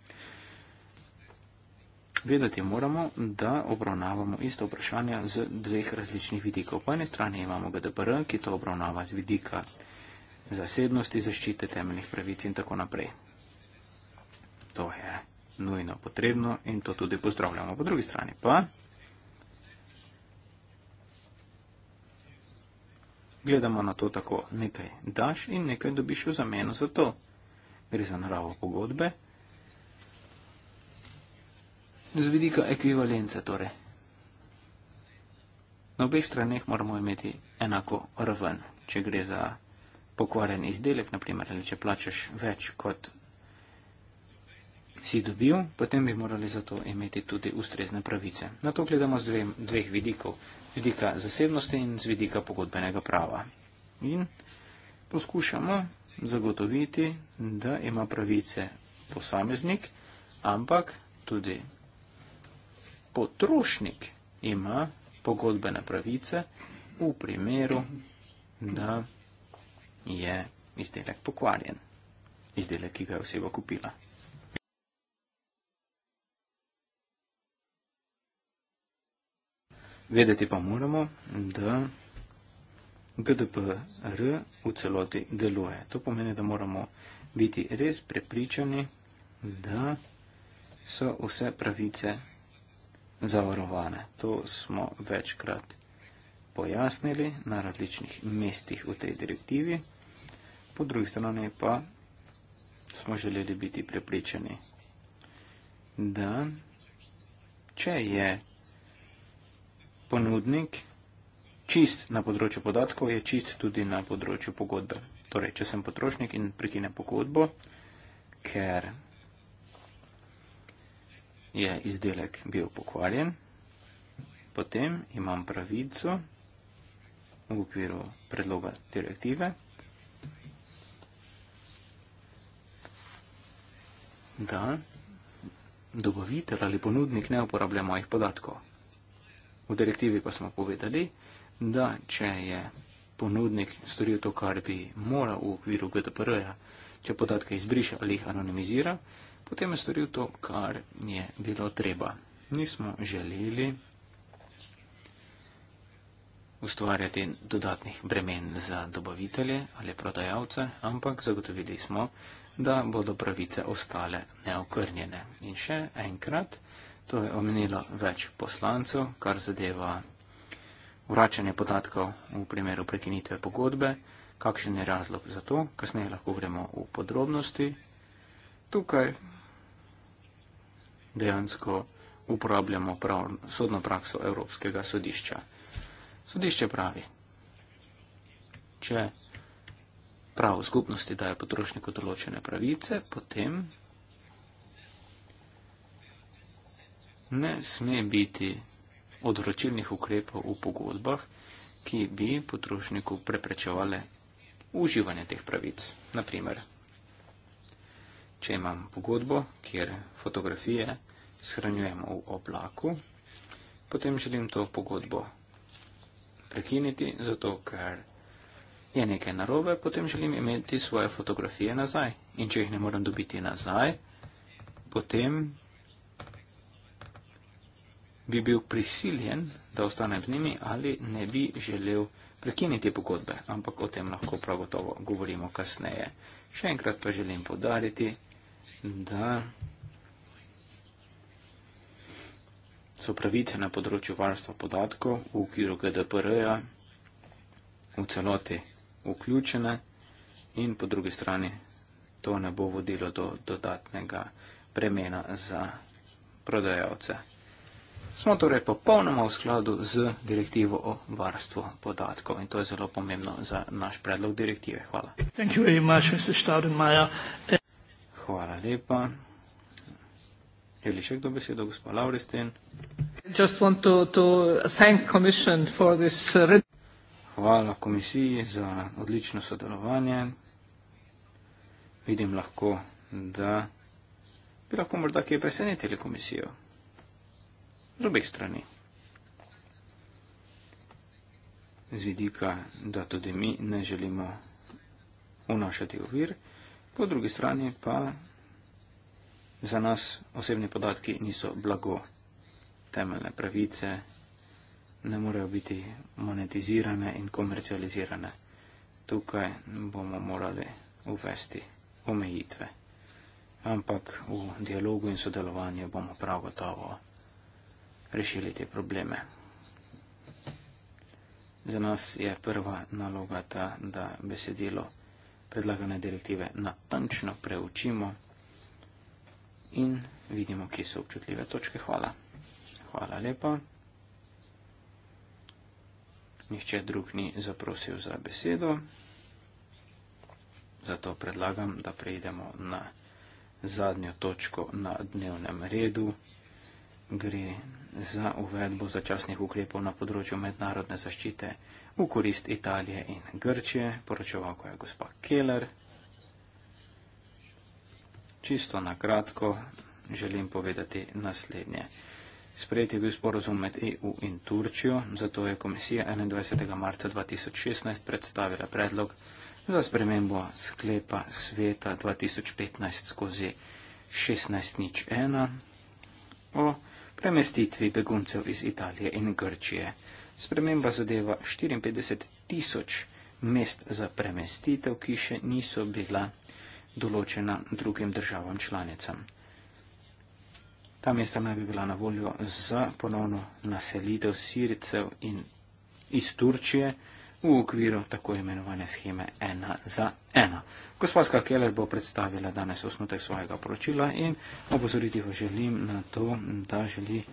Vedeti moramo, da obravnavamo isto vprašanje z dveh različnih vidikov. Po eni strani imamo GDPR, ki to obravnava z vidika zasebnosti, zaščite temeljnih pravic in tako naprej. To je nujno potrebno in to tudi pozdravljamo. Po drugi strani pa gledamo na to tako, nekaj daš in nekaj dobiš v zameno za to. Gre za naravo pogodbe. Z vidika ekvivalence torej. Na obeh straneh moramo imeti enako raven, če gre za pokvarjen izdelek, naprimer, ali če plačeš več kot si dobil, potem bi morali za to imeti tudi ustrezne pravice. Na to gledamo z dve, dveh vidikov, z vidika zasebnosti in z vidika pogodbenega prava. In poskušamo zagotoviti, da ima pravice posameznik, ampak tudi potrošnik ima pogodbene pravice v primeru, da je izdelek pokvarjen, izdelek, ki ga je oseba kupila. Vedeti pa moramo, da GDPR v celoti deluje. To pomeni, da moramo biti res prepričani, da so vse pravice zavarovane. To smo večkrat pojasnili na različnih mestih v tej direktivi. Po drugi strani pa smo želeli biti prepričani, da če je ponudnik čist na področju podatkov, je čist tudi na področju pogodbe. Torej, če sem potrošnik in prekine pogodbo, ker je izdelek bil pokvarjen, potem imam pravico v okviru predloga direktive, da dobavitelj ali ponudnik ne uporablja mojih podatkov. V direktivi pa smo povedali, da če je ponudnik storil to, kar bi moral v okviru GDPR-ja, če podatke izbriše ali jih anonimizira, Potem je storil to, kar je bilo treba. Nismo želeli ustvarjati dodatnih bremen za dobavitelje ali prodajalce, ampak zagotovili smo, da bodo pravice ostale neokrnjene. In še enkrat, to je omenilo več poslancev, kar zadeva vračanje podatkov v primeru prekinitve pogodbe, kakšen je razlog za to, kasneje lahko gremo v podrobnosti. Tukaj dejansko uporabljamo prav, sodno prakso Evropskega sodišča. Sodišče pravi, če pravo skupnosti daje potrošniku določene pravice, potem ne sme biti odročilnih ukrepov v pogodbah, ki bi potrošniku preprečevale uživanje teh pravic. Naprimer, če imam pogodbo, kjer fotografije shranjujemo v oblaku, potem želim to pogodbo prekiniti, zato ker je nekaj narobe, potem želim imeti svoje fotografije nazaj. In če jih ne morem dobiti nazaj, potem bi bil prisiljen, da ostanem z njimi ali ne bi želel prekiniti pogodbe. Ampak o tem lahko prav gotovo govorimo kasneje. Še enkrat pa želim podariti, da so pravice na področju varstva podatkov v okviru GDPR-ja v celoti vključene in po drugi strani to ne bo vodilo do dodatnega bremena za prodajalce. Smo torej popolnoma v skladu z direktivo o varstvu podatkov in to je zelo pomembno za naš predlog direktive. Hvala. Hvala lepa. Želi še kdo besedo, gospod Lauristin? To, to uh, Hvala komisiji za odlično sodelovanje. Vidim lahko, da bi lahko morda kje presenetili komisijo. Z obeh strani. Z vidika, da tudi mi ne želimo unašati ovir po drugi strani pa za nas osebni podatki niso blago. Temeljne pravice ne morejo biti monetizirane in komercializirane. Tukaj bomo morali uvesti omejitve. Ampak v dialogu in sodelovanju bomo prav gotovo rešili te probleme. Za nas je prva naloga ta, da besedilo predlagane direktive natančno preučimo in vidimo, kje so občutljive točke. Hvala. Hvala lepa. Nihče drug ni zaprosil za besedo, zato predlagam, da prejdemo na zadnjo točko na dnevnem redu gre za uvedbo začasnih ukrepov na področju mednarodne zaščite v korist Italije in Grčije, poročeval ko je gospa Keller. Čisto na kratko želim povedati naslednje. Sprejet je bil sporozum med EU in Turčijo, zato je komisija 21. marca 2016 predstavila predlog za spremembo sklepa sveta 2015 skozi 16.01 o premestitvi beguncev iz Italije in Grčije. Sprememba zadeva 54 tisoč mest za premestitev, ki še niso bila določena drugim državam članicam. Ta mesta naj bi bila na voljo za ponovno naselitev Siricev in iz Turčije, v okviru tako imenovane scheme 1 za 1. Gospodska Keller bo predstavila danes osnutek svojega poročila in opozoriti vas želim na to, da želi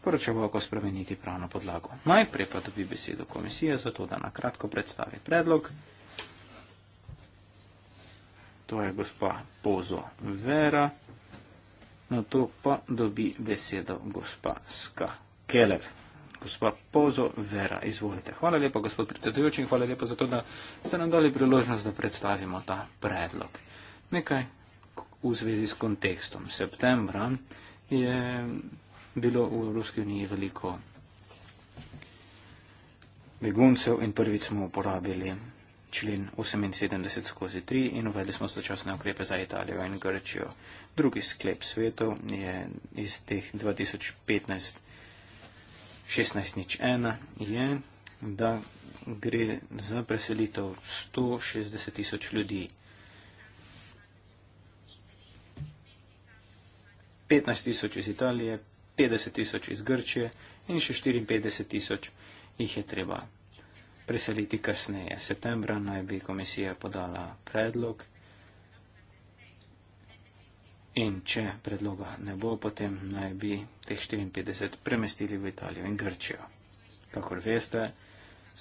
poročevalko spremeniti pravno podlago. Najprej pa dobi besedo komisije za to, da na kratko predstavi predlog. To je gospa Pozo Vera. Na to pa dobi besedo gospa Ska Keller gospa Pozo Vera. Izvolite. Hvala lepa, gospod predsedujoči, in hvala lepa za to, da ste nam dali priložnost, da predstavimo ta predlog. Nekaj v zvezi s kontekstom. Septembra je bilo v Evropski uniji veliko beguncev in prvič smo uporabili člen 78 skozi 3 in uvedli smo začasne ukrepe za Italijo in Grčijo. Drugi sklep svetov je iz teh 2015 16.1 je, da gre za preselitev 160 tisoč ljudi. 15 tisoč iz Italije, 50 tisoč iz Grčije in še 54 tisoč jih je treba preseliti kasneje. Septembra naj bi komisija podala predlog In če predloga ne bo, potem naj bi teh 54 premestili v Italijo in Grčijo. Kakor veste,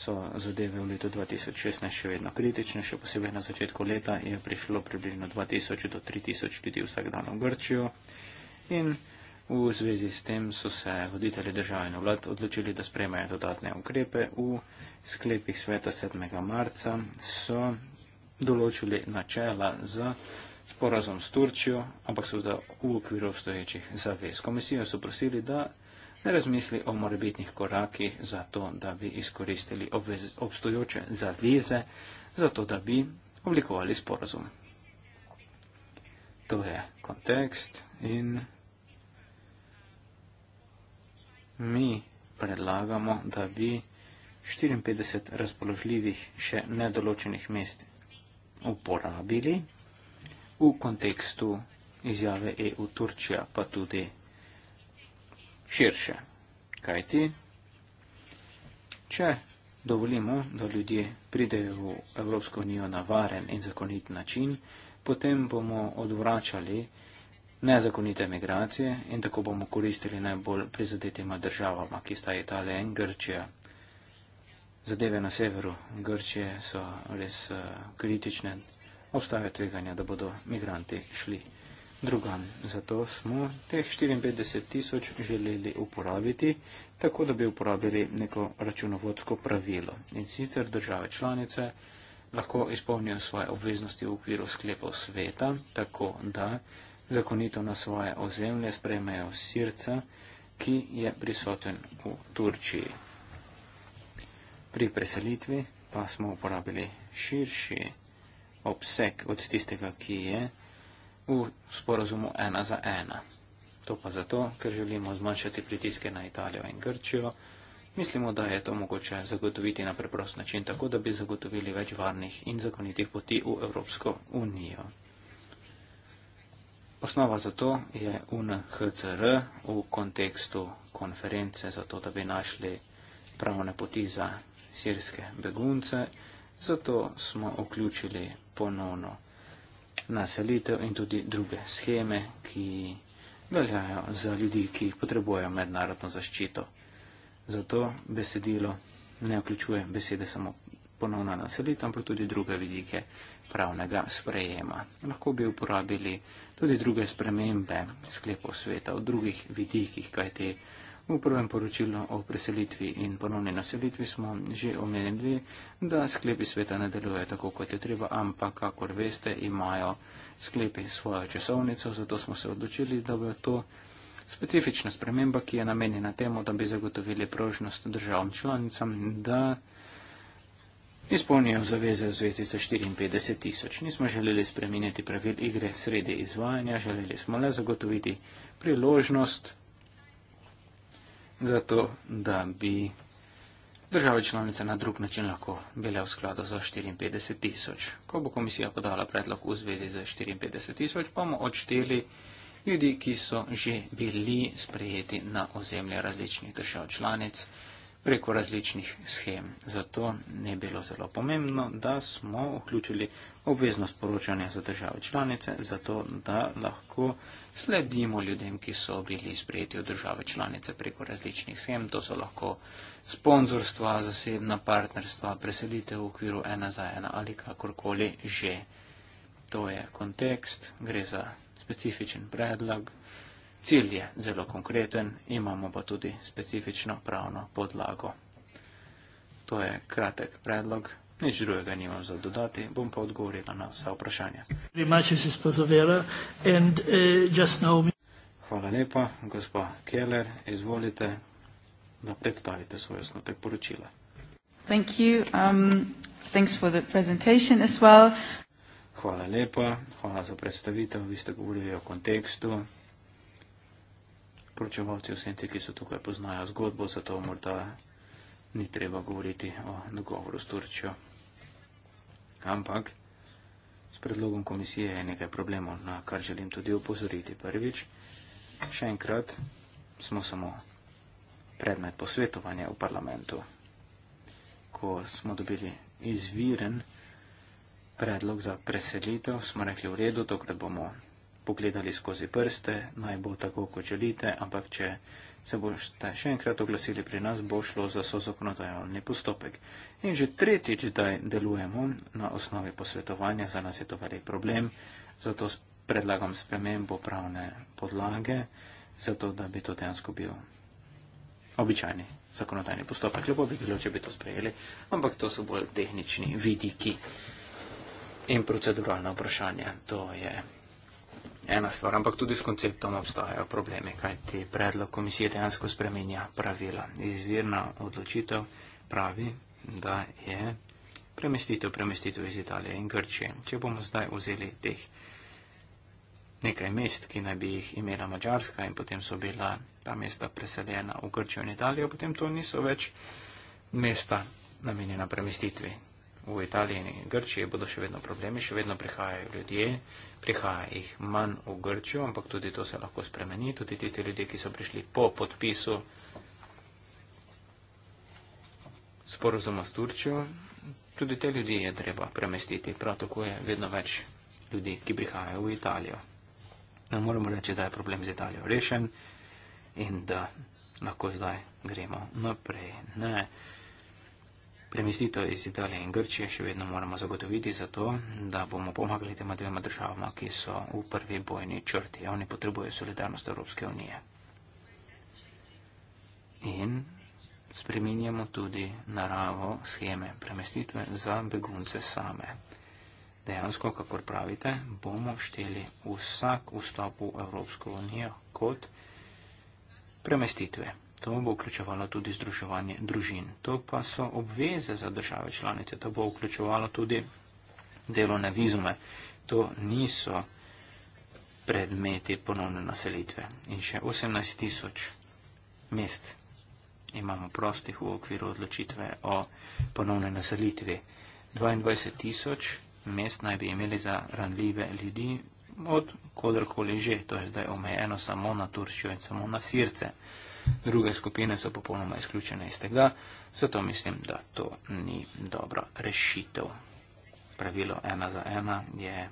so zadeve v letu 2016 še vedno kritične, še posebej na začetku leta je prišlo približno 2000 do 3000 ljudi vsak dan v Grčijo. In v zvezi s tem so se voditelji države in vlad odločili, da sprejmejo dodatne ukrepe. V sklepih sveta 7. marca so določili načela za sporazum s Turčijo, ampak seveda v okviru obstoječih zavez. Komisijo so prosili, da ne razmisli o morebitnih korakih za to, da bi izkoristili obvez, obstoječe zaveze, za to, da bi oblikovali sporazum. To je kontekst in mi predlagamo, da bi 54 razpoložljivih še nedoločenih mest uporabili v kontekstu izjave EU Turčija, pa tudi širše. Kaj ti? Če dovolimo, da ljudje pridejo v Evropsko unijo na varen in zakonit način, potem bomo odvračali nezakonite migracije in tako bomo koristili najbolj prizadetima državama, ki sta Italija in Grčija. Zadeve na severu Grčije so res uh, kritične, obstaja tveganja, da bodo migranti šli drugam. Zato smo teh 54 tisoč želeli uporabiti, tako da bi uporabili neko računovodsko pravilo. In sicer države članice lahko izpolnijo svoje obveznosti v okviru sklepov sveta, tako da zakonito na svoje ozemlje sprejmejo sirca, ki je prisoten v Turčiji. Pri preselitvi pa smo uporabili širši obseg od tistega, ki je v sporozumu ena za ena. To pa zato, ker želimo zmanjšati pritiske na Italijo in Grčijo. Mislimo, da je to mogoče zagotoviti na preprost način, tako da bi zagotovili več varnih in zakonitih poti v Evropsko unijo. Osnova za to je UNHCR v kontekstu konference za to, da bi našli pravne poti za sirske begunce. Zato smo vključili ponovno naselitev in tudi druge scheme, ki veljajo za ljudi, ki potrebujejo mednarodno zaščito. Zato besedilo ne vključuje besede samo ponovna naselitev, ampak tudi druge vidike pravnega sprejema. Lahko bi uporabili tudi druge spremembe sklepov sveta v drugih vidikih, kajte V prvem poročilu o preselitvi in ponovni naselitvi smo že omenili, da sklepi sveta ne delujejo tako, kot je treba, ampak, kakor veste, imajo sklepi svojo časovnico, zato smo se odločili, da bo to specifična sprememba, ki je namenjena temu, da bi zagotovili prožnost državam članicam, da izpolnijo zaveze v zvezi s 54 tisoč. Nismo želeli spremeniti pravil igre sredi izvajanja, želeli smo le zagotoviti priložnost zato da bi države članice na drug način lahko bile v skladu za 54 tisoč. Ko bo komisija podala predlog v zvezi za 54 tisoč, bomo odšteli ljudi, ki so že bili sprejeti na ozemlje različnih držav članic preko različnih schem. Zato ne bilo zelo pomembno, da smo vključili obvezno sporočanje za države članice, zato da lahko sledimo ljudem, ki so bili sprejeti v države članice preko različnih schem. To so lahko sponzorstva, zasebna partnerstva, preselitev v okviru ena za ena ali kakorkoli že. To je kontekst, gre za specifičen predlog, Cilj je zelo konkreten, imamo pa tudi specifično pravno podlago. To je kratek predlog, nič drugega nimam za dodati, bom pa odgovorila na vsa vprašanja. Uh, hvala lepa, gospod Keller, izvolite, da predstavite svoj osnotek poročila. Thank you. Um, thanks for the presentation as well. Hvala lepa, hvala za predstavitev, vi ste govorili o kontekstu, poročevalci, vsem ti, ki so tukaj, poznajo zgodbo, zato morda ni treba govoriti o dogovoru s Turčjo. Ampak s predlogom komisije je nekaj problemov, na kar želim tudi upozoriti. Prvič, še enkrat, smo samo predmet posvetovanja v parlamentu. Ko smo dobili izviren predlog za preselitev, smo rekli v redu, tokrat bomo pogledali skozi prste, naj bo tako, kot želite, ampak če se boste še enkrat oglasili pri nas, bo šlo za sozakonodajalni postopek. In že tretjič, da delujemo na osnovi posvetovanja, za nas je to velik problem, zato predlagam spremembo pravne podlage, zato da bi to dejansko bil običajni zakonodajni postopek. Lepo bi bilo, če bi to sprejeli, ampak to so bolj tehnični vidiki. In proceduralna vprašanja, to je ena stvar, ampak tudi s konceptom obstajajo probleme, kajti predlog komisije dejansko spremenja pravila. Izvirna odločitev pravi, da je premestitev, premestitev iz Italije in Grčije. Če bomo zdaj vzeli teh nekaj mest, ki naj bi jih imela Mačarska in potem so bila ta mesta preseljena v Grčijo in Italijo, potem to niso več mesta namenjena premestitvi v Italiji in Grčiji bodo še vedno problemi, še vedno prihajajo ljudje, prihaja jih manj v Grčijo, ampak tudi to se lahko spremeni. Tudi tisti ljudje, ki so prišli po podpisu sporozuma s Turčijo, tudi te ljudi je treba premestiti. Prav tako je vedno več ljudi, ki prihajajo v Italijo. Ne moremo reči, da je problem z Italijo rešen in da lahko zdaj gremo naprej. Ne. Premestitev iz Italije in Grčije še vedno moramo zagotoviti zato, da bomo pomagali tema dvema državama, ki so v prvi bojni črti. Oni potrebujejo solidarnost Evropske unije. In spreminjamo tudi naravo scheme premestitve za begunce same. Dejansko, kako pravite, bomo šteli vsak vstop v Evropsko unijo kot premestitve. To bo vključevalo tudi združevanje družin. To pa so obveze za države članice. To bo vključevalo tudi delovne vizume. To niso predmeti ponovne naselitve. In še 18 tisoč mest imamo prostih v okviru odločitve o ponovne naselitvi. 22 tisoč mest naj bi imeli za randljive ljudi od kodrkoli že. To je zdaj omejeno samo na Turčijo in samo na Sirce druge skupine so popolnoma izključene iz tega. Zato mislim, da to ni dobra rešitev. Pravilo ena za ena je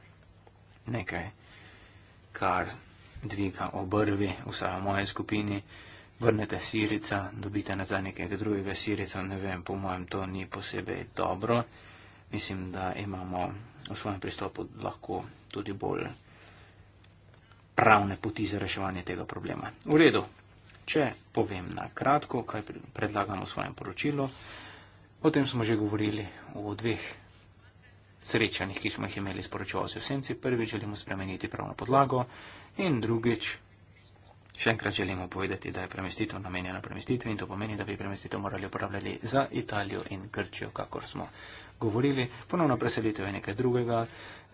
nekaj, kar dviga obrvi vsaj v moje skupini. Vrnete sirica, dobite nazaj nekega drugega sirica, ne vem, po mojem to ni posebej dobro. Mislim, da imamo v svojem pristopu lahko tudi bolj pravne poti za reševanje tega problema. V redu, Če povem na kratko, kaj predlagam v svojem poročilu, o tem smo že govorili v dveh srečanjih, ki smo jih imeli s poročevalci v senci. Prvič želimo spremeniti pravno podlago in drugič, še enkrat želimo povedati, da je premestitev namenjena premestitvi in to pomeni, da bi premestitev morali uporabljati za Italijo in Grčijo, kakor smo govorili. Ponovna preselitev je nekaj drugega,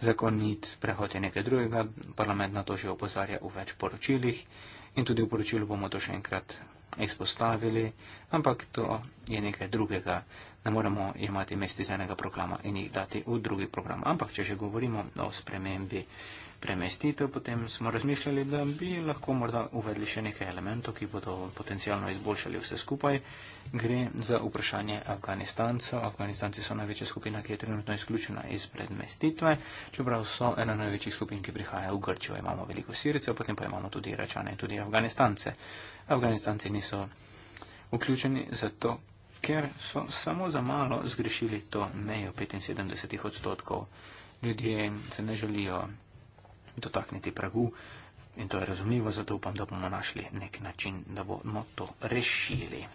zakonit prehod je nekaj drugega, parlament na to že opozarja v več poročilih in tudi v poročilu bomo to še enkrat izpostavili, ampak to je nekaj drugega. Ne moramo imati mest iz enega programa in jih dati v drugi program. Ampak, če že govorimo o spremembi, eh, premestitev, potem smo razmišljali, da bi lahko morda uvedli še nekaj elementov, ki bodo potencialno izboljšali vse skupaj. Gre za vprašanje Afganistancev. Afganistanci so največja skupina, ki je trenutno izključena iz predmestitve, čeprav so ena največjih skupin, ki prihaja v Grčijo. Imamo veliko Sircev, potem pa imamo tudi Iračane in tudi Afganistance. Afganistanci niso vključeni zato, ker so samo za malo zgrešili to mejo 75 odstotkov. Ljudje se ne želijo dotakniti pragu in to je razumljivo, zato upam, da bomo našli nek način, da bomo to rešili.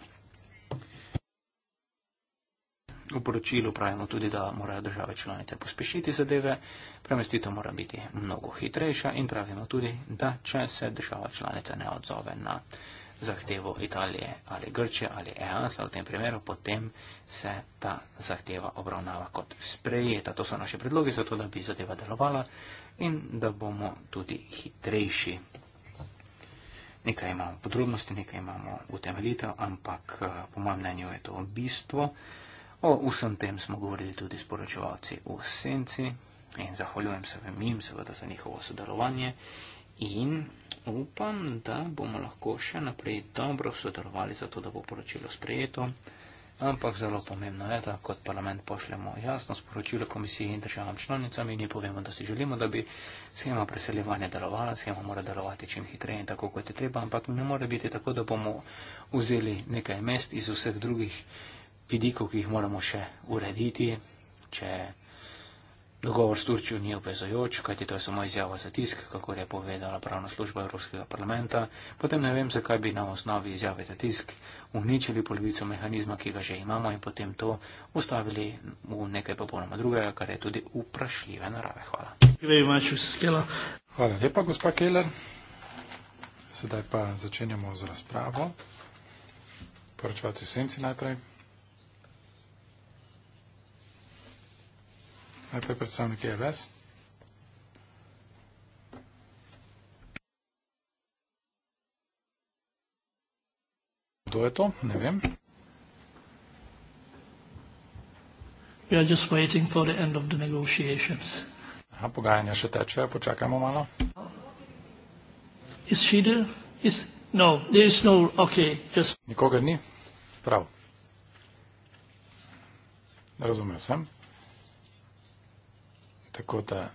V poročilu pravimo tudi, da morajo države članice pospešiti zadeve, premestitev mora biti mnogo hitrejša in pravimo tudi, da če se država članica ne odzove na zahtevo Italije ali Grče ali EASA v tem primeru, potem se ta zahteva obravnava kot sprejeta. To so naše predlogi za to, da bi zadeva delovala in da bomo tudi hitrejši. Nekaj imamo podrobnosti, nekaj imamo utemeljitev, ampak eh, po mojem mnenju je to bistvo. O vsem tem smo govorili tudi s poročevalci v Senci in zahvaljujem se vam jim seveda za njihovo sodelovanje in upam, da bomo lahko še naprej dobro sodelovali za to, da bo poročilo sprejeto ampak zelo pomembno je, da kot parlament pošljemo jasno sporočilo komisiji in državam članicam in jim povemo, da si želimo, da bi schema preseljevanja delovala, schema mora delovati čim hitreje in tako, kot je treba, ampak ne more biti tako, da bomo vzeli nekaj mest iz vseh drugih vidikov, ki jih moramo še urediti, če Dogovor s Turčijo ni obvezojoč, kajti to je samo izjava za tisk, kako je povedala pravna služba Evropskega parlamenta, potem ne vem, zakaj bi na osnovi izjave za tisk uničili polovico mehanizma, ki ga že imamo in potem to ustavili v nekaj popolnoma drugega, kar je tudi vprašljive narave. Hvala. Hvala lepa, gospa Keller. Sedaj pa začenjamo z razpravo. Poročevati v senci najprej. najprej predstavniki e LS. Kdo je to? Ne vem. We are just waiting for the end of the negotiations. Aha, pogajanja še tečejo, počakajmo malo. Is she there? Is... No, there is no... Okay, just... Nikogar ni? Prav. Razumel sem. Tako da.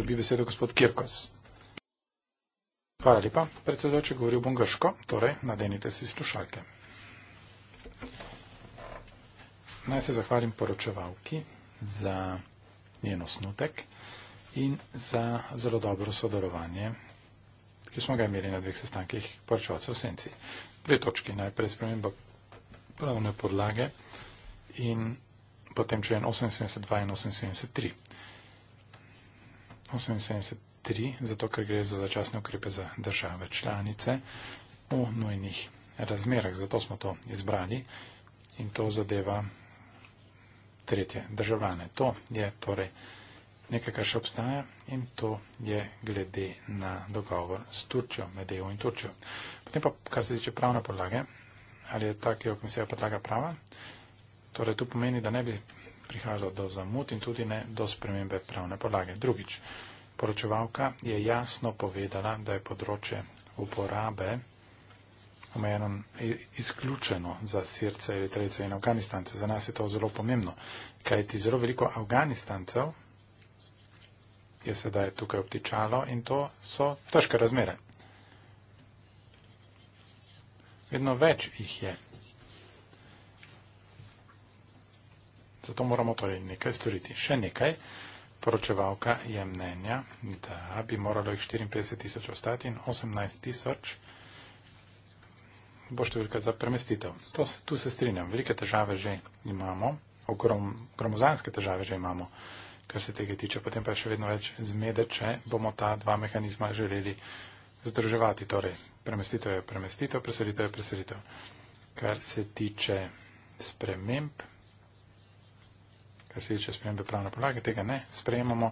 Dobi besedo gospod Kirkos. Hvala lepa. Predsedoče, govoril bom grško, torej nadenite si slušalke. Naj se zahvalim poročevalki za njen osnutek in za zelo dobro sodelovanje, ki smo ga imeli na dveh sestankih poročevalcev v Senci. Dve točki, najprej sprememba pravne podlage in potem člen 872 in 873. 873, zato ker gre za začasne ukrepe za države članice v nujnih razmerah, zato smo to izbrali in to zadeva tretje državljane. To je torej nekaj, kar še obstaja in to je glede na dogovor s Turčjo, med EU in Turčjo. Potem pa, kar se tiče pravne podlage, ali je ta, ki jo komisija podlaga prava, Torej, to pomeni, da ne bi prihajalo do zamud in tudi ne do spremembe pravne podlage. Drugič, poročevalka je jasno povedala, da je področje uporabe omejeno izključeno za Sirce, Eritrejce in Afganistance. Za nas je to zelo pomembno, kajti zelo veliko Afganistancev je sedaj tukaj obtičalo in to so težke razmere. Vedno več jih je. Zato moramo torej nekaj storiti. Še nekaj. Poročevalka je mnenja, da bi moralo jih 54 tisoč ostati in 18 tisoč bo številka za premestitev. To, tu se strinjam. Velike težave že imamo, ogrom, gromozanske težave že imamo, kar se tega tiče. Potem pa je še vedno več zmede, če bomo ta dva mehanizma želeli združevati. Torej, premestitev je premestitev, preselitev je preselitev. Kar se tiče sprememb, kar se tiče spremembe pravne podlage, tega ne sprejemamo.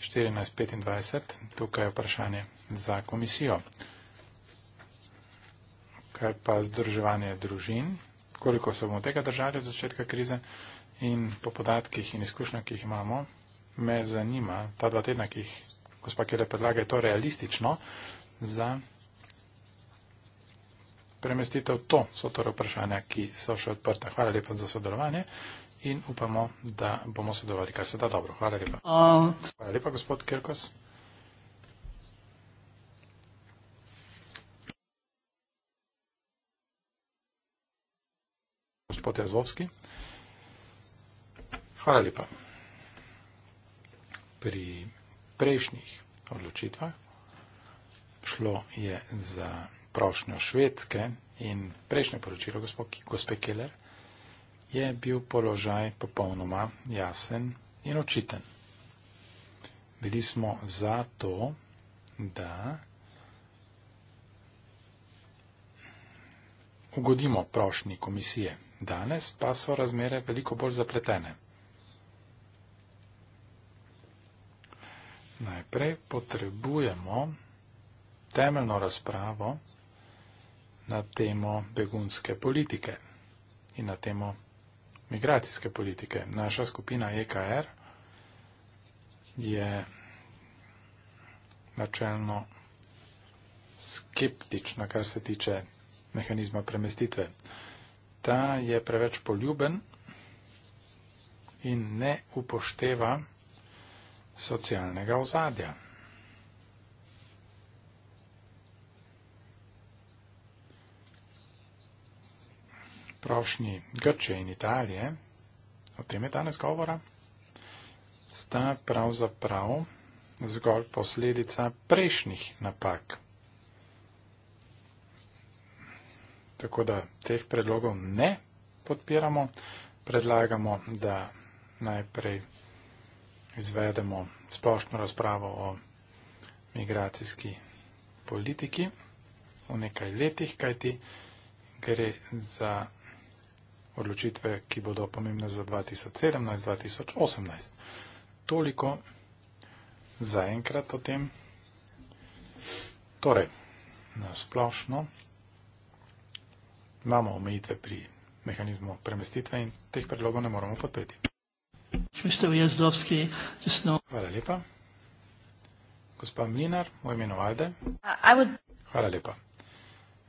14.25, tukaj je vprašanje za komisijo. Kaj pa združevanje družin, koliko se bomo tega držali od začetka krize in po podatkih in izkušnjah, ki jih imamo, me zanima, ta dva tedna, ki jih gospa Kele predlaga, je to realistično za premestitev to, so torej vprašanja, ki so še odprta. Hvala lepa za sodelovanje in upamo, da bomo sodelovali kar se da dobro. Hvala lepa. Hvala lepa, gospod Kirkos. Gospod Jazovski. Hvala lepa. Pri prejšnjih odločitvah šlo je za prošnjo švedske in prejšnje poročilo gospod, gospe Keller, je bil položaj popolnoma jasen in očiten. Bili smo za to, da ugodimo prošnji komisije. Danes pa so razmere veliko bolj zapletene. Najprej potrebujemo temeljno razpravo na temo begunske politike in na temo migracijske politike. Naša skupina EKR je načelno skeptična, kar se tiče mehanizma premestitve. Ta je preveč poljuben in ne upošteva socialnega ozadja. prošnji Grče in Italije, o tem je danes govora, sta pravzaprav zgolj posledica prejšnjih napak. Tako da teh predlogov ne podpiramo, predlagamo, da najprej izvedemo splošno razpravo o migracijski politiki v nekaj letih, kajti gre za odločitve, ki bodo pomembne za 2017-2018. Toliko za enkrat o tem. Torej, nasplošno imamo omejitve pri mehanizmu premestitve in teh predlogov ne moramo podpreti. Hvala lepa. Gospod Mlinar, v imenu Vajde. Hvala lepa.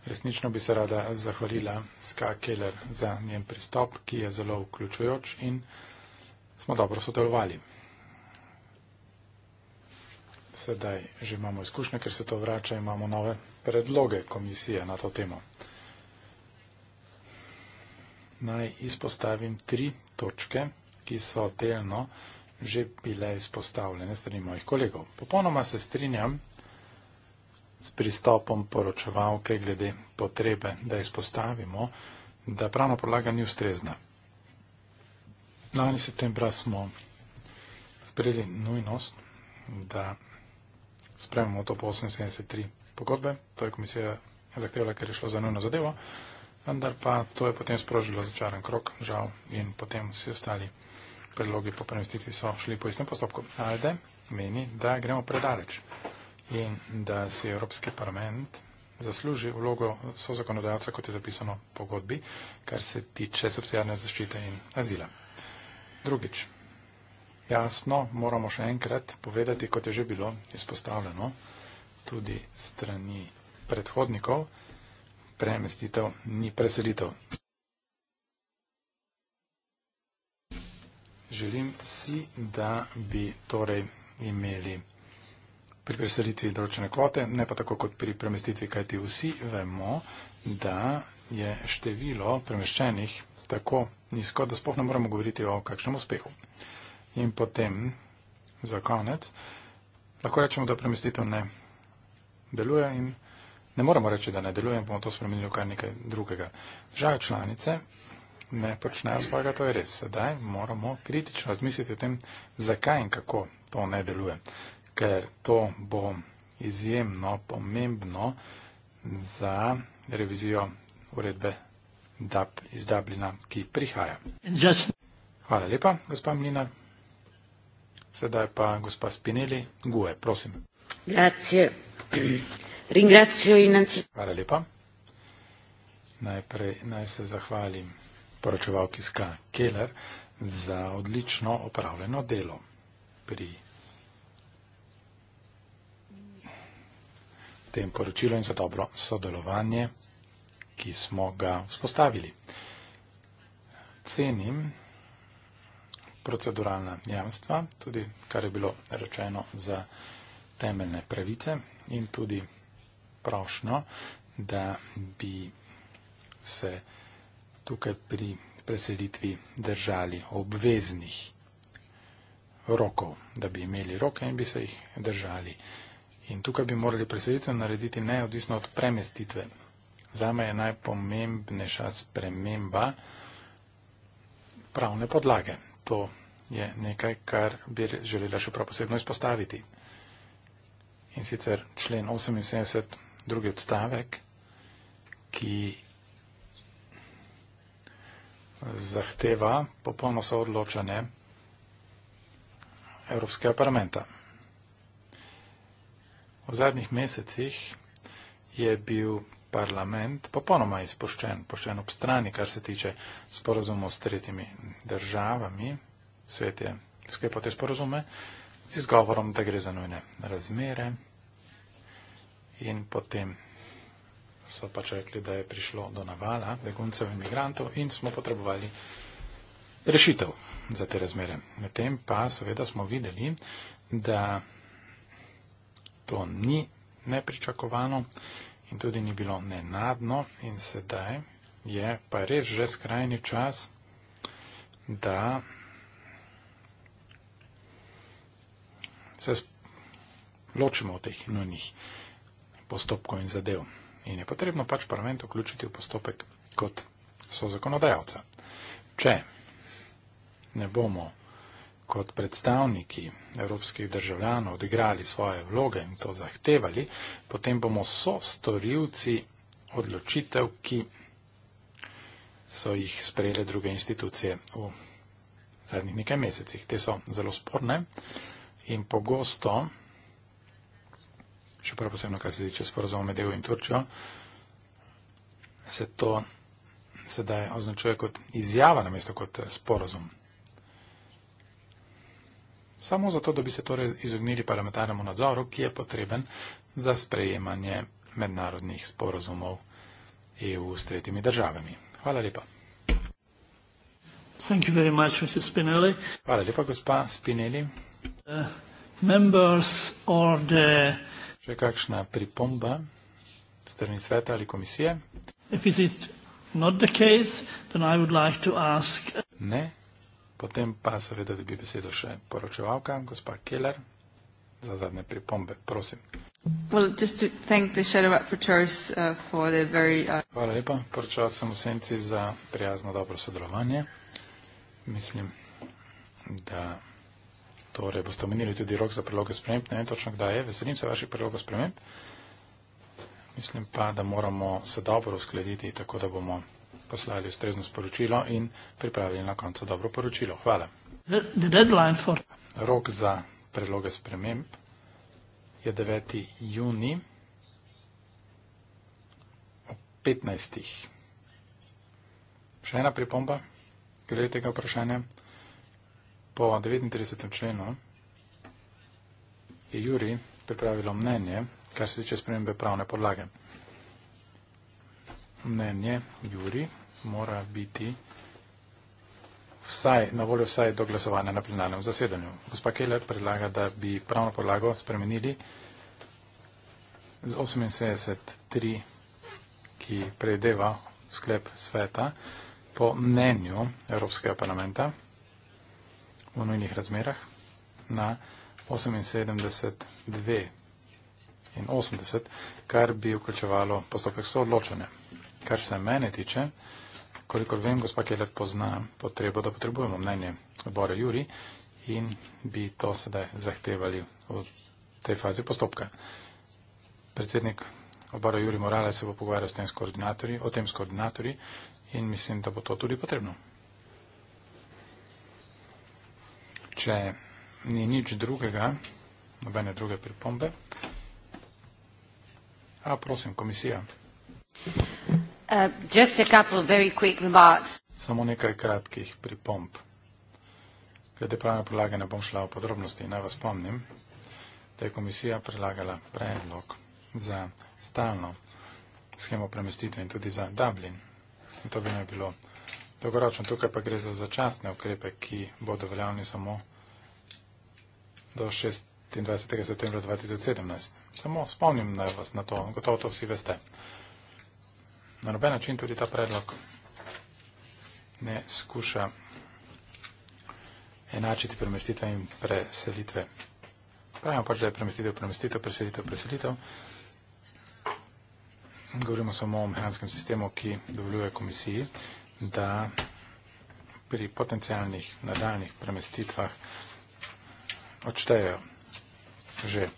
Resnično bi se rada zahvalila Ska Keller za njen pristop, ki je zelo vključujoč in smo dobro sodelovali. Sedaj že imamo izkušnje, ker se to vrača, imamo nove predloge komisije na to temo. Naj izpostavim tri točke, ki so delno že bile izpostavljene strani mojih kolegov. Popolnoma se strinjam s pristopom poročevalke glede potrebe, da izpostavimo, da pravna podlaga ni ustrezna. Lani septembra smo sprejeli nujnost, da spremamo to po 873 pogodbe. To je komisija zahtevala, ker je šlo za nujno zadevo, vendar pa to je potem sprožilo začaran krok, žal, in potem vsi ostali predlogi po premestitvi so šli po istem postopku. Alde meni, da gremo predaleč in da si Evropski parlament zasluži vlogo so zakonodajalca, kot je zapisano v pogodbi, kar se tiče socialne zaščite in azila. Drugič, jasno moramo še enkrat povedati, kot je že bilo izpostavljeno tudi strani predhodnikov, premestitev ni preselitev. Želim si, da bi torej imeli pri preselitvi določene kvote, ne pa tako kot pri premestitvi, kajti vsi vemo, da je število premeščenih tako nizko, da spohno moramo govoriti o kakšnem uspehu. In potem, za konec, lahko rečemo, da premestitev ne deluje in ne moremo reči, da ne deluje in bomo to spremenili v kar nekaj drugega. Žal članice ne počnejo svojega, to je res. Sedaj moramo kritično razmisliti o tem, zakaj in kako to ne deluje ker to bo izjemno pomembno za revizijo uredbe DAP iz Dublina, ki prihaja. Hvala lepa, gospa Mlinar. Sedaj pa gospa Spinelli, Gue, prosim. Hvala lepa. Najprej naj se zahvalim poročevalki Ska Keller za odlično opravljeno delo pri tem poročilu in za dobro sodelovanje, ki smo ga vzpostavili. Cenim proceduralna jamstva, tudi kar je bilo rečeno za temeljne pravice in tudi prošno, da bi se tukaj pri preselitvi držali obveznih rokov, da bi imeli roke in bi se jih držali. In tukaj bi morali preselitev narediti neodvisno od premestitve. Zame je najpomembnejša sprememba pravne podlage. To je nekaj, kar bi želela še prav posebno izpostaviti. In sicer člen 78, drugi odstavek, ki zahteva popolno soodločanje Evropskega parlamenta. V zadnjih mesecih je bil parlament popolnoma izpuščen, pošten ob strani, kar se tiče sporozumov s tretjimi državami. Svet je sklepal te sporozume z izgovorom, da gre za nujne razmere. In potem so pač rekli, da je prišlo do navala beguncev in imigrantov in smo potrebovali rešitev za te razmere. Medtem pa seveda smo videli, da to ni nepričakovano in tudi ni bilo nenadno in sedaj je pa res že skrajni čas, da se ločimo od teh nujnih postopkov in zadev. In je potrebno pač parlament vključiti v postopek kot so zakonodajalca. Če ne bomo kot predstavniki evropskih državljanov odigrali svoje vloge in to zahtevali, potem bomo so storilci odločitev, ki so jih sprejele druge institucije v zadnjih nekaj mesecih. Te so zelo sporne in pogosto, še prav posebno, kar se tiče sporozuma med EU in Turčijo, se to sedaj označuje kot izjava namesto kot sporozum samo zato, da bi se torej izognili parlamentarnemu nadzoru, ki je potreben za sprejemanje mednarodnih sporozumov EU s tretjimi državami. Hvala lepa. Much, Hvala lepa, gospa Spinelli. Uh, Še kakšna pripomba strani sveta ali komisije? Case, like ask... Ne, Potem pa seveda dobi besedo še poročevalka, gospa Keller, za zadnje pripombe. Prosim. Well, just to thank the shadow rapporteurs uh, for their very... Uh... Hvala lepa, poročevalcem v senci za prijazno dobro sodelovanje. Mislim, da torej boste omenili tudi rok za prilogo sprememb, ne vem točno kdaj je, veselim se vaših prilogo sprememb. Mislim pa, da moramo se dobro uskladiti, tako da bomo poslali ustrezno sporočilo in pripravili na koncu dobro poročilo. Hvala. For... Rok za predloge sprememb je 9. juni ob 15. Še ena pripomba glede tega vprašanja. Po 39. členu je Juri pripravilo mnenje, kar se tiče spremembe pravne podlage. Mnenje Juri mora biti vsaj, na voljo vsaj do glasovanja na plenarnem zasedanju. Gospa Keller predlaga, da bi pravno podlago spremenili z 78.3, ki predeva sklep sveta po mnenju Evropskega parlamenta v nujnih razmerah na 78.2 in 80, kar bi vključevalo postopek soodločene. Kar se mene tiče, kolikor vem, gospa Keller pozna potrebo, da potrebujemo mnenje odbora Juri in bi to sedaj zahtevali v tej fazi postopka. Predsednik odbora Juri Morale se bo pogovarjal s tem s koordinatorji, o tem s koordinatorji in mislim, da bo to tudi potrebno. Če ni nič drugega, nobene druge pripombe, a prosim, komisija. Uh, just a couple of very quick remarks. Samo nekaj kratkih pripomb. Glede pravne podlage ne bom šla v podrobnosti. Naj vas spomnim, da je komisija predlagala predlog za stalno schemo premestitve in tudi za Dublin. In to bi naj bilo dolgoročno. Tukaj pa gre za začasne ukrepe, ki bodo veljavni samo do 26. septembra 2017. Samo spomnim naj vas na to. Gotovo to vsi veste na noben način tudi ta predlog ne skuša enačiti premestitve in preselitve. Pravimo pač, da je premestitev, premestitev, preselitev, preselitev. Govorimo samo o mehanskem sistemu, ki dovoljuje komisiji, da pri potencijalnih nadaljnih premestitvah odštejejo že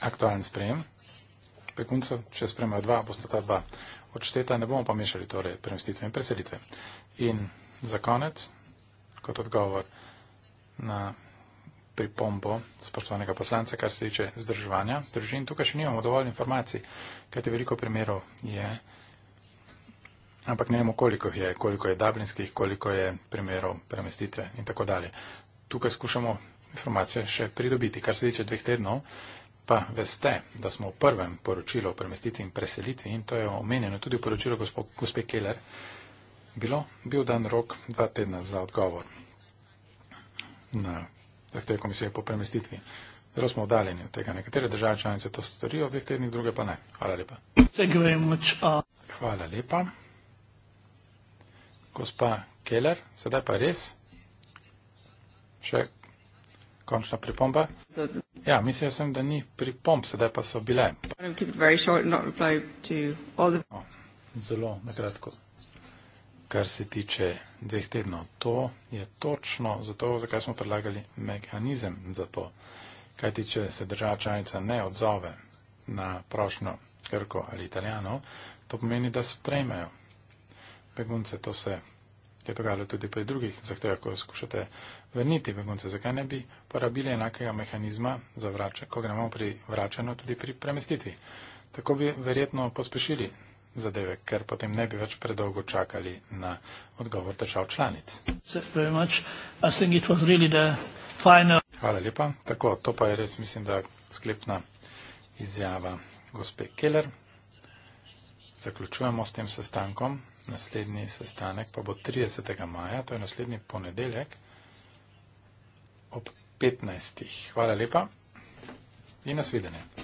aktualen sprejem beguncev, če spremajo dva, bosta ta dva odšteta, ne bomo pa mešali torej premestitve in preselitve. In za konec, kot odgovor na pripombo spoštovanega poslanca, kar se tiče zdržovanja družin, tukaj še nimamo dovolj informacij, kajte veliko primerov je, ampak ne vemo, koliko jih je, koliko je dublinskih, koliko je primerov premestitve in tako dalje. Tukaj skušamo informacije še pridobiti. Kar se tiče dveh tednov, pa veste, da smo v prvem poročilu o premestitvi in preselitvi, in to je omenjeno tudi v poročilu gospe Keller, bilo, bil dan rok dva tedna za odgovor na zahteve komisije po premestitvi. Zelo smo oddaljeni od tega. Nekatere države članice to storijo, dveh tednih druge pa ne. Hvala lepa. Uh, Hvala lepa. Gospa Keller, sedaj pa res še končna pripomba? Ja, mislil sem, da ni pripomb, sedaj pa so bile. No, zelo nakratko, kar se tiče dveh tednov. To je točno zato, zakaj smo predlagali mehanizem za to. Kaj tiče se država članica ne odzove na prošno Grko ali Italijano, to pomeni, da sprejmejo begunce, to se je dogajalo tudi pri drugih zahtevah, ko skušate vrniti begunce. Zakaj ne bi porabili enakega mehanizma, vrača, ko gremo pri vračanju, tudi pri premestitvi? Tako bi verjetno pospešili zadeve, ker potem ne bi več predolgo čakali na odgovor držav članic. Hvala lepa. Tako, to pa je res, mislim, da sklepna izjava gospe Keller. Zaključujemo s tem sestankom naslednji sestanek pa bo 30. maja, to je naslednji ponedeljek ob 15. Hvala lepa in nasvidenje.